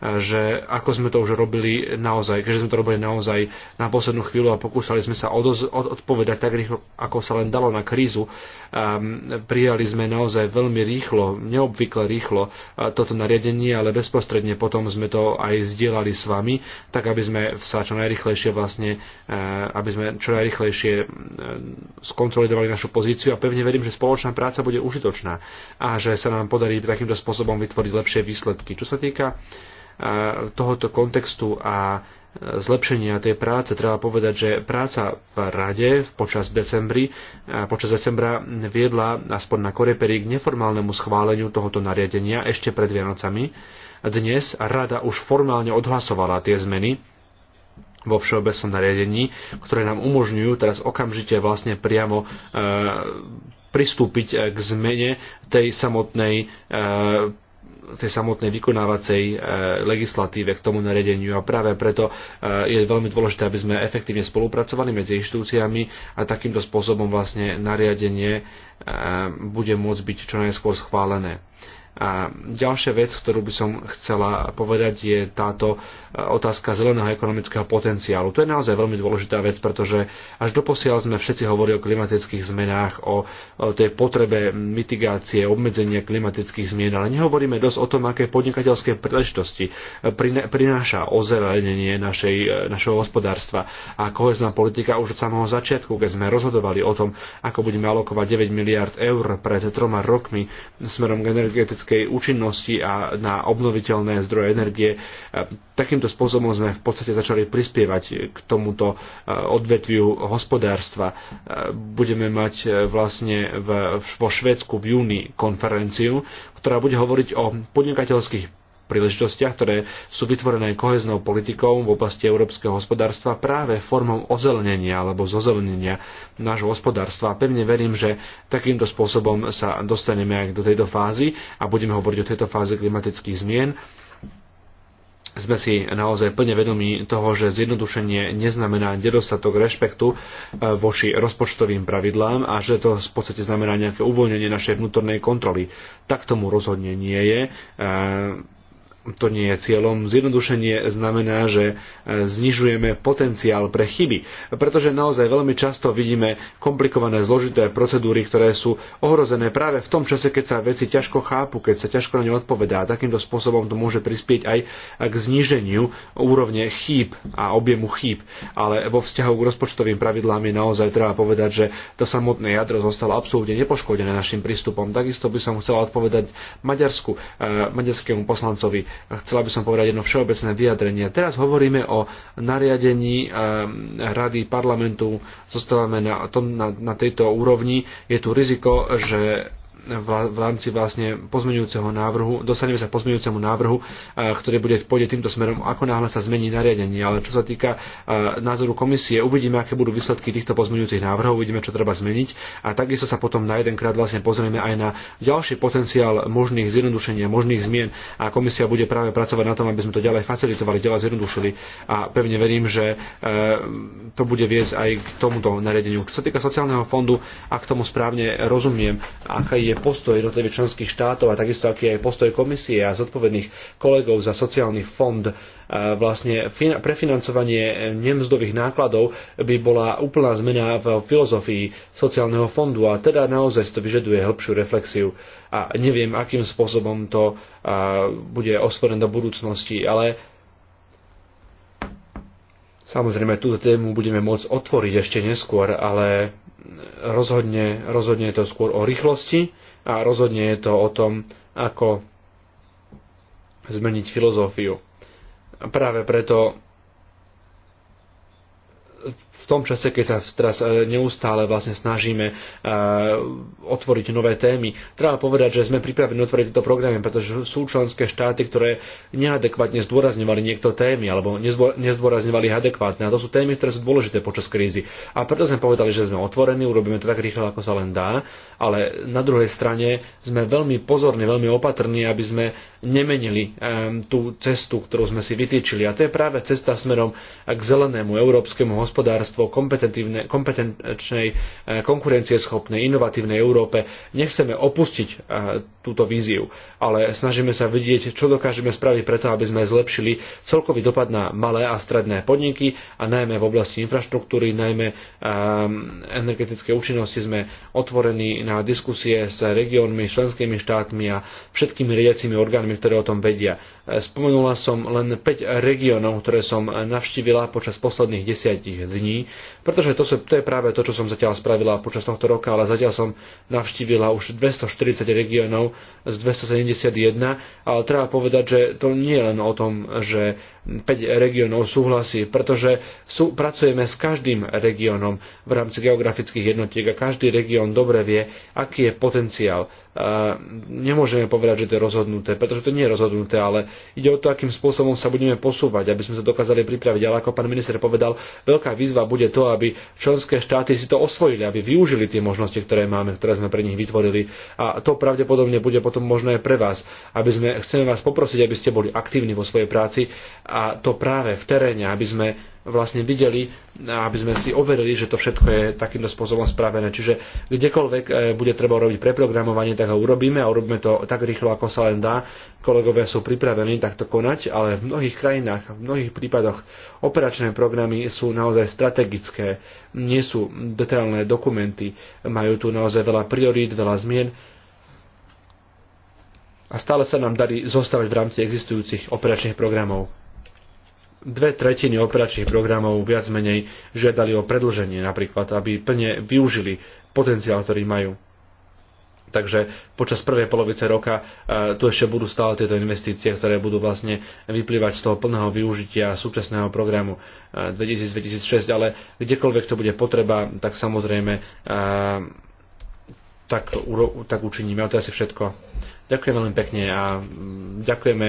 že ako sme to už robili naozaj, keďže sme to robili naozaj na poslednú chvíľu a pokúšali sme sa odoz, od, odpovedať tak rýchlo, ako sa len dalo na krízu. Um, prijali sme naozaj veľmi rýchlo, neobvykle rýchlo e, toto nariadenie, ale bezprostredne potom sme to aj zdieľali s vami, tak aby sme sa čo najrychlejšie vlastne, e, aby sme čo najrychlejšie e, skonsolidovali našu pozíciu a pevne verím, že spoločná práca bude užitočná a že sa nám podarí takýmto spôsobom vytvoriť lepšie výsledky. Čo sa týka tohoto kontextu a e, zlepšenia tej práce. Treba povedať, že práca v rade počas, decembri, e, počas decembra viedla aspoň na koreperi k neformálnemu schváleniu tohoto nariadenia ešte pred Vianocami. Dnes rada už formálne odhlasovala tie zmeny vo všeobecnom nariadení, ktoré nám umožňujú teraz okamžite vlastne priamo e, pristúpiť k zmene tej samotnej e, tej samotnej vykonávacej e, legislatíve k tomu naredeniu a práve preto e, je veľmi dôležité, aby sme efektívne spolupracovali medzi inštitúciami a takýmto spôsobom vlastne nariadenie e, bude môcť byť čo najskôr schválené. A ďalšia vec, ktorú by som chcela povedať, je táto e, otázka zeleného ekonomického potenciálu. To je naozaj veľmi dôležitá vec, pretože až doposiaľ sme všetci hovorili o klimatických zmenách, o, tej potrebe mitigácie, obmedzenia klimatických zmien, ale nehovoríme dosť o tom, aké podnikateľské príležitosti e, prináša ozelenenie našej, e, našeho hospodárstva. A kohezná politika už od samého začiatku, keď sme rozhodovali o tom, ako budeme alokovať 9 miliard eur pred troma rokmi smerom k energetickým energetickej účinnosti a na obnoviteľné zdroje energie. E, takýmto spôsobom sme v podstate začali prispievať k tomuto e, odvetviu hospodárstva. E, budeme mať vlastne vo Švédsku v júni konferenciu, ktorá bude hovoriť o podnikateľských príležitostiach, ktoré sú vytvorené koheznou politikou v oblasti európskeho hospodárstva práve formou ozelenenia alebo zozelenenia nášho hospodárstva. Pevne verím, že takýmto spôsobom sa dostaneme aj do tejto fázy a budeme hovoriť o tejto fáze klimatických zmien sme si naozaj plne vedomí toho, že zjednodušenie neznamená nedostatok rešpektu eh, voči rozpočtovým pravidlám a že to v podstate znamená nejaké uvoľnenie našej vnútornej kontroly. Tak tomu rozhodne nie je eh, to nie je cieľom. Zjednodušenie znamená, že e, znižujeme potenciál pre chyby, pretože naozaj veľmi často vidíme komplikované, zložité procedúry, ktoré sú ohrozené práve v tom čase, keď sa veci ťažko chápu, keď sa ťažko na ne odpovedá. Takýmto spôsobom to môže prispieť aj e, k zníženiu úrovne chýb a objemu chýb. Ale vo vzťahu k rozpočtovým pravidlám je naozaj treba povedať, že to samotné jadro zostalo absolútne nepoškodené našim prístupom. Takisto by som chcel odpovedať Maďarsku, e, maďarskému poslancovi chcela by som povedať jedno všeobecné vyjadrenie. Teraz hovoríme o nariadení eh, Rady parlamentu, zostávame na, tom, na, na tejto úrovni. Je tu riziko, že v rámci vlastne pozmeňujúceho návrhu, dostaneme sa pozmeňujúcemu návrhu, eh, ktorý bude pôjde týmto smerom, ako náhle sa zmení nariadenie. Ale čo sa týka eh, názoru komisie, uvidíme, aké budú výsledky týchto pozmeňujúcich návrhov, uvidíme, čo treba zmeniť a takisto sa potom na jedenkrát vlastne pozrieme aj na ďalší potenciál možných zjednodušení a možných zmien a komisia bude práve pracovať na tom, aby sme to ďalej facilitovali, ďalej zjednodušili a pevne verím, že eh, to bude viesť aj k tomuto nariadeniu. Čo sa týka sociálneho fondu, ak tomu správne rozumiem, aká je postoj jednotlivých členských štátov a takisto aký je postoj komisie a zodpovedných kolegov za sociálny fond e, vlastne prefinancovanie e, nemzdových nákladov by bola úplná zmena v filozofii sociálneho fondu a teda naozaj to vyžaduje hĺbšiu reflexiu a neviem, akým spôsobom to e, bude osporené do budúcnosti, ale Samozrejme, túto tému budeme môcť otvoriť ešte neskôr, ale rozhodne, rozhodne je to skôr o rýchlosti a rozhodne je to o tom, ako zmeniť filozofiu. Práve preto v tom čase, keď sa teraz e, neustále vlastne snažíme e, otvoriť nové témy. Treba povedať, že sme pripravení otvoriť tieto programy, pretože sú členské štáty, ktoré neadekvátne zdôrazňovali niekto témy alebo nezdôrazňovali ich adekvátne. A to sú témy, ktoré sú dôležité počas krízy. A preto sme povedali, že sme otvorení, urobíme to tak rýchlo, ako sa len dá, ale na druhej strane sme veľmi pozorní, veľmi opatrní, aby sme nemenili tú cestu, ktorú sme si vytýčili. A to je práve cesta smerom k zelenému európskemu hospodárstvu hospodárstvo kompetenčnej, eh, konkurencieschopnej, inovatívnej Európe. Nechceme opustiť eh, túto víziu, ale snažíme sa vidieť, čo dokážeme spraviť preto, aby sme zlepšili celkový dopad na malé a stredné podniky a najmä v oblasti infraštruktúry, najmä um, energetické účinnosti sme otvorení na diskusie s regiónmi, členskými štátmi a všetkými riadiacimi orgánmi, ktoré o tom vedia. E, spomenula som len 5 regiónov, ktoré som navštívila počas posledných desiatich dní, pretože to, sú, to je práve to, čo som zatiaľ spravila počas tohto roka, ale zatiaľ som navštívila už 240 regiónov z 271, ale treba povedať, že to nie je len o tom, že 5 regiónov súhlasí, pretože sú, pracujeme s každým regiónom v rámci geografických jednotiek a každý región dobre vie, aký je potenciál Eh, nemôžeme povedať, že to je rozhodnuté, pretože to nie je rozhodnuté, ale ide o to, akým spôsobom sa budeme posúvať, aby sme sa dokázali pripraviť. Ale ako pán minister povedal, veľká výzva bude to, aby členské štáty si to osvojili, aby využili tie možnosti, ktoré máme, ktoré sme pre nich vytvorili. A to pravdepodobne bude potom možné pre vás, aby sme, chceme vás poprosiť, aby ste boli aktívni vo svojej práci a to práve v teréne, aby sme vlastne videli, aby sme si overili, že to všetko je takýmto spôsobom spravené. Čiže kdekoľvek e, bude treba urobiť preprogramovanie, tak ho urobíme a urobíme to tak rýchlo, ako sa len dá. Kolegovia sú pripravení takto konať, ale v mnohých krajinách, v mnohých prípadoch operačné programy sú naozaj strategické, nie sú detailné dokumenty, majú tu naozaj veľa priorít, veľa zmien a stále sa nám darí zostávať v rámci existujúcich operačných programov dve tretiny operačných programov viac menej žiadali o predlženie napríklad, aby plne využili potenciál, ktorý majú. Takže počas prvej polovice roka e, tu ešte budú stále tieto investície, ktoré budú vlastne vyplývať z toho plného využitia súčasného programu 2000-2006, e, ale kdekoľvek to bude potreba, tak samozrejme e, tak, tak učiníme. A to je asi všetko. Ďakujem veľmi pekne a ďakujeme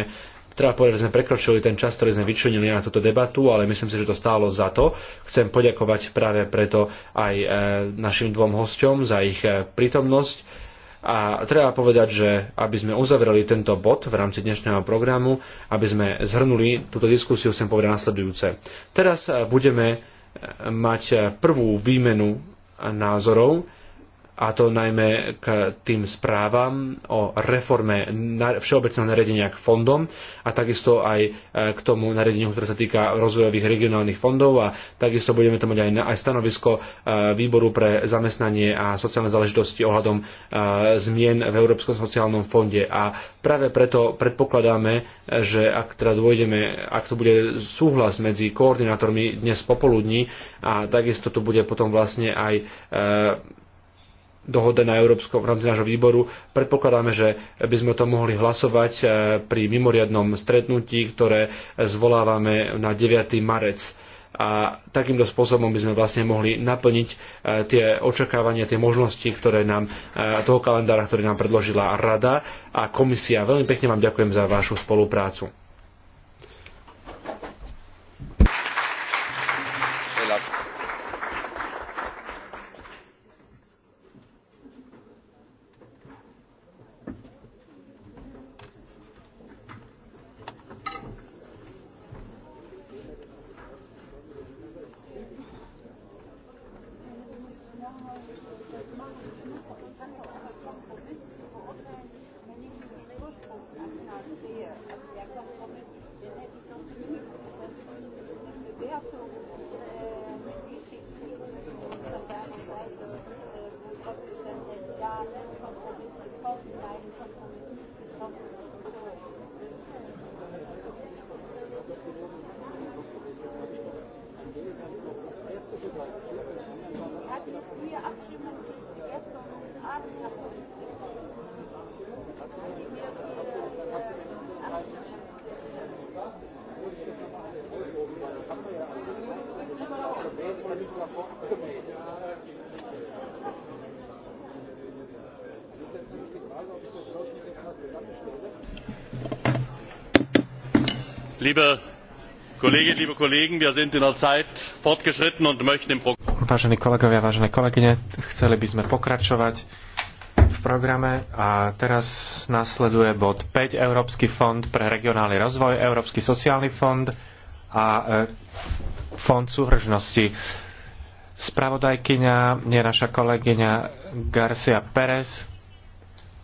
Treba povedať, že sme prekročili ten čas, ktorý sme vyčlenili na túto debatu, ale myslím si, že to stálo za to. Chcem poďakovať práve preto aj e, našim dvom hosťom za ich e, prítomnosť. A treba povedať, že aby sme uzavreli tento bod v rámci dnešného programu, aby sme zhrnuli túto diskusiu, chcem povedať nasledujúce. Teraz e, budeme mať prvú výmenu názorov a to najmä k tým správam o reforme všeobecného nariadenia k fondom a takisto aj e, k tomu nariadeniu, ktoré sa týka rozvojových regionálnych fondov a takisto budeme to mať aj, na, aj stanovisko e, výboru pre zamestnanie a sociálne záležitosti ohľadom e, zmien v Európskom sociálnom fonde a práve preto predpokladáme, že ak teda dôjdeme, ak to bude súhlas medzi koordinátormi dnes popoludní a takisto to bude potom vlastne aj dohode na Európskom v rámci nášho výboru. Predpokladáme, že by sme to mohli hlasovať e, pri mimoriadnom stretnutí, ktoré zvolávame na 9. marec a takýmto spôsobom by sme vlastne mohli naplniť e, tie očakávania, tie možnosti, ktoré nám, e, toho kalendára, ktorý nám predložila rada a komisia. Veľmi pekne vám ďakujem za vašu spoluprácu. Kolleginnen, liebe Kollegen, wir sind in der Zeit fortgeschritten und möchten im Vážení kolegovia, vážené kolegyne, chceli by sme pokračovať v programe a teraz nasleduje bod 5 Európsky fond pre regionálny rozvoj, Európsky sociálny fond a e, fond súhržnosti. Spravodajkyňa je naša kolegyňa Garcia Perez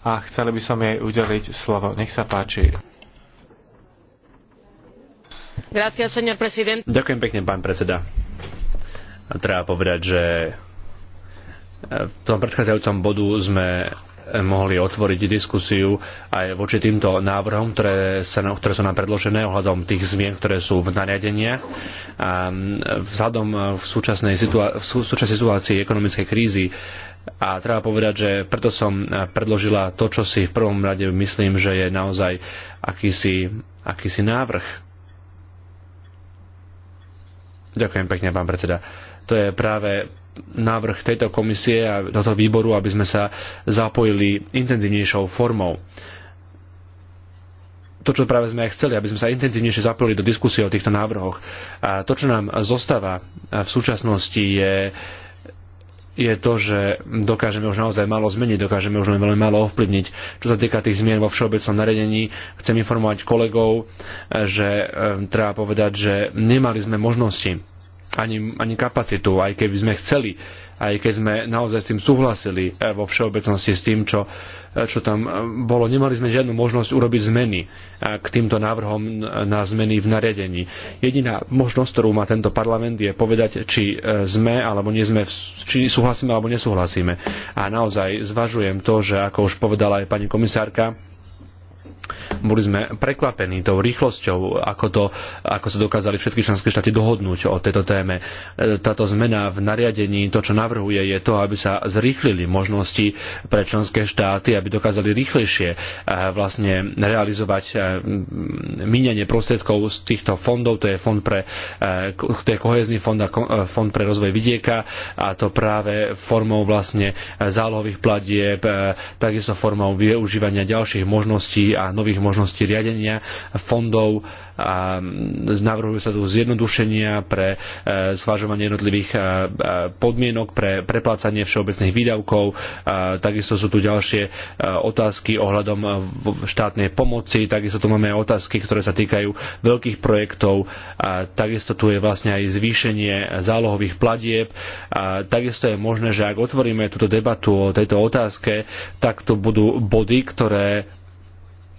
a chceli by som jej udeliť slovo. Nech sa páči. Ďakujem pekne, pán predseda. A treba povedať, že v tom predchádzajúcom bodu sme mohli otvoriť diskusiu aj voči týmto návrhom, ktoré, sa, ktoré sú nám predložené ohľadom tých zmien, ktoré sú v nariadeniach. A vzhľadom v súčasnej, situá- v súčasnej situácii ekonomickej krízy a treba povedať, že preto som predložila to, čo si v prvom rade myslím, že je naozaj akýsi, akýsi návrh Ďakujem pekne, pán predseda. To je práve návrh tejto komisie a tohto výboru, aby sme sa zapojili intenzívnejšou formou to, čo práve sme aj chceli, aby sme sa intenzívnejšie zapojili do diskusie o týchto návrhoch. A to, čo nám zostáva v súčasnosti, je je to, že dokážeme už naozaj málo zmeniť, dokážeme už len veľmi málo ovplyvniť. Čo sa týka tých zmien vo všeobecnom nariadení, chcem informovať kolegov, e, že e, treba povedať, že nemali sme možnosti ani, ani kapacitu, aj keby sme chceli aj keď sme naozaj s tým súhlasili e, vo všeobecnosti s tým, čo, e, čo tam e, bolo. Nemali sme žiadnu možnosť urobiť zmeny k týmto návrhom na zmeny v nariadení. Jediná možnosť, ktorú má tento parlament, je povedať, či sme alebo nie sme, či súhlasíme alebo nesúhlasíme. A naozaj zvažujem to, že ako už povedala aj pani komisárka, boli sme prekvapení tou rýchlosťou, ako, to, ako sa dokázali všetky členské štáty dohodnúť o tejto téme. E, táto zmena v nariadení, to, čo navrhuje, je to, aby sa zrýchlili možnosti pre členské štáty, aby dokázali rýchlejšie e, vlastne realizovať e, minenie prostriedkov z týchto fondov, to je fond pre to je kohezný fond a fond pre rozvoj vidieka a to práve formou vlastne zálohových platieb, takisto formou využívania ďalších možností a nových možností riadenia fondov a navrhujú sa tu zjednodušenia pre e, zvažovanie jednotlivých e, e, podmienok pre preplácanie všeobecných výdavkov. Takisto sú tu ďalšie otázky ohľadom štátnej pomoci, takisto tu máme aj otázky, ktoré sa týkajú veľkých projektov, takisto tu je vlastne aj zvýšenie zálohových platieb. Takisto je možné, že ak otvoríme túto debatu o tejto otázke, tak tu budú body, ktoré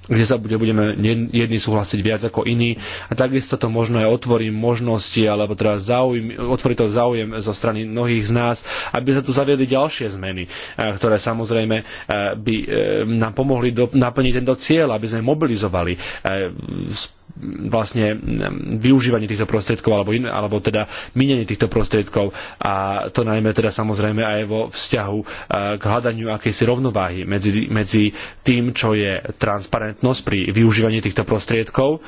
kde sa bude, budeme jedni súhlasiť viac ako iní. A takisto to možno aj otvorí možnosti, alebo teda záujem, otvorí to záujem zo strany mnohých z nás, aby sa tu zaviedli ďalšie zmeny, e, ktoré samozrejme e, by e, nám pomohli do, naplniť tento cieľ, aby sme mobilizovali vlastne využívanie týchto prostriedkov alebo, in, alebo teda minenie týchto prostriedkov a to najmä teda samozrejme aj vo vzťahu k hľadaniu akejsi rovnováhy medzi, medzi tým, čo je transparentné transparentnosť pri využívaní týchto prostriedkov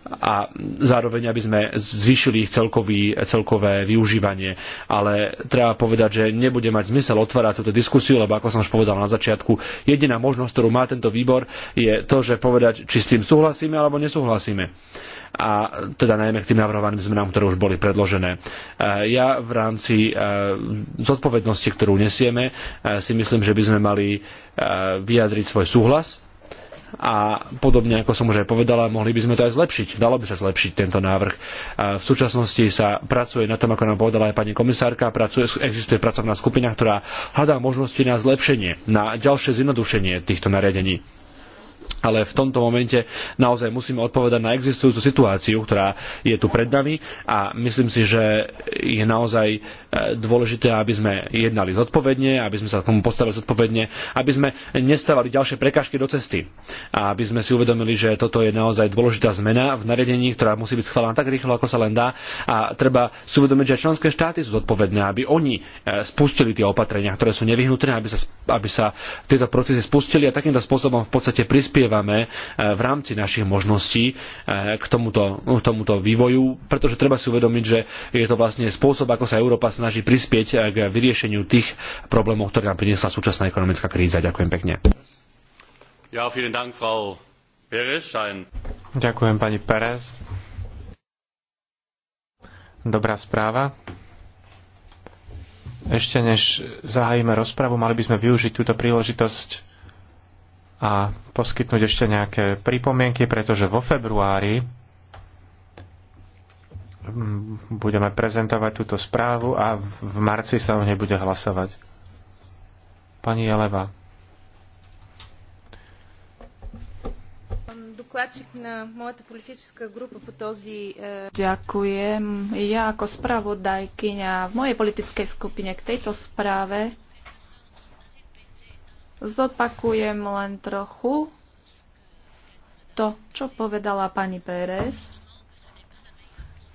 a zároveň, aby sme zvýšili ich celkový, celkové využívanie. Ale treba povedať, že nebude mať zmysel otvárať túto diskusiu, lebo ako som už povedal na začiatku, jediná možnosť, ktorú má tento výbor, je to, že povedať, či s tým súhlasíme alebo nesúhlasíme a teda najmä k tým navrhovaným zmenám, ktoré už boli predložené. E, ja v rámci e, zodpovednosti, ktorú nesieme, e, si myslím, že by sme mali vyjadriť svoj súhlas a podobne ako som už aj povedala, mohli by sme to aj zlepšiť. Dalo by sa zlepšiť tento návrh. A v súčasnosti sa pracuje na tom, ako nám povedala aj pani komisárka, pracuje, existuje pracovná skupina, ktorá hľadá možnosti na zlepšenie, na ďalšie zjednodušenie týchto nariadení ale v tomto momente naozaj musíme odpovedať na existujúcu situáciu, ktorá je tu pred nami a myslím si, že je naozaj e, dôležité, aby sme jednali zodpovedne, aby sme sa k tomu postavili zodpovedne, aby sme nestávali ďalšie prekažky do cesty a aby sme si uvedomili, že toto je naozaj dôležitá zmena v nariadení, ktorá musí byť schválená tak rýchlo, ako sa len dá a treba si uvedomiť, že aj členské štáty sú zodpovedné, aby oni e, spustili tie opatrenia, ktoré sú nevyhnutné, aby sa, aby sa tieto procesy spustili a takýmto spôsobom v podstate prispili prispievame e, v rámci našich možností e, k tomuto, no, k tomuto vývoju, pretože treba si uvedomiť, že je to vlastne spôsob, ako sa Európa snaží prispieť e, k vyriešeniu tých problémov, ktoré nám priniesla súčasná ekonomická kríza. Ďakujem pekne. Ja, vielen Dank, Frau Ein... Ďakujem, pani Perez. Dobrá správa. Ešte než zahájime rozpravu, mali by sme využiť túto príležitosť a poskytnúť ešte nejaké pripomienky, pretože vo februári mm, budeme prezentovať túto správu a v marci sa o nej bude hlasovať. Pani Jeleva. E, Ďakujem. Ja ako spravodajkyňa v mojej politickej skupine k tejto správe Zopakujem len trochu to, čo povedala pani Pérez.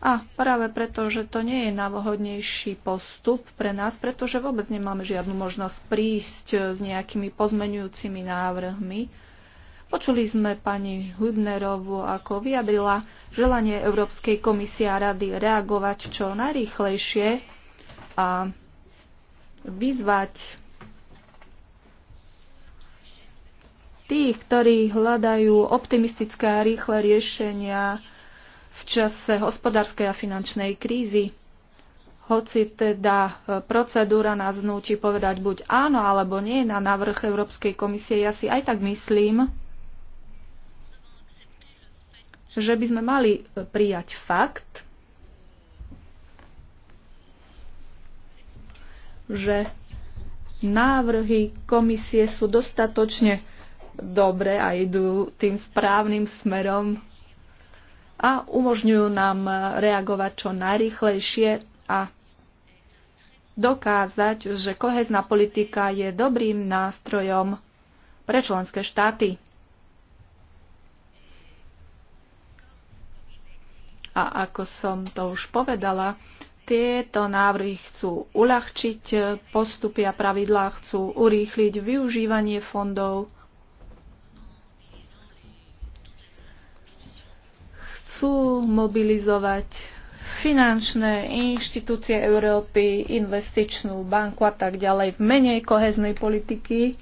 A práve preto, že to nie je návohodnejší postup pre nás, pretože vôbec nemáme žiadnu možnosť prísť s nejakými pozmenujúcimi návrhmi. Počuli sme pani Hübnerovu, ako vyjadrila želanie Európskej komisie a rady reagovať čo najrýchlejšie a vyzvať tých, ktorí hľadajú optimistické a rýchle riešenia v čase hospodárskej a finančnej krízy. Hoci teda e, procedúra nás núči povedať buď áno alebo nie na návrh Európskej komisie, ja si aj tak myslím, že by sme mali e, prijať fakt, že návrhy komisie sú dostatočne dobre a idú tým správnym smerom a umožňujú nám eh, reagovať čo najrychlejšie a dokázať, že kohezná politika je dobrým nástrojom pre členské štáty. A ako som to už povedala, tieto návrhy chcú uľahčiť eh, postupy a pravidlá, chcú urýchliť využívanie fondov chcú mobilizovať finančné inštitúcie Európy, investičnú banku a tak ďalej v menej koheznej politiky.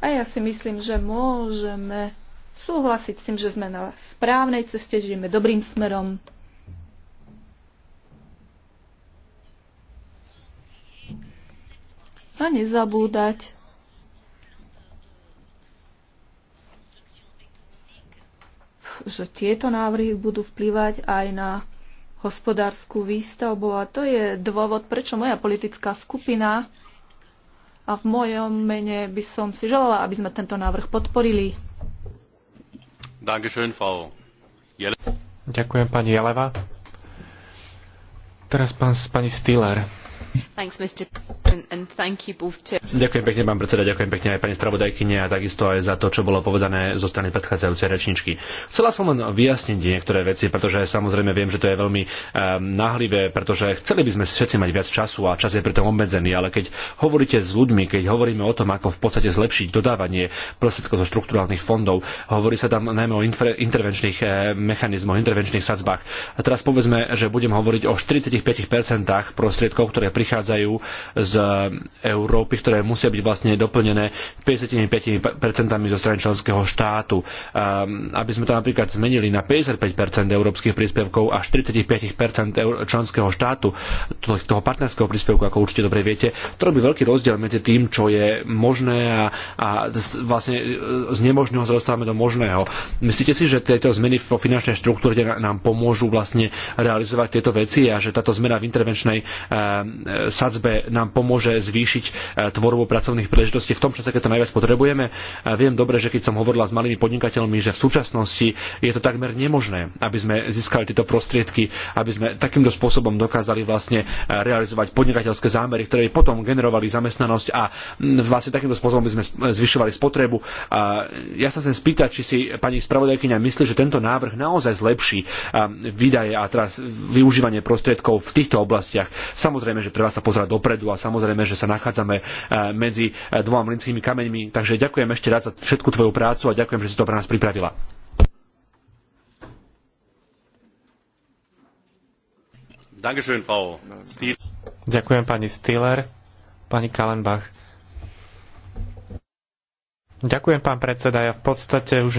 A ja si myslím, že môžeme súhlasiť s tým, že sme na správnej ceste, že ideme dobrým smerom. A nezabúdať, že tieto návrhy budú vplývať aj na hospodárskú výstavbu a to je dôvod, prečo moja politická skupina a v mojom mene by som si želala, aby sme tento návrh podporili. Ďakujem pani Jeleva. Teraz pán, pani Stiller. Thanks, Mr. Ďakujem pekne, pán predseda, ďakujem pekne aj pani spravodajkyne a takisto aj za to, čo bolo povedané zo strany predchádzajúcej rečničky. Chcela som len vyjasniť niektoré veci, pretože samozrejme viem, že to je veľmi um, ehm, nahlivé, pretože chceli by sme všetci mať viac času a čas je pritom obmedzený, ale keď hovoríte s ľuďmi, keď hovoríme o tom, ako v podstate zlepšiť dodávanie prostriedkov zo štruktúrálnych fondov, hovorí sa tam najmä o infre, intervenčných eh, mechanizmoch, intervenčných sadzbách. A teraz povedzme, že budem hovoriť o 45% prostriedkov, ktoré prichádzajú z z Európy, ktoré musia byť vlastne doplnené 55% zo strany členského štátu. Ehm, aby sme to napríklad zmenili na 55% európskych príspevkov až 35% členského štátu, toho partnerského príspevku, ako určite dobre viete, to robí veľký rozdiel medzi tým, čo je možné a, a vlastne e, z nemožného zrostávame do možného. Myslíte si, že tieto zmeny vo finančnej štruktúre nám pomôžu vlastne realizovať tieto veci a že táto zmena v intervenčnej ehm, e, sadzbe nám pomôže pomôže zvýšiť e, tvorbu pracovných príležitostí v tom čase, keď to najviac potrebujeme. Viem dobre, že keď som hovorila s malými podnikateľmi, že v súčasnosti je to takmer nemožné, aby sme získali tieto prostriedky, aby sme takýmto spôsobom dokázali vlastne e, realizovať podnikateľské zámery, ktoré potom generovali zamestnanosť a vlastne takýmto spôsobom by sme zvyšovali spotrebu. A ja sa chcem spýtať, či si pani spravodajkyňa myslí, že tento návrh naozaj zlepší výdaje a teraz využívanie prostriedkov v týchto oblastiach. Samozrejme, že treba sa pozerať dopredu a samozrejme samozrejme, že sa nachádzame e, medzi e, dvoma mlinskými kameňmi. Takže ďakujem ešte raz za všetku tvoju prácu a ďakujem, že si to pre nás pripravila. Ďakujem pani Stiller, pani Kalenbach. Ďakujem pán predseda, ja v podstate už